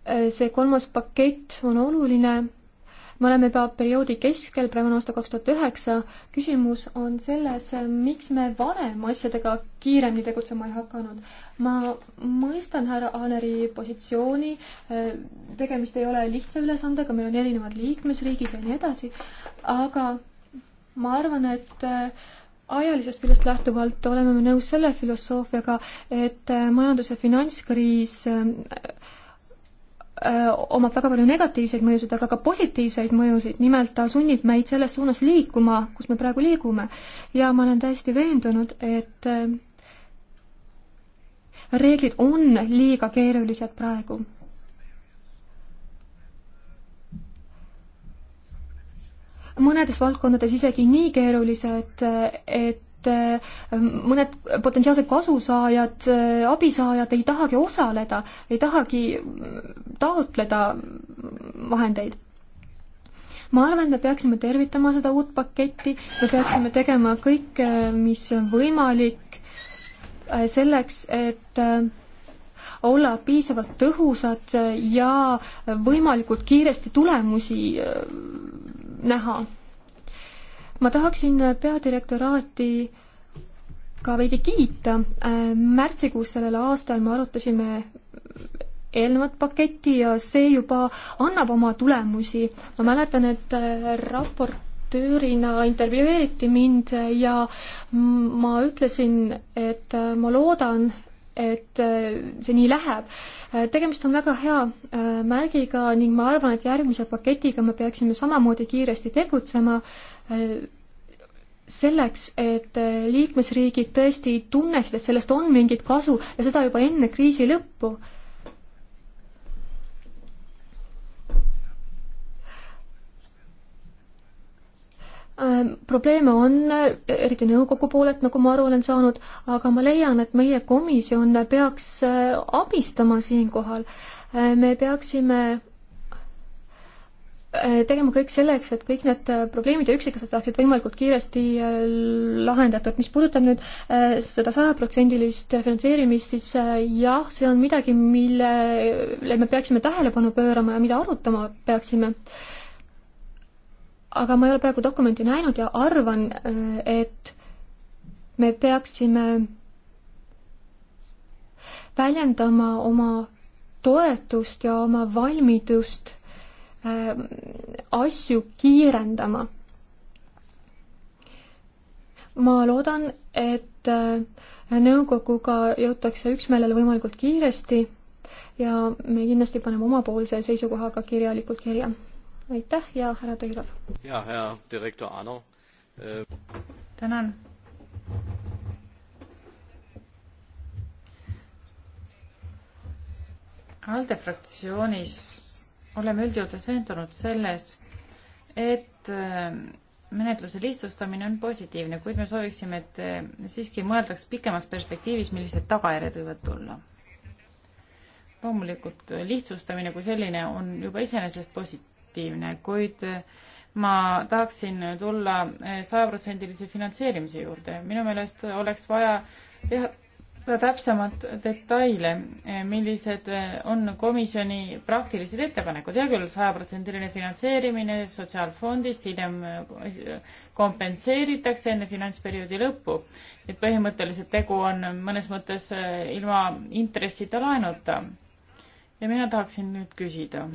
äh, see kolmas pakett on oluline. me oleme juba perioodi keskel, praegu on aasta kaks tuhat üheksa. küsimus on selles, miks me varem asjadega kiiremini tegutsema ei hakanud. ma mõistan härra Anneri positsiooni äh,. tegemist ei ole lihtsa ülesandega, meil on erinevad liikmesriigid ja nii edasi, aga ma arvan, et äh, ajalisest küljest lähtuvalt oleme me nõus selle filosoofiaga, et äh, majandus- ja finantskriis äh, äh, omab väga palju negatiivseid mõjusid, aga ka positiivseid mõjusid, nimelt ta sunnib meid selles suunas liikuma, kus me praegu liigume. ja ma olen täiesti veendunud, et reeglid on liiga keerulised praegu mõnedes valdkondades isegi nii keerulised, et äh, mõned potentsiaalsed kasusaajad, äh, abisaajad ei tahagi osaleda, ei tahagi mm, taotleda vahendeid. ma arvan, et me peaksime tervitama seda uut paketti, me peaksime tegema kõik, äh, mis võimalik selleks, et olla piisavalt tõhusad ja võimalikult kiiresti tulemusi näha. ma tahaksin peadirektoraati ka veidi kiita. märtsikuus sellel aastal me arutasime eelnevat paketti ja see juba annab oma tulemusi. ma mäletan, et raportöörina intervjueeriti mind ja ma ütlesin, et ma loodan, et äh, see nii läheb. Äh, tegemist on väga hea äh, märgiga ning ma arvan, et järgmise paketiga me peaksime samamoodi kiiresti tegutsema selleks, et liikmesriigid tõesti tunneksid, et sellest on mingit kasu ja seda juba enne kriisi lõppu Ähm, probleeme on, äh, eriti nõukogu poolelt, nagu ma aru olen saanud, aga ma leian, et meie komisjon peaks äh, abistama siinkohal. Äh, me peaksime tegema kõik selleks, et kõik need probleemid ja üksikasjad saaksid võimalikult kiiresti lahendatud. mis puudutab nüüd seda sajaprotsendilist finantseerimist, siis jah, see on midagi, millele me peaksime tähelepanu pöörama ja mida arutama peaksime aga ma ei ole praegu dokumenti näinud ja arvan, et me peaksime väljendama oma toetust ja oma valmidust ähm, asju kiirendama. ma loodan, et äh, nõukoguga jõutakse üksmeelele võimalikult kiiresti ja me kindlasti paneme omapoolse seisukoha ka kirjalikult kirja aitäh ja härra Tõilov. ja, hea direktor Anu äh.... tänan. ALDE fraktsioonis oleme üldjuhul veendunud selles, et äh, menetluse lihtsustamine on positiivne, kuid me sooviksime, et äh, siiski mõeldaks pikemas perspektiivis, millised tagajärjed võivad tulla. loomulikult äh, lihtsustamine kui selline on juba iseenesest posi-, efektiivne, kuid eh, ma tahaksin tulla eh, sajaprotsendilise finantseerimise juurde. minu meelest oleks vaja teha ka täpsemat detaile, eh, millised on komisjoni praktilised ettepanekud. hea küll, sajaprotsendiline finantseerimine sotsiaalfondist hiljem kompenseeritakse enne finantsperioodi lõppu. et põhimõtteliselt tegu on mõnes mõttes ilma intressita laenuta. ja mina tahaksin nüüd küsida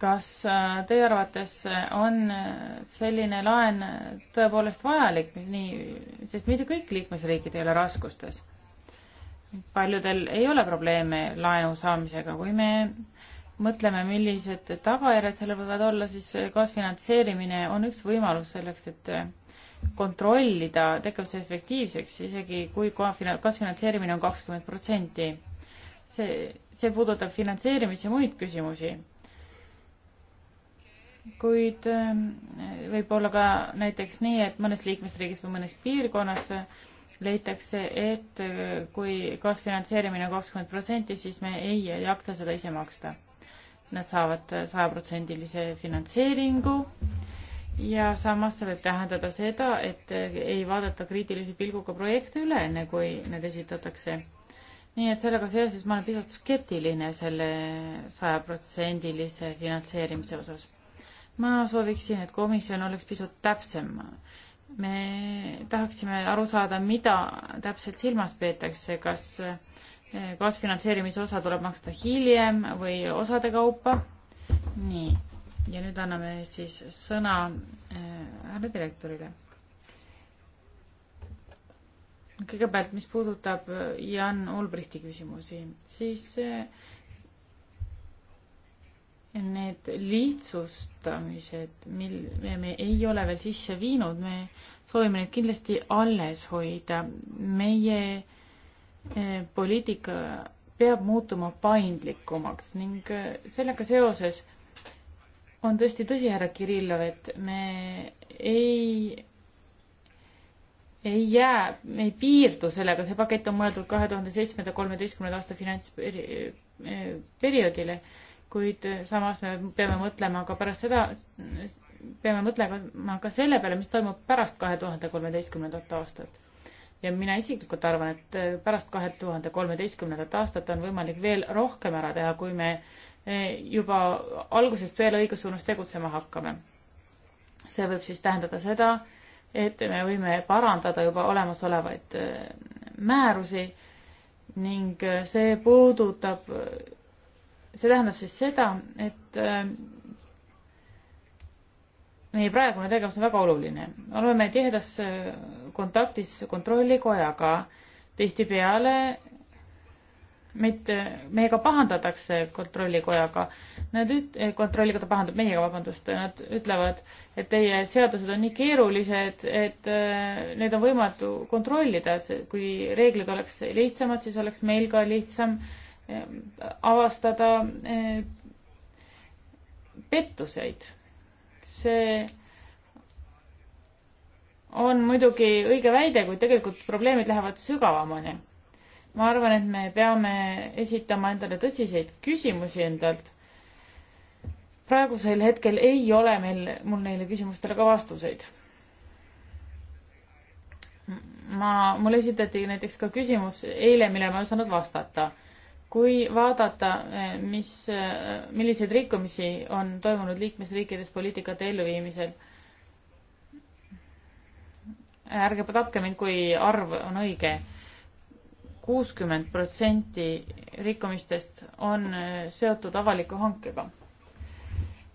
kas äh, teie arvates on äh, selline laen tõepoolest vajalik, nii, sest mitte kõik liikmesriigid ei ole raskustes. paljudel ei ole probleeme laenu saamisega, kui me mõtleme, millised tagajärjed sellel võivad olla, siis äh, kaasfinantseerimine on üks võimalus selleks, et kontrollida tegevuse efektiivseks, isegi kui kaasfinantseerimine on kakskümmend protsenti. see, see puudutab finantseerimis- ja muid küsimusi kuid ehm, võib olla ka näiteks nii, et mõnes liikmesriigis või mõnes piirkonnas leitakse, et ehm, kui kaasfinantseerimine on kakskümmend protsenti, siis me ei jaksa seda ise maksta. Nad saavad sajaprotsendilise finantseeringu ja samas see võib tähendada seda, et ehm, ei vaadata kriitilise pilguga projekte üle, enne kui need esitatakse. nii et sellega seoses ma olen pisut skeptiline selle sajaprotsendilise finantseerimise osas ma sooviksin, et komisjon oleks pisut täpsem. me tahaksime aru saada, mida täpselt silmas peetakse, kas eh, kaasfinantseerimise osa tuleb maksta hiljem või osade kaupa. nii, ja nüüd anname siis sõna eh, härra direktorile. kõigepealt, mis puudutab eh, Jan Ulbrichti küsimusi, siis äh, need lihtsustamised, mille me ei ole veel sisse viinud, me soovime neid kindlasti alles hoida. meie eh, poliitika peab muutuma paindlikumaks ning eh, sellega seoses on tõesti tõsi, härra Kirillov, et me ei, ei jää, me ei piirdu sellega, see pakett on mõeldud kahe tuhande seitsmenda, kolmeteistkümnenda aasta finantsperioodile peri, eh, kuid samas me peame mõtlema ka pärast seda, peame mõtlema ka selle peale, mis toimub pärast kahe tuhande kolmeteistkümnendat aastat. ja mina isiklikult arvan, et pärast kahe tuhande kolmeteistkümnendat aastat on võimalik veel rohkem ära teha, kui me juba algusest peale õiges suunas tegutsema hakkame. see võib siis tähendada seda, et me võime parandada juba olemasolevaid määrusi ning see puudutab see tähendab siis seda, et äh, meie praegune tegevus on väga oluline. oleme tihedas äh, kontaktis kontrollikojaga. tihtipeale meid, meiega pahandatakse kontrollikojaga. Nad üt-, eh, kontrollikoda pahandab meiega, vabandust, nad ütlevad, et teie seadused on nii keerulised, et äh, neid on võimatu kontrollida, kui reeglid oleks lihtsamad, siis oleks meil ka lihtsam äh, Ehm, avastada eh, pettuseid. see on muidugi õige väide, kuid tegelikult probleemid lähevad sügavamani. ma arvan, et me peame esitama endale tõsiseid küsimusi endalt. praegusel hetkel ei ole meil, mul neile küsimustele ka vastuseid. ma, mulle esitati näiteks ka küsimus eile, millele ma ei osanud vastata kui vaadata, eh, mis, eh, milliseid rikkumisi on toimunud liikmesriikides poliitikate elluviimisel, ärge tapke mind, kui arv on õige, kuuskümmend protsenti rikkumistest on eh, seotud avaliku hankega.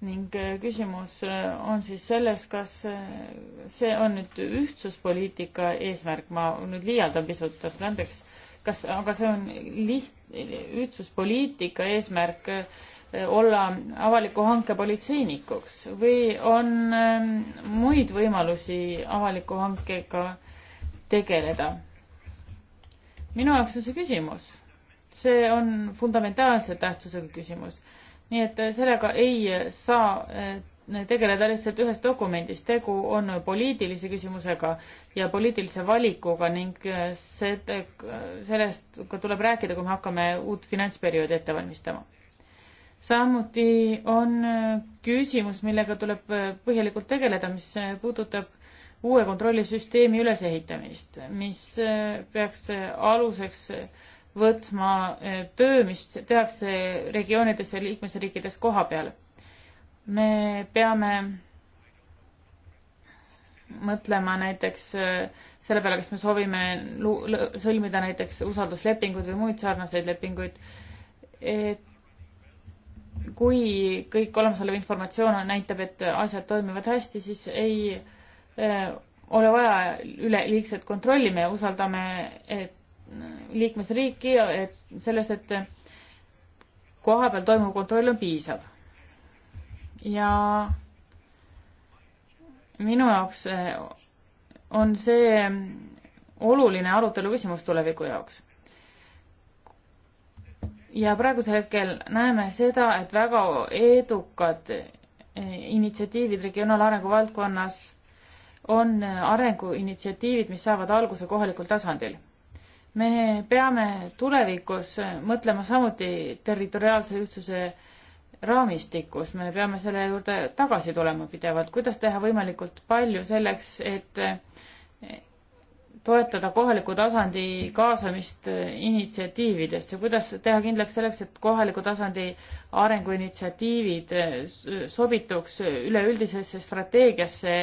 ning küsimus on siis selles, kas see on nüüd ühtsuspoliitika eesmärk, ma nüüd liialdan pisut, andeks kas, aga see on liht-, ühtsuspoliitika eesmärk eh, olla avaliku hanke politseinikuks või on ehm, muid võimalusi avaliku hankega tegeleda? minu jaoks on see küsimus, see on fundamentaalse tähtsusega küsimus, nii et eh, sellega ei eh, saa tegeleda lihtsalt ühes dokumendis, tegu on poliitilise küsimusega ja poliitilise valikuga ning äh, seda, sellest ka tuleb rääkida, kui me hakkame uut finantsperioodi ette valmistama. samuti on äh, küsimus, millega tuleb äh, põhjalikult tegeleda, mis puudutab uue kontrollisüsteemi ülesehitamist, mis peaks aluseks võtma töö, mis tehakse regioonides ja liikmesriikides koha peal me peame mõtlema näiteks äh, selle peale, kas me soovime sõlmida näiteks usalduslepinguid või muid sarnaseid lepinguid. et kui kõik olemasolev informatsioon näitab, et asjad toimivad hästi, siis ei äh, ole vaja üleliigset kontrolli, me usaldame et äh, liikmesriiki et sellest, et kohapeal toimuv kontroll on piisav ja minu jaoks eh, on see oluline arutelu küsimus tuleviku jaoks. ja praegusel hetkel näeme seda, et väga edukad eh, initsiatiivid regionaalarengu valdkonnas on eh, arenguinitsiatiivid, mis saavad alguse kohalikul tasandil. me peame tulevikus mõtlema samuti territoriaalse ühtsuse raamistikus, me peame selle juurde tagasi tulema pidevalt, kuidas teha võimalikult palju selleks, et eh, toetada kohaliku tasandi kaasamist eh, initsiatiividesse, kuidas teha kindlaks selleks, et kohaliku tasandi arenguinitsiatiivid eh, sobituks üleüldisesse strateegiasse,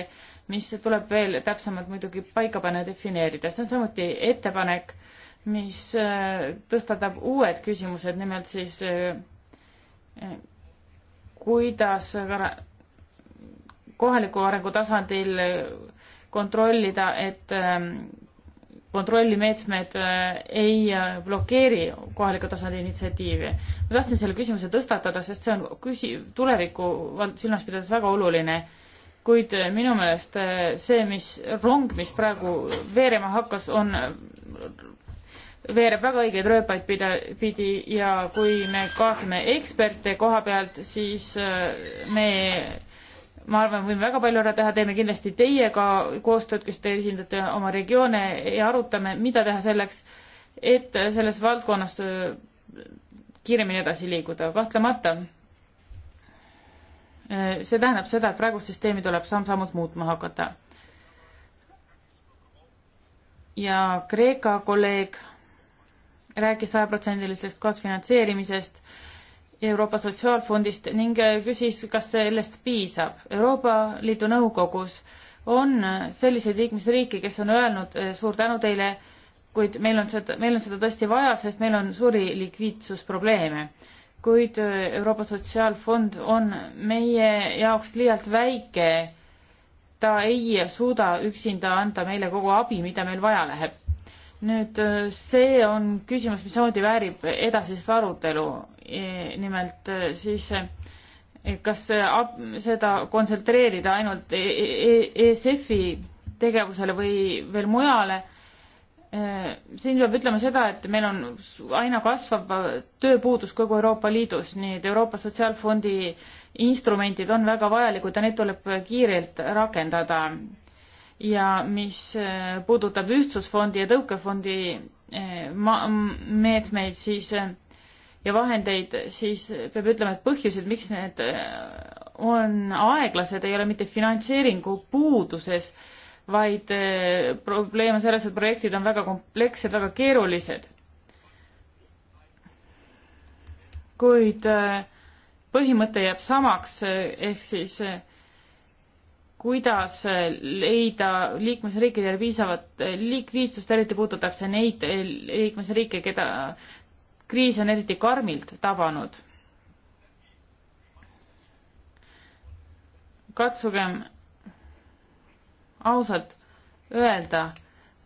mis tuleb veel täpsemalt muidugi paika panna ja defineerida, see on samuti ettepanek, mis tõstatab uued küsimused, nimelt siis kuidas kohaliku arengu tasandil kontrollida, et ähm, kontrollimeetmed äh, ei äh, blokeeri kohaliku tasandi initsiatiivi. ma tahtsin selle küsimuse tõstatada, sest see on küsi-, tulevikku silmas pidades väga oluline. kuid äh, minu meelest see, mis rong, mis praegu veerema hakkas, on veereb väga õigeid rööpaid pida, pidi ja kui me kaasame eksperte koha pealt, siis äh, me, ma arvan, võime väga palju ära teha, teeme kindlasti teiega koostööd, kes te esindate oma regioone ja arutame, mida teha selleks, et selles valdkonnas äh, kiiremini edasi liiguda, kahtlemata. Äh, see tähendab seda, et praegust süsteemi tuleb samm-sammult muutma hakata. ja Kreeka kolleeg rääkis sajaprotsendilisest kaasfinantseerimisest Euroopa Sotsiaalfondist ning küsis, kas sellest piisab. Euroopa Liidu Nõukogus on selliseid liikmesriike, kes on öelnud eh, suur tänu teile, kuid meil on seda, meil on seda tõesti vaja, sest meil on suuri likviidsusprobleeme. kuid eh, Euroopa Sotsiaalfond on meie jaoks liialt väike. ta ei suuda üksinda anda meile kogu abi, mida meil vaja läheb nüüd äh, see on küsimus, mis samuti väärib edasist arutelu. E, nimelt äh, siis äh, kas seda kontsentreerida ainult ESF-i e e, e, e tegevusele või veel mujale. siin peab ütlema seda, et meil on aina kasvav tööpuudus kogu Euroopa Liidus, nii et Euroopa Sotsiaalfondi instrumendid on väga vajalikud ja neid tuleb kiirelt rakendada ja mis äh, puudutab Ühtsusfondi ja Tõukefondi äh, meetmeid, siis äh, ja vahendeid, siis peab ütlema, et põhjused, miks need on aeglased, ei ole mitte finantseeringu puuduses, vaid probleem on selles, et projektid on väga komplekssed, väga keerulised. kuid põhimõte jääb samaks, ehk siis kuidas leida liikmesriikidele piisavat likviidsust, eriti puudutab see neid liikmesriike, keda kriis on eriti karmilt tabanud. katsugem ausalt öelda,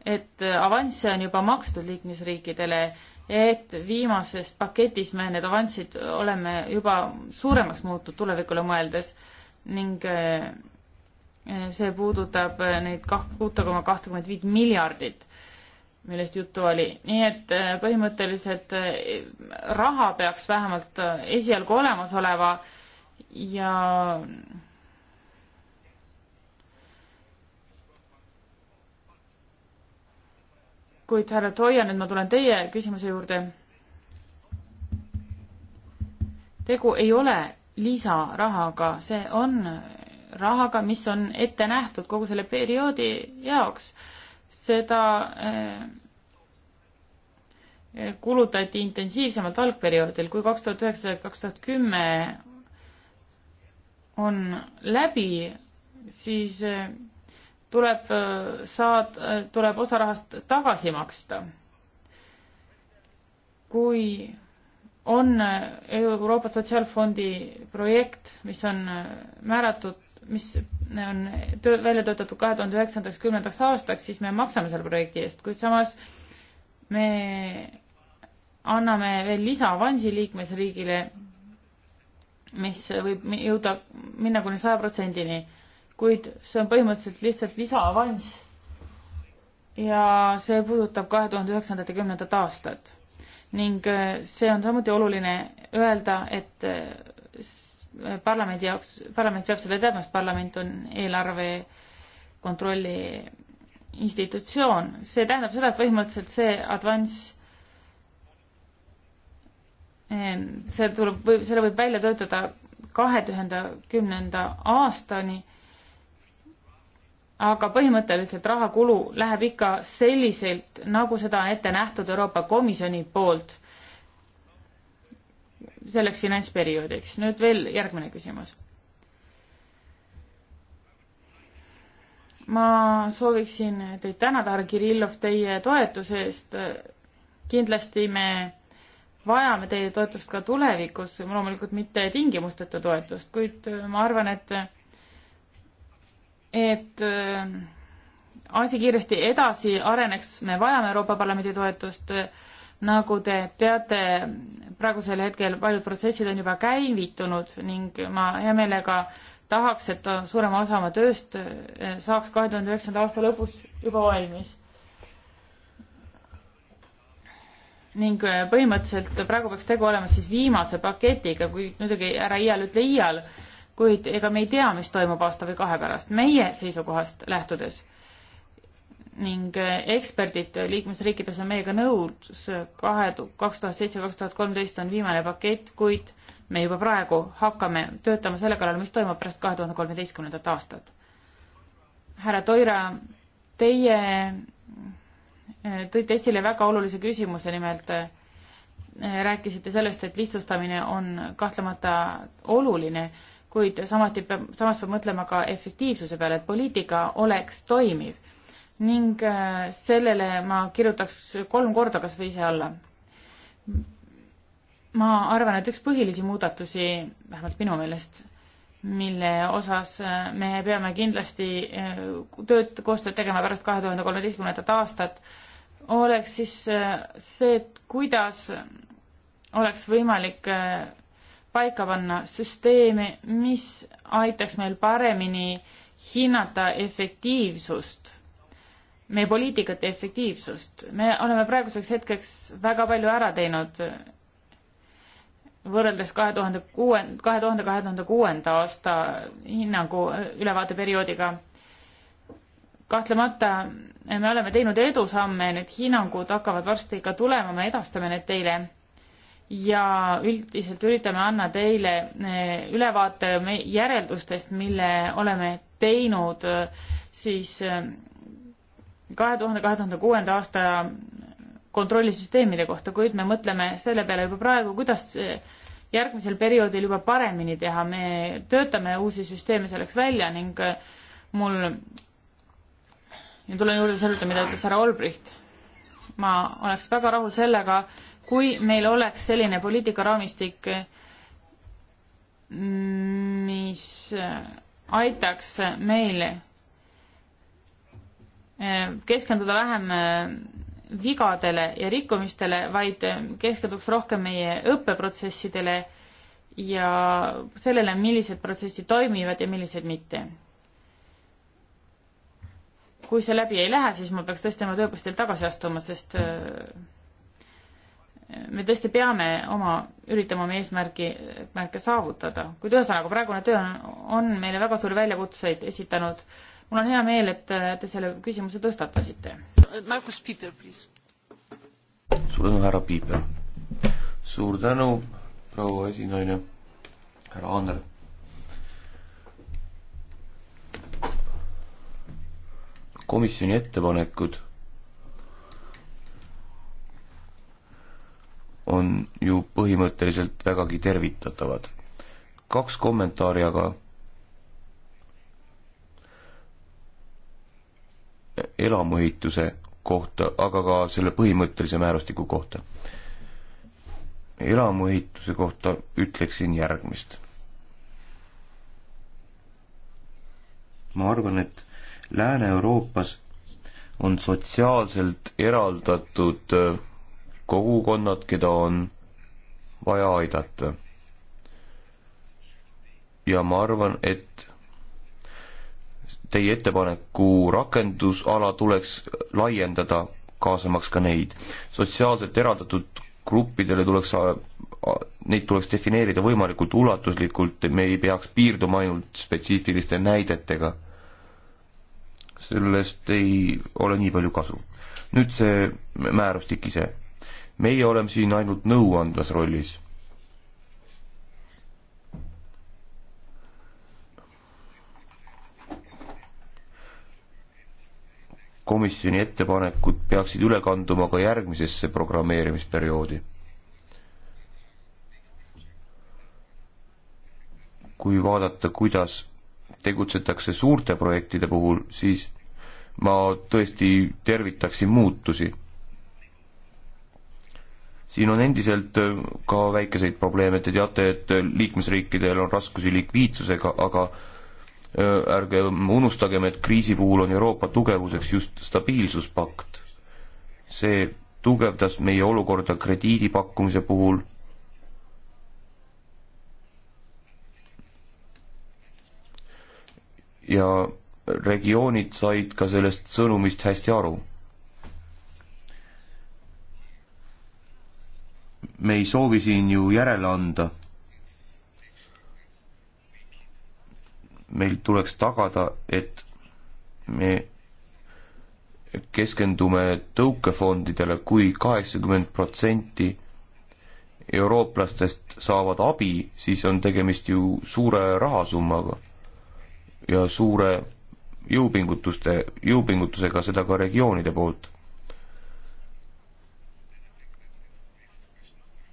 et avansse on juba makstud liikmesriikidele, et viimases paketis me need avansid oleme juba suuremaks muutnud tulevikule mõeldes ning äh, Eh, see puudutab eh, neid kah-, kuute koma kahtekümmet viit miljardit, millest juttu oli. nii et eh, põhimõtteliselt raha peaks vähemalt esialgu olemas olema ja kuid härra Toia, nüüd ma tulen teie küsimuse juurde. tegu ei ole lisarahaga, see on rahaga, mis on ette nähtud kogu selle perioodi jaoks. seda eh, kulutati intensiivsemalt algperioodil, kui kaks tuhat üheksa, kaks tuhat kümme on läbi, siis eh, tuleb eh, saad, tuleb osa rahast tagasi maksta. kui on Euroopa Sotsiaalfondi projekt, mis on määratud mis on töö, välja töötatud kahe tuhande üheksandaks, kümnendaks aastaks, siis me maksame selle projekti eest, kuid samas me anname veel lisaavansi liikmesriigile, mis võib jõuda, minna kuni saja protsendini, kuid see on põhimõtteliselt lihtsalt lisaavanss ja see puudutab kahe tuhande üheksandat ja kümnendat aastat. ning äh, see on samuti oluline öelda, et äh, parlamendi jaoks, parlament peab seda teadma, sest parlament on eelarve kontrolli institutsioon. see tähendab seda, et põhimõtteliselt see advanss, eh, see tuleb, selle võib välja töötada kahe tuhande kümnenda aastani, aga põhimõtteliselt rahakulu läheb ikka selliselt, nagu seda on ette nähtud Euroopa Komisjoni poolt selleks finantsperioodiks. nüüd veel järgmine küsimus. ma sooviksin teid tänada, härra Kirillov, teie toetuse eest. kindlasti me vajame teie toetust ka tulevikus, loomulikult mitte tingimusteta toetust, kuid ma arvan, et et äh, asi kiiresti edasi areneks, me vajame Euroopa Parlamendi toetust nagu te teate, praegusel hetkel paljud protsessid on juba käivitunud ning ma hea meelega tahaks, et suurema osa oma tööst eh, saaks kahe tuhande üheksanda aasta lõpus juba valmis. ning eh, põhimõtteliselt praegu peaks tegu olema siis viimase paketiga, kui muidugi ära iial ütle iial, kuid ega me ei tea, mis toimub aasta või kahe pärast, meie seisukohast lähtudes ning äh, eksperdid liikmesriikides on meiega nõus, kahe, kaks tuhat seitse, kaks tuhat kolmteist on viimane pakett, kuid me juba praegu hakkame töötama selle kallal, mis toimub pärast kahe tuhande kolmeteistkümnendat aastat. härra Toira, teie äh, tõite esile väga olulise küsimuse, nimelt äh, rääkisite sellest, et lihtsustamine on kahtlemata oluline, kuid samuti peab, samas peab mõtlema ka efektiivsuse peale, et poliitika oleks toimiv ning äh, sellele ma kirjutaks kolm korda kas või ise alla. ma arvan, et üks põhilisi muudatusi, vähemalt minu meelest, mille osas äh, me peame kindlasti äh, tööd, koostööd tegema pärast kahe tuhande kolmeteistkümnendat aastat, oleks siis see, et kuidas oleks võimalik paika panna süsteeme, mis aitaks meil paremini hinnata efektiivsust meie poliitikate efektiivsust. me oleme praeguseks hetkeks väga palju ära teinud võrreldes kahe tuhande kuue, kahe tuhande, kahe tuhande kuuenda aasta hinnangu äh, ülevaateperioodiga. kahtlemata me oleme teinud edusamme, need hinnangud hakkavad varsti ka tulema, me edastame need teile ja üldiselt üritame anna teile äh, ülevaate järeldustest, mille oleme teinud äh, siis kahe tuhande, kahe tuhande kuuenda aasta kontrollisüsteemide kohta, kuid me mõtleme selle peale juba praegu, kuidas järgmisel perioodil juba paremini teha, me töötame uusi süsteeme selleks välja ning äh, mul, ja tulen juurde selle juurde, mida ütles härra Olbricht, ma oleks väga rahul sellega, kui meil oleks selline poliitikaraamistik, äh, mis äh, aitaks meil keskenduda vähem äh, vigadele ja rikkumistele, vaid äh, keskenduks rohkem meie õppeprotsessidele ja sellele, millised protsessid toimivad ja millised mitte. kui see läbi ei lähe, siis ma peaks tõesti oma tööpostil tagasi astuma, sest äh, me tõesti peame oma, üritama oma eesmärgi, eesmärke saavutada, kuid ühesõnaga praegune töö on, on meile väga suuri väljakutseid esitanud äh, mul on hea meel, et äh, te selle küsimuse tõstatasite. Markus Piiper, please. suur tänu, härra Piiper. suur tänu, proua esinaine, härra Annel. komisjoni ettepanekud on ju põhimõtteliselt vägagi tervitatavad. kaks kommentaari aga elamuehituse kohta, aga ka selle põhimõttelise määrustiku kohta. elamuehituse kohta ütleksin järgmist. ma arvan, et Lääne-Euroopas on sotsiaalselt eraldatud äh, kogukonnad, keda on vaja aidata. ja ma arvan, et teie ettepaneku rakendusala tuleks laiendada, kaasamaks ka neid. sotsiaalselt eraldatud gruppidele tuleks, neid tuleks defineerida võimalikult ulatuslikult, me ei peaks piirduma ainult spetsiifiliste näidetega. sellest ei ole nii palju kasu. nüüd see määrustik ise. meie oleme siin ainult nõuandvas rollis komisjoni ettepanekud peaksid üle kanduma ka järgmisesse programmeerimisperioodi. kui vaadata, kuidas tegutsetakse suurte projektide puhul, siis ma tõesti tervitaksin muutusi. siin on endiselt ka väikeseid probleeme, te teate, et liikmesriikidel on raskusi likviidsusega, aga ärgem unustagem, et kriisi puhul on Euroopa tugevuseks just stabiilsuspakt. see tugevdas meie olukorda krediidi pakkumise puhul ja regioonid said ka sellest sõnumist hästi aru. me ei soovi siin ju järele anda meil tuleks tagada, et me keskendume tõukefondidele kui, kui kaheksakümmend protsenti eurooplastest saavad abi, siis on tegemist ju suure rahasummaga ja suure jõupingutuste, jõupingutusega, seda ka regioonide poolt.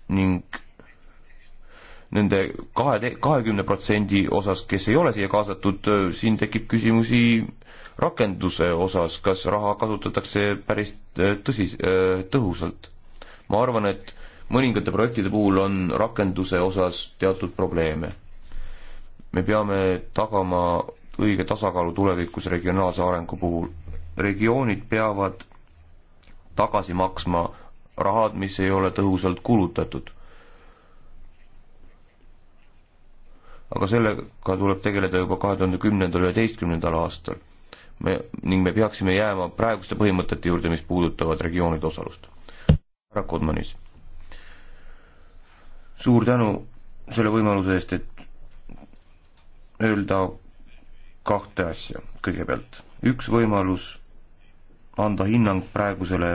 ning nende kahe, kahekümne protsendi osas, kes ei ole siia kaasatud, äh, siin tekib küsimusi rakenduse osas, kas raha kasutatakse päris äh, tõsis-, äh, tõhusalt. ma arvan, et mõningate projektide puhul on rakenduse osas teatud probleeme. me peame tagama õige tasakaalu tulevikus regionaalse arengu puhul. regioonid peavad tagasi maksma rahad, mis ei ole tõhusalt kulutatud aga sellega tuleb tegeleda juba kahe tuhande kümnendal, üheteistkümnendal aastal. me, ning me peaksime jääma praeguste põhimõtete juurde, mis puudutavad regioonide osalust. härra Kodmanis, suur tänu selle võimaluse eest, et öelda kahte asja kõigepealt. üks võimalus anda hinnang praegusele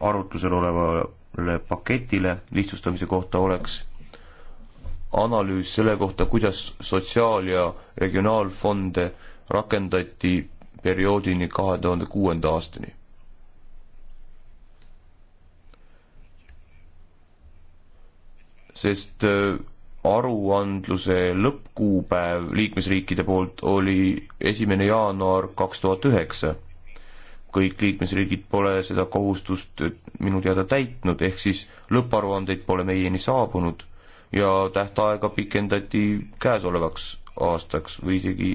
arutlusel olevale paketile lihtsustamise kohta oleks analüüs selle kohta, kuidas sotsiaal- ja regionaalfonde rakendati perioodini kahe tuhande kuuenda aastani. sest äh, aruandluse lõppkuupäev liikmesriikide poolt oli esimene jaanuar kaks tuhat üheksa. kõik liikmesriigid pole seda kohustust äh, minu teada täitnud, ehk siis lõpparuandeid pole meieni saabunud ja tähtaega pikendati käesolevaks aastaks või isegi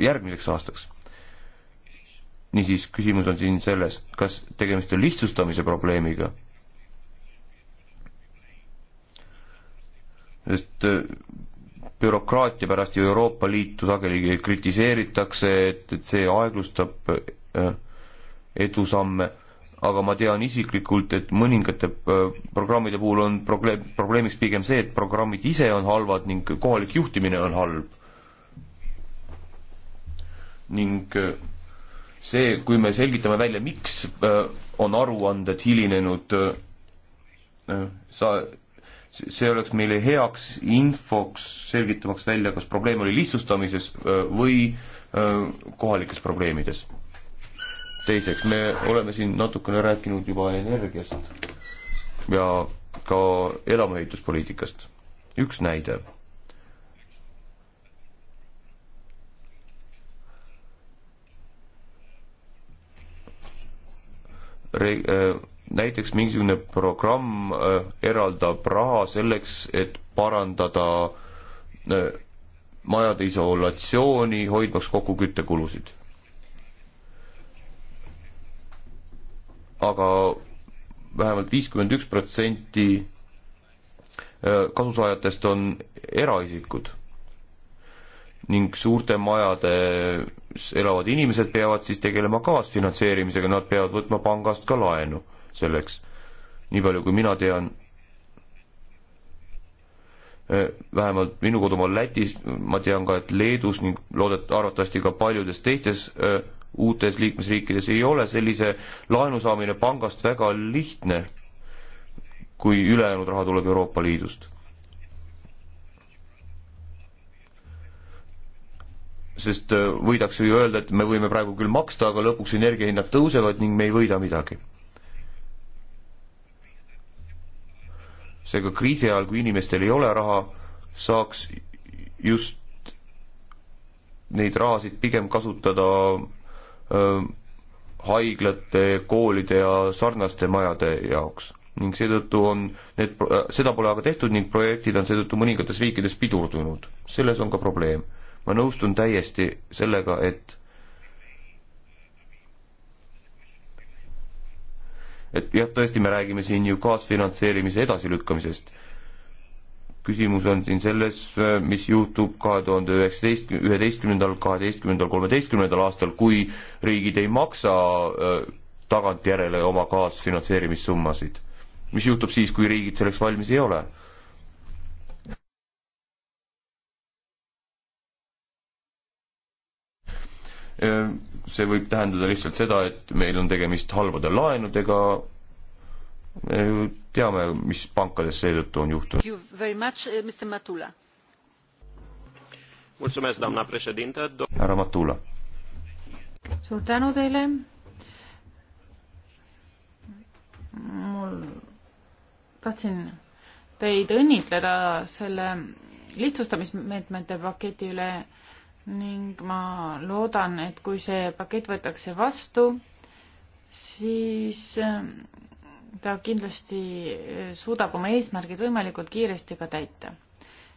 järgmiseks aastaks. niisiis, küsimus on siin selles, kas tegemist on lihtsustamise probleemiga sest bürokraatia pärast ju Euroopa Liitu sageli kritiseeritakse, et, et see aeglustab edusamme, aga ma tean isiklikult, et mõningate äh, programmide puhul on probleem, probleemiks pigem see, et programmid ise on halvad ning kohalik juhtimine on halb. ning äh, see, kui me selgitame välja, miks äh, on aruanded hilinenud, sa, see oleks meile heaks infoks, selgitamaks välja, kas probleem oli lihtsustamises või kohalikes probleemides teiseks, me oleme siin natukene rääkinud juba energiast ja ka elamuehituspoliitikast. üks näide. Re-, äh, näiteks mingisugune programm äh, eraldab raha selleks, et parandada äh, majade isolatsiooni, hoidmaks kokku küttekulusid aga vähemalt viiskümmend üks protsenti äh, kasusaajatest on eraisikud ning suurte majades elavad inimesed peavad siis tegelema kaasfinantseerimisega, nad peavad võtma pangast ka laenu selleks. nii palju, kui mina tean, äh, vähemalt minu kodumaal Lätis, ma tean ka, et Leedus ning loodet-, arvatavasti ka paljudes teistes äh, uutes liikmesriikides ei ole sellise laenu saamine pangast väga lihtne, kui ülejäänud raha tuleb Euroopa Liidust. sest äh, võidakse ju öelda, et me võime praegu küll maksta, aga lõpuks energiahinnad tõusevad ning me ei võida midagi seega kriisi ajal, kui inimestel ei ole raha, saaks just neid rahasid pigem kasutada haiglate, koolide ja sarnaste majade jaoks ning seetõttu on need, äh, seda pole aga tehtud ning projektid on seetõttu mõningates riikides pidurdunud. selles on ka probleem. ma nõustun täiesti sellega, et et jah, tõesti, me räägime siin ju kaasfinantseerimise edasilükkamisest küsimus on siin selles, äh, mis juhtub kahe tuhande üheksateist, üheteistkümnendal, kaheteistkümnendal, kolmeteistkümnendal aastal, kui riigid ei maksa äh, tagantjärele oma kaasfinantseerimissummasid. mis juhtub siis, kui riigid selleks valmis ei ole? Äh, see võib tähendada lihtsalt seda, et meil on tegemist halbade laenudega, teame, mis pankades seetõttu on juhtunud. Eh, härra Matula. suur tänu teile. mul, tahtsin teid õnnitleda selle lihtsustamismeetmete paketi üle ning ma loodan, et kui see pakett võetakse vastu, siis ta kindlasti eh, suudab oma eesmärgid võimalikult kiiresti ka täita.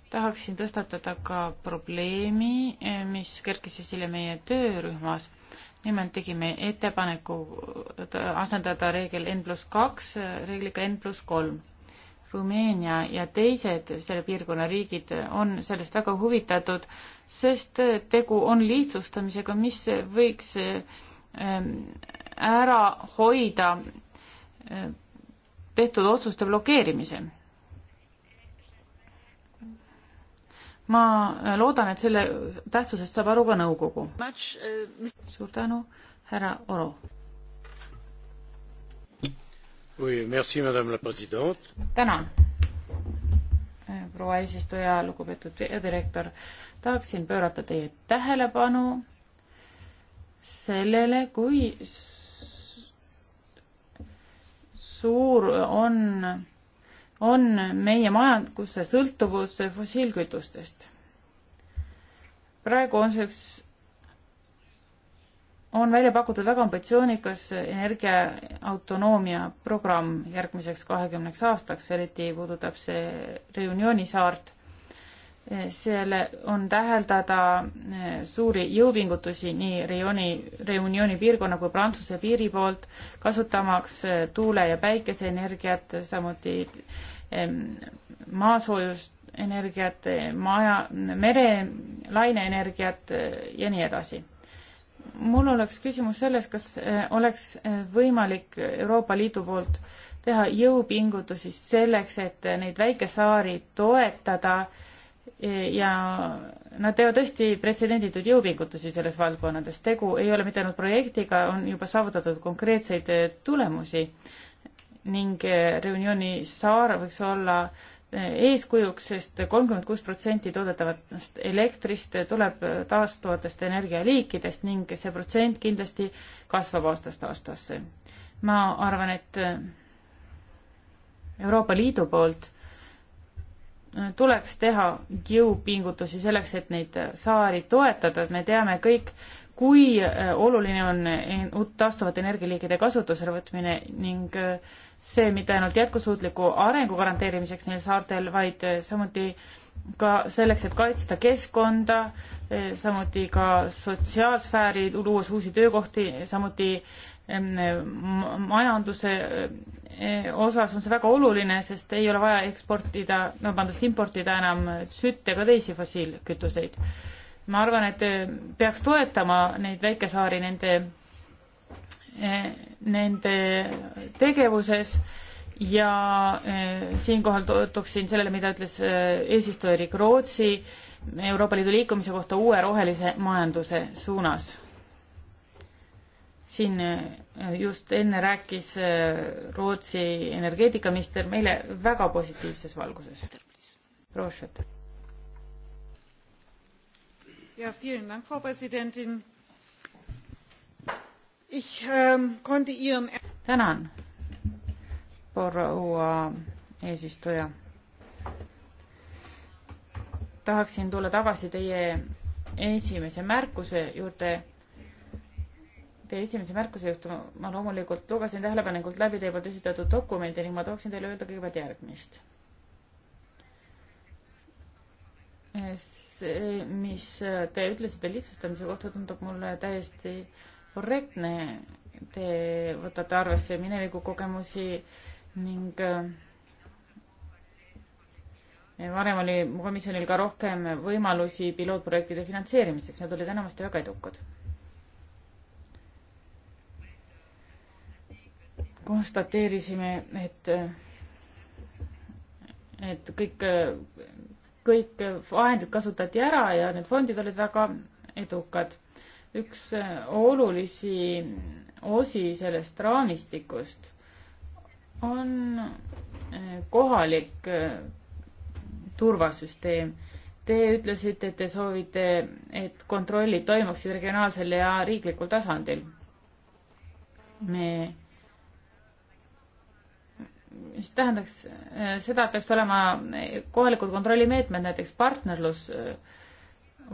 tahaksin tõstatada ka probleemi, eh, mis kerkis esile meie töörühmas. nimelt tegime ettepaneku asendada reegel N pluss kaks eh, reegliga N pluss kolm. Rumeenia ja teised selle piirkonna riigid on sellest väga huvitatud, sest tegu on lihtsustamisega, mis võiks ära hoida tehtud otsuste blokeerimise. ma loodan, et selle tähtsusest saab aru ka nõukogu. suur tänu, härra Oro. tänan, proua eesistuja, lugupeetud peadirektor. tahaksin pöörata teie tähelepanu sellele, kui suur on, on meie majanduse sõltuvus fossiilkütustest. praegu on see üks, on välja pakutud väga ambitsioonikas energiaautonoomia programm järgmiseks kahekümneks aastaks, eriti puudutab see Reunioni saart seal on täheldada eh, suuri jõupingutusi nii Reunioni, Reunioni piirkonna kui Prantsuse piiri poolt, kasutamaks eh, tuule- ja päikeseenergiat, samuti maasoojust, energiat, maja, merelaineenergiat eh, ja nii edasi. mul oleks küsimus selles, kas oleks võimalik Euroopa Liidu poolt teha jõupingutusi selleks, et neid väikesaari toetada äh, ja nad teevad tõesti pretsedendituid jõupingutusi selles valdkonnades. tegu ei ole mitte ainult projektiga, on juba saavutatud konkreetseid eh, tulemusi ning eh, Reunioni saar võiks olla eh, eeskujuks sest, sest kolmkümmend kuus protsenti toodetavast elektrist tuleb taastuvatest energialiikidest ning see protsent kindlasti kasvab aastast aastasse. ma arvan, et Euroopa Liidu poolt tuleks teha jõupingutusi selleks, et neid saari toetada, et me teame kõik, kui äh, oluline on taastuvate energialiigide kasutusele võtmine ning äh, see mitte ainult jätkusuutliku arengu garanteerimiseks neil saartel, vaid äh, samuti ka selleks, et kaitsta keskkonda, samuti ka sotsiaalsfääri, luues uusi töökohti, samuti Eh, majanduse eh, eh, osas on see väga oluline, sest ei ole vaja eksportida, no vabandust, importida enam sütt ega teisi fossiilkütuseid. ma arvan, et peaks toetama neid väikesaari nende, nende tegevuses ja siinkohal tooksin sellele, mida ütles eesistujariik Rootsi Euroopa Liidu liikumise kohta uue rohelise majanduse suunas siin äh, just enne rääkis äh, Rootsi energeetikaminister meile väga positiivses valguses. proua Schütter. Ja, vielen Dank, Frau Präsidentin. Ich ähm, konnte Ihren. Er- Tänan, proua eesistuja. tahaksin tulla tagasi teie esimese märkuse juurde teie esimese märkuse juhtu ma loomulikult lugesin tähelepanelikult läbi teie poolt esitatud dokumendi ning ma tooksin teile öelda kõigepealt järgmist. see, mis te ütlesite lihtsustamise kohta, tundub mulle täiesti korrektne. Te võtate arvesse minevikukogemusi ning eh, varem oli komisjonil ka rohkem võimalusi pilootprojektide finantseerimiseks, need olid enamasti väga edukad konstateerisime, et, et kõik, kõik vahendid kasutati ära ja need fondid olid väga edukad. üks olulisi osi sellest raamistikust on eh, kohalik eh, turvasüsteem. Te ütlesite, et te soovite, et kontrollid toimuksid regionaalsel ja riiklikul tasandil. me mis tähendaks äh, seda, et peaks olema äh, kohalikud kontrollimeetmed näiteks partnerlus äh,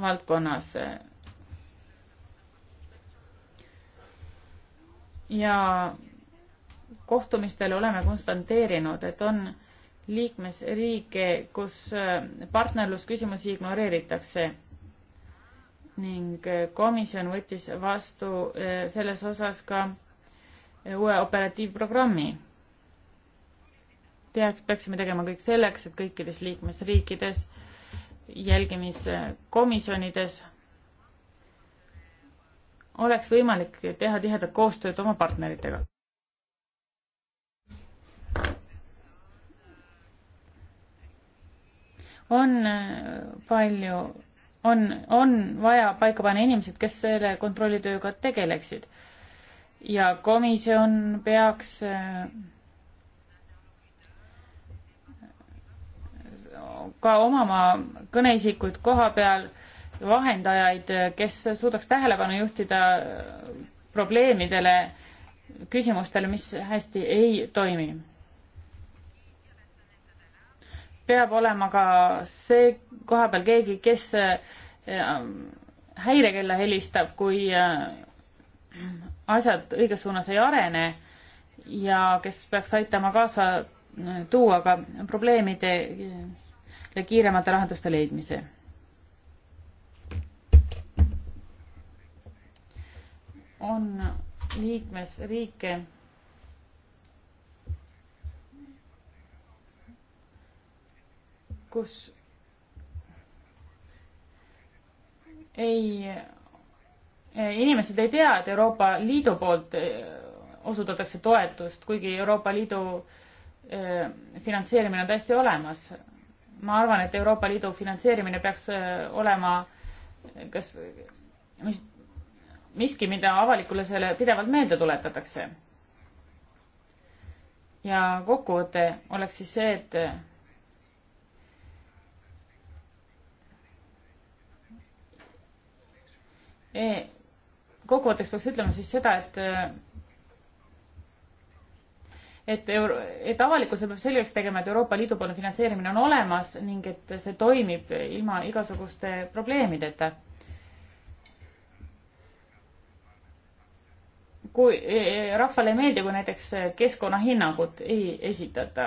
valdkonnas. ja kohtumistel oleme konstanteerinud, et on liikmesriike, kus partnerlusküsimusi ignoreeritakse ning komisjon võttis vastu selles osas ka uue operatiivprogrammi peaks, peaksime tegema kõik selleks, et kõikides liikmesriikides, jälgimiskomisjonides oleks võimalik teha tihedat koostööd oma partneritega. on äh, palju, on, on vaja paika panna inimesed, kes selle kontrollitööga tegeleksid. ja komisjon peaks äh, ka omama kõneisikuid koha peal, vahendajaid, kes suudaks tähelepanu juhtida probleemidele, küsimustele, mis hästi ei toimi. peab olema ka see koha peal keegi, kes ähm, häirekella helistab, kui äh, asjad õiges suunas ei arene ja kes peaks aitama kaasa äh, tuua ka probleemide ja kiiremate lahenduste leidmise. on liikmesriike, kus ei, inimesed ei tea, et Euroopa Liidu poolt eh, osutatakse toetust, kuigi Euroopa Liidu eh, finantseerimine on täiesti olemas ma arvan, et Euroopa Liidu finantseerimine peaks äh, olema kas, mis, miski, mida avalikule selle pidevalt meelde tuletatakse. ja kokkuvõte oleks siis see, et eh, kokkuvõtteks peaks ütlema siis seda, et et euro, et avalikkusel peab selgeks tegema, et Euroopa Liidu poolne finantseerimine on olemas ning et see toimib ilma igasuguste probleemideta. kui e, e, rahvale ei meeldi, kui näiteks keskkonnahinnangut ei esitata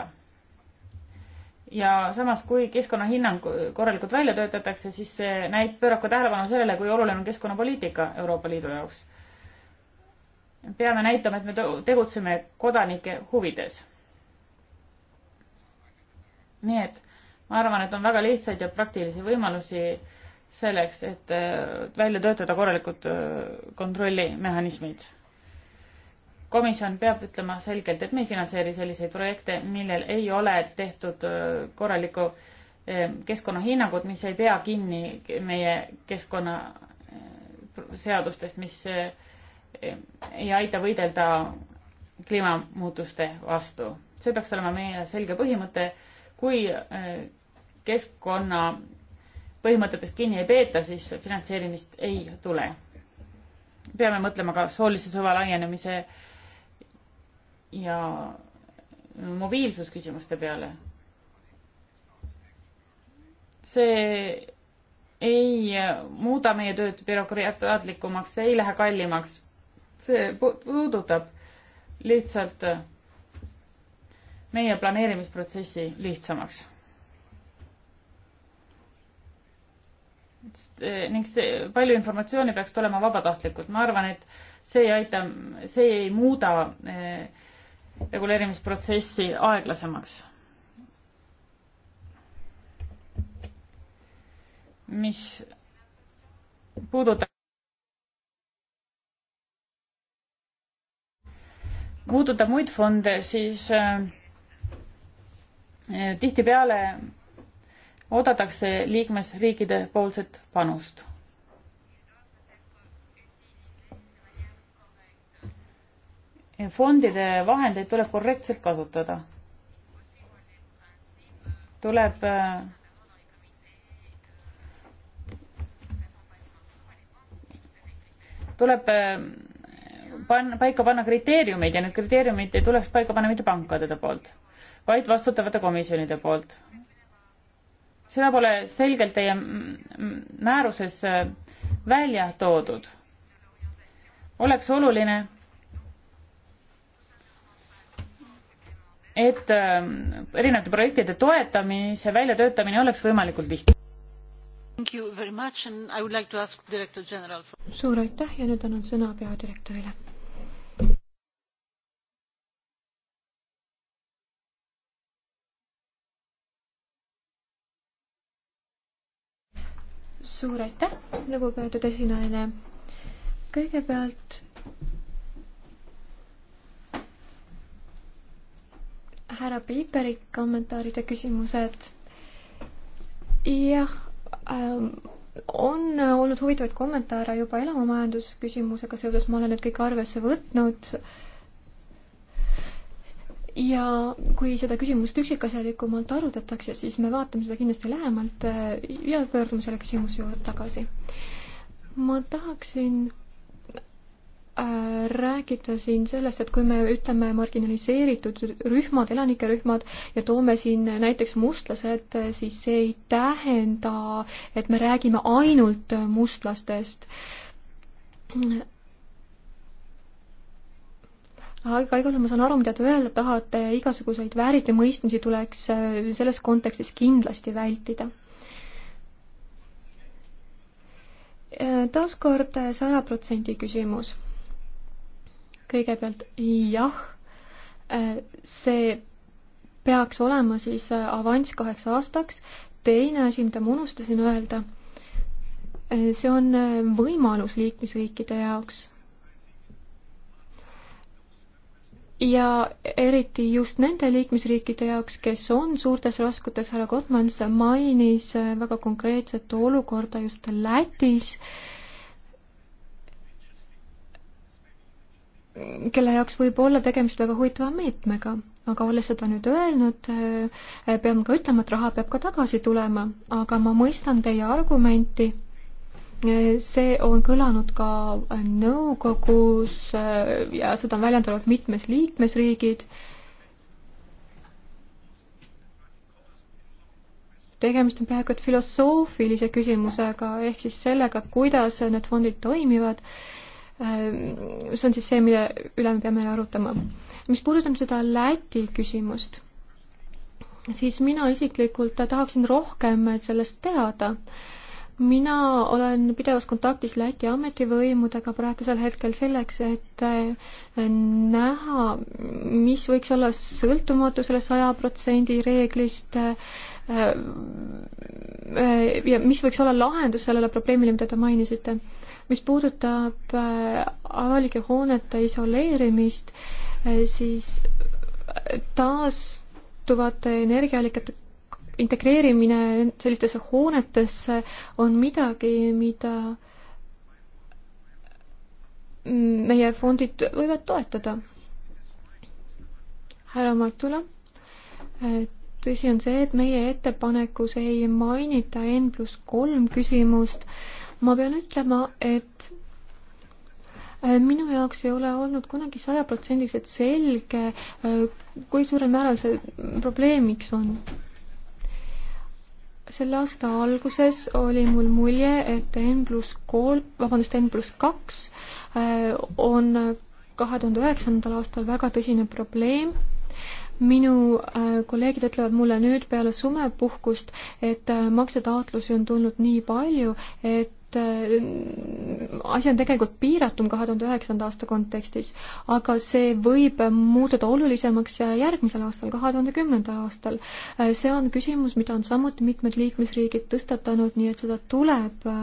ja samas, kui keskkonnahinnang korralikult välja töötatakse, siis see näit-, pöörab ka tähelepanu sellele, kui oluline on keskkonnapoliitika Euroopa Liidu jaoks peame näitama, et me tegutseme kodanike huvides. nii et ma arvan, et on väga lihtsaid ja praktilisi võimalusi selleks, et äh, välja töötada korralikud äh, kontrollimehhanismid. komisjon peab ütlema selgelt, et me ei finantseeri selliseid projekte, millel ei ole tehtud äh, korralikku keskkonnahinnangut, mis ei pea kinni meie keskkonnaseadustest, mis ei aita võidelda kliimamuutuste vastu. see peaks olema meie selge põhimõte, kui eh, keskkonna põhimõtetest kinni ei peeta, siis finantseerimist ei tule. peame mõtlema ka soolise suva laienemise ja mobiilsusküsimuste peale. see ei muuda meie tööd bürokraatlikumaks, see ei lähe kallimaks see puudutab lihtsalt äh, meie planeerimisprotsessi lihtsamaks. Äh, ning see, palju informatsiooni peaks tulema vabatahtlikult, ma arvan, et see ei aita, see ei muuda äh, reguleerimisprotsessi aeglasemaks. mis puudutab puudutab muid fonde, siis äh, äh, tihtipeale oodatakse liikmesriikide poolset panust fondide vahendeid tuleb korrektselt kasutada. tuleb äh, tuleb pan-, paika panna kriteeriumid ja need kriteeriumid ei tuleks paika panna mitte pankade poolt, vaid vastutavate komisjonide poolt. seda pole selgelt teie määruses äh, välja toodud. oleks oluline, et äh, erinevate projektide toetamise väljatöötamine oleks võimalikult lihtne. Like for... suur aitäh ja nüüd annan sõna peadirektorile suur aitäh, lugupeetud esinaine. kõigepealt härra Piiperi kommentaarid ja küsimused. jah ähm,, on olnud huvitavaid kommentaare juba elamumajandusküsimusega seoses, ma olen need kõik arvesse võtnud äh, ja kui seda küsimust üksikasjalikumalt arutatakse, siis me vaatame seda kindlasti lähemalt äh, ja pöördume selle küsimuse juurde tagasi. ma tahaksin äh, rääkida siin sellest, et kui me ütleme marginaliseeritud rühmad, elanikerühmad ja toome siin näiteks mustlased, siis see ei tähenda, et me räägime ainult mustlastest aga igal juhul ma saan aru, mida te öelda tahate, igasuguseid vääritimõistmisi tuleks äh, selles kontekstis kindlasti vältida. Äh, taaskord äh, saja protsendi küsimus. kõigepealt jah, see peaks olema siis avanss kaheks aastaks, teine asi, mida ma unustasin öelda, see on võimalus liikmesriikide jaoks ja eriti just nende liikmesriikide jaoks, kes on suurtes raskutes, härra Kotmans mainis äh, väga konkreetset olukorda just Lätis, kelle jaoks võib olla tegemist väga huvitava meetmega. aga olles seda nüüd öelnud, äh, peame ka ütlema, et raha peab ka tagasi tulema, aga ma mõistan teie argumenti see on kõlanud ka nõukogus äh, ja seda on väljendanud mitmes liikmesriigid. tegemist on peaaegu et filosoofilise küsimusega, ehk siis sellega, kuidas need fondid toimivad. Äh, see on siis see, mille üle me peame arutama. mis puudutab seda Läti küsimust, siis mina isiklikult tahaksin rohkem sellest teada mina olen pidevas kontaktis Läti ametivõimudega praegusel hetkel selleks, et äh, näha, mis võiks olla sõltumatu sellest saja protsendi reeglist äh, äh, ja mis võiks olla lahendus sellele probleemile, mida te mainisite. mis puudutab avalike hoonete isoleerimist, siis taastuvate energiaallikate integreerimine sellistesse hoonetesse on midagi, mida meie fondid võivad toetada. härra Matula, tõsi on see, et meie ettepanekus ei mainita N pluss kolm küsimust. ma pean ütlema, et minu jaoks ei ole olnud kunagi sajaprotsendiliselt selge, kui suurel määral see probleemiks on selle aasta alguses oli mul mulje, et N pluss kolm, vabandust, N pluss kaks äh, on kahe tuhande üheksandal aastal väga tõsine probleem. minu äh, kolleegid ütlevad mulle nüüd peale sumepuhkust, et äh, maksetaotlusi on tulnud nii palju, et Äh, asi on tegelikult piiratum kahe tuhande üheksanda aasta kontekstis, aga see võib muutuda olulisemaks järgmisel aastal, kahe tuhande kümnendal aastal. Äh, see on küsimus, mida on samuti mitmed liikmesriigid tõstatanud, nii et seda tuleb äh,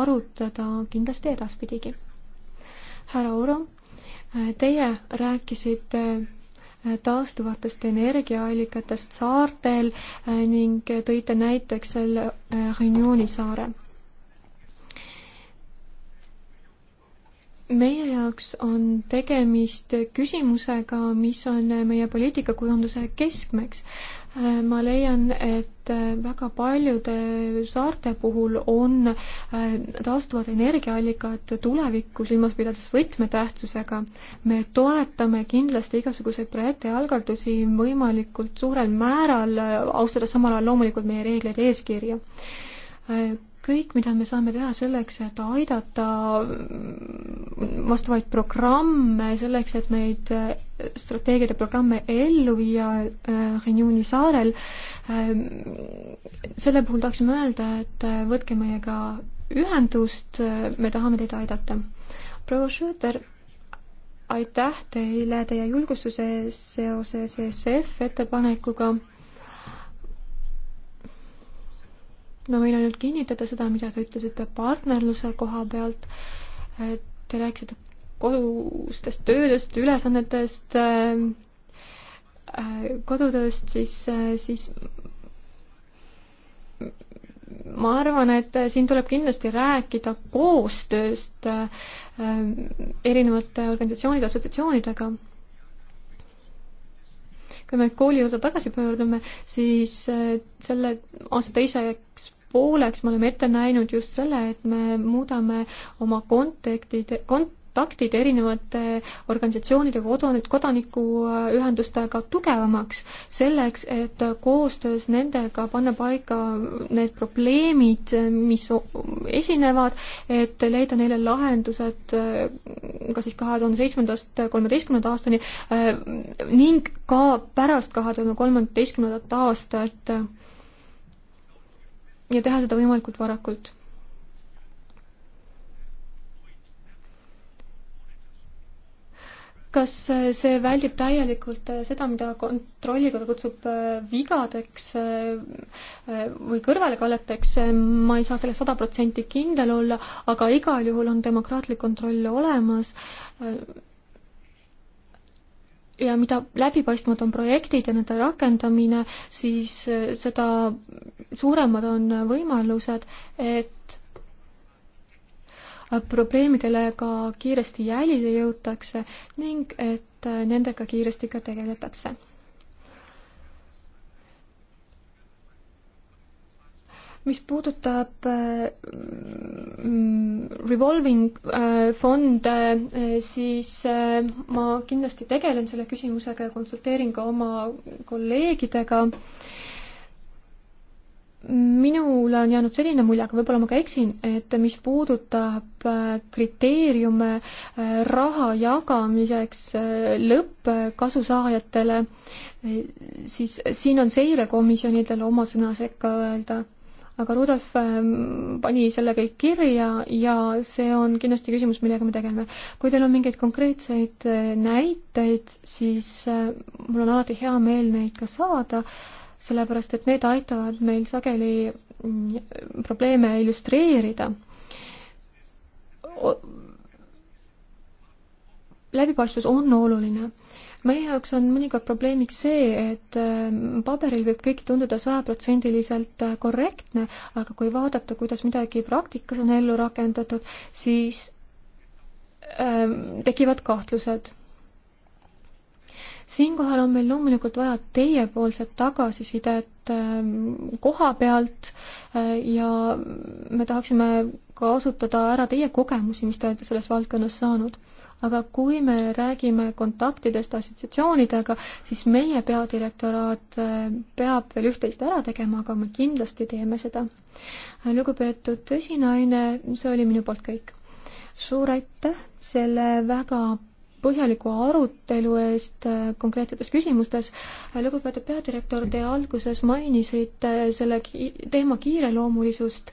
arutada kindlasti edaspidigi. härra Uro, teie rääkisite taastuvatest energiaallikatest saartel ning tõite näiteks selle Reunioni saare meie jaoks on tegemist küsimusega, mis on meie poliitikakujunduse keskmeks. ma leian, et väga paljude saarte puhul on äh, taastuvad energiaallikad tulevikku silmas pidades võtmetähtsusega. me toetame kindlasti igasuguseid projekte ja algatusi võimalikult suurel määral, äh, austades samal ajal loomulikult meie reegleid ja eeskirja äh, kõik, mida me saame teha selleks, et aidata vastavaid programme, selleks, et neid strateegiaid ja programme ellu viia äh, Renjuni saarel, äh, selle puhul tahaksime öelda, et äh, võtke meiega ühendust, me tahame teid aidata. proua Schöter, aitäh teile teie julgustuse eest seoses ESF ettepanekuga ma võin ainult kinnitada seda, mida te ütlesite partnerluse koha pealt. Te rääkisite kodustest töödest, ülesannetest, äh, kodutööst, siis, äh, siis ma arvan, et siin tuleb kindlasti rääkida koostööst äh, erinevate organisatsioonide, assotsiatsioonidega. kui me kooli juurde tagasi pöördume, siis selle aasta teiseks pooleks, me oleme ette näinud just selle, et me muudame oma kontaktid, kontaktid erinevate organisatsioonide, kodanikuühendustega tugevamaks, selleks, et koostöös nendega panna paika need probleemid, mis esinevad, et leida neile lahendused ka siis kahe tuhande seitsmendast kolmeteistkümnenda aastani ning ka pärast kahe tuhande kolmeteistkümnendat aastat et ja teha seda võimalikult varakult. kas see väldib täielikult seda, mida kontrollikoda kutsub äh, vigadeks äh, äh, või kõrvalekalleteks, ma ei saa selles sada protsenti kindel olla, aga igal juhul on demokraatlik kontroll olemas ja mida läbipaistvad on projektid ja nende rakendamine, siis eh, seda suuremad on võimalused, et probleemidele ka kiiresti jälile jõutakse ning et eh, nendega kiiresti ka tegeletakse mis puudutab äh, mm, revolving äh, fonde, äh, siis ma kindlasti tegelen selle küsimusega ja konsulteerin ka oma kolleegidega. minule on jäänud selline mulje, aga võib-olla ma ka eksin, et mis puudutab kriteeriume raha jagamiseks lõppkasusaajatele, siis siin on seirekomisjonidel oma sõna sekka öelda aga Rudolf ähm, pani selle kõik kirja ja see on kindlasti küsimus, millega me tegeleme. kui teil on mingeid konkreetseid äh, näiteid, siis äh, mul on alati hea meel neid ka saada, sellepärast et need aitavad meil sageli mm, probleeme illustreerida läbipaistvus on oluline meie jaoks on mõnikord probleemiks see, et äh, paberil võib kõik tunduda sajaprotsendiliselt äh, korrektne, aga kui vaadata, kuidas midagi praktikas on ellu rakendatud, siis ähm, tekivad kahtlused siinkohal on meil loomulikult vaja teiepoolset tagasisidet ähm, koha pealt äh, ja me tahaksime kasutada ära teie kogemusi, mis te olete selles valdkonnas saanud aga kui me räägime kontaktidest assotsiatsioonidega, siis meie peadirektoraat äh, peab veel üht-teist ära tegema, aga me kindlasti teeme seda. Äh, lugupeetud esinaine, see oli minu poolt kõik. suur aitäh selle väga põhjaliku arutelu eest äh, konkreetsetes küsimustes. lugupeetud peadirektor, te alguses mainisite selle teema kiireloomulisust.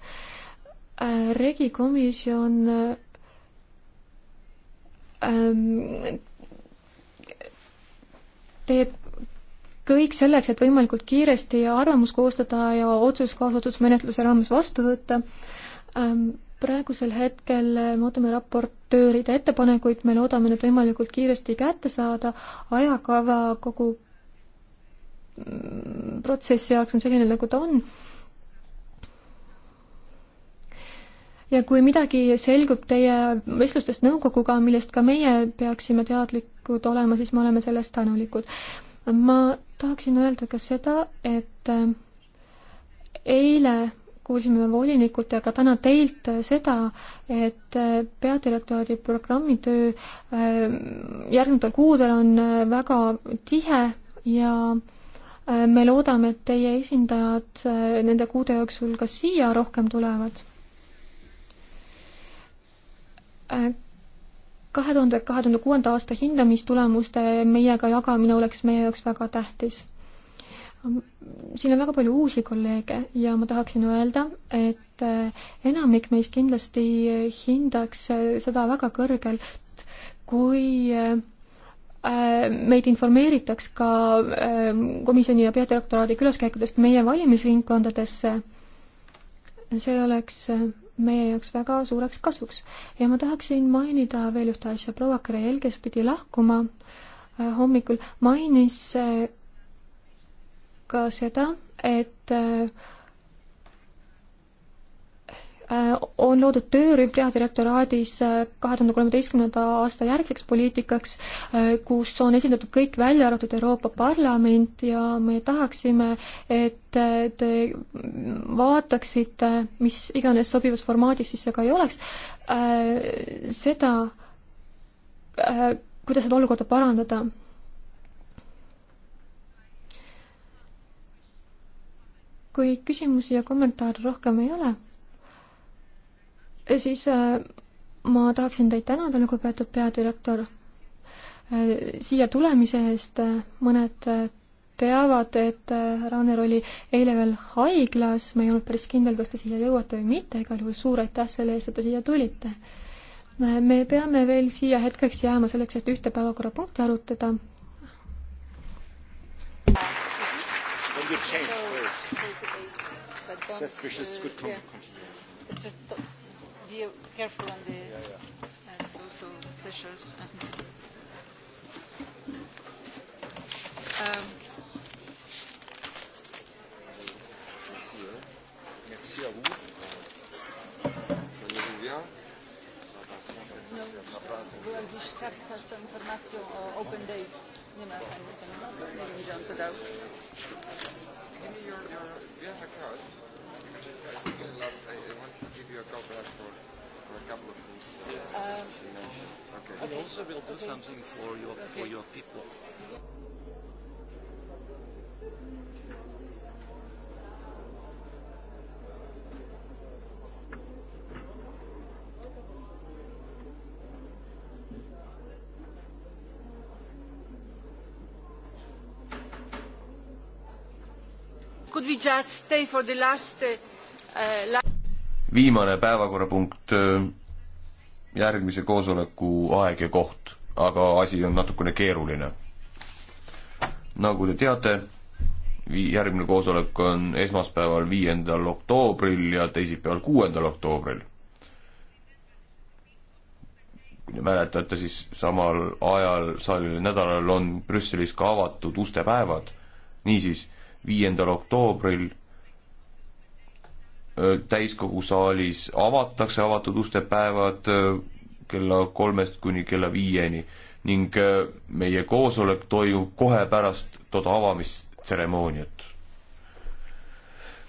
regikomisjon teeb kõik selleks, et võimalikult kiiresti arvamus koostada ja otsus kaasotsusmenetluse raames vastu võtta. praegusel hetkel me ootame raportööride ettepanekuid, me loodame need võimalikult kiiresti kätte saada, ajakava kogu mm, protsessi jaoks on selline, nagu ta on ja kui midagi selgub teie vestlustest nõukoguga, millest ka meie peaksime teadlikud olema, siis me oleme selle eest tänulikud. ma tahaksin öelda ka seda, et äh, eile kuulsime volinikult ja ka täna teilt seda, et äh, peadirektori programmitöö äh, järgnevatel kuudel on väga tihe ja me loodame, et teie esindajad nende kuude jooksul ka siia rohkem tulevad kahe tuhande, kahe tuhande kuuenda aasta hindamistulemuste meiega jagamine oleks meie jaoks väga tähtis. siin on väga palju uusi kolleege ja ma tahaksin öelda, et eh, enamik meist kindlasti hindaks eh, seda väga kõrgelt, kui eh, meid informeeritaks ka komisjoni ja peadirektoraadi külaskäikudest meie valimisringkondadesse. see oleks meie jaoks väga suureks kasvuks. ja ma tahaksin mainida veel ühte asja, proua Kreel, kes pidi lahkuma äh, hommikul, mainis äh, ka seda, et äh, Äh, on loodud töörühm peadirektoraadis äh, kahe tuhande kolmeteistkümnenda aasta järgseks poliitikaks, äh, kus on esindatud kõik, välja arvatud Euroopa Parlament ja me tahaksime, et te vaataksite, mis iganes sobivas formaadis siis see ka ei oleks, seda, kuidas seda olukorda parandada kui küsimusi ja kommentaare rohkem ei ole siis äh, ma tahaksin teid tänada, lugupeetud peadirektor, äh, siia tulemise eest. mõned äh, teavad, et Rainer oli eile veel haiglas, ma ei olnud päris kindel, kas te siia jõuate või mitte, igal juhul suur aitäh selle eest, et te siia tulite. me peame veel siia hetkeks jääma selleks, et ühte päevakorrapunkti arutada. Best wishes, good continue be careful on the. Yeah, yeah. That's also pressures. Um, Merci. Hein. Merci à vous. Prenez-vous bien. No, byłam dziś kartka z tą informacją o Open Days. Nie ma pani samochodu. Nie wiem, gdzie on to dał. Give me your, your, do you have a card? I think last, I want to give you a card for for a couple of things. Uh, yes, um, she mentioned. Okay. We okay. also will do okay. something for your okay. for your people. Could we just stay for the last? Uh, last uh, viimane päevakorrapunkt, järgmise koosoleku aeg ja koht, aga asi on natukene keeruline. nagu te teate, vii-, järgmine koosolek on esmaspäeval, viiendal oktoobril ja teisipäeval, kuuendal oktoobril. kui te mäletate, siis samal ajal, sellel nädalal on Brüsselis ka avatud ustepäevad, niisiis viiendal oktoobril täiskogu saalis avatakse avatud uste päevad kella kolmest kuni kella viieni ning meie koosolek toimub kohe pärast toda avamistseremooniat.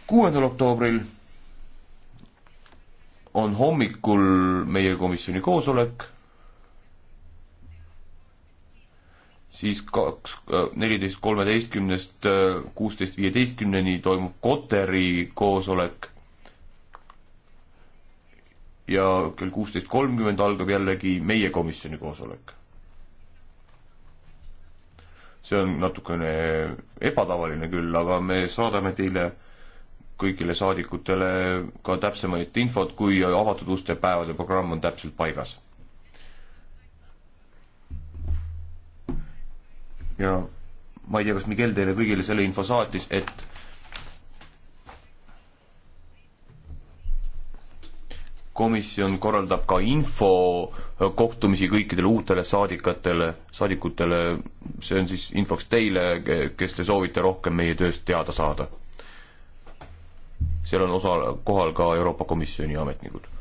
kuuendal oktoobril on hommikul meie komisjoni koosolek, siis kaks, neliteist kolmeteistkümnest kuusteist viieteistkümneni toimub Koteri koosolek ja kell kuusteist kolmkümmend algab jällegi meie komisjoni koosolek. see on natukene ebatavaline küll, aga me saadame teile kõigile saadikutele ka täpsemaid infot, kui avatud uste päevade programm on täpselt paigas. ja ma ei tea, kas Miguel teile kõigile selle info saatis, et komisjon korraldab ka infokohtumisi kõikidele uutele saadikatele, saadikutele, see on siis infoks teile, kes te soovite rohkem meie tööst teada saada. seal on osa, kohal ka Euroopa Komisjoni ametnikud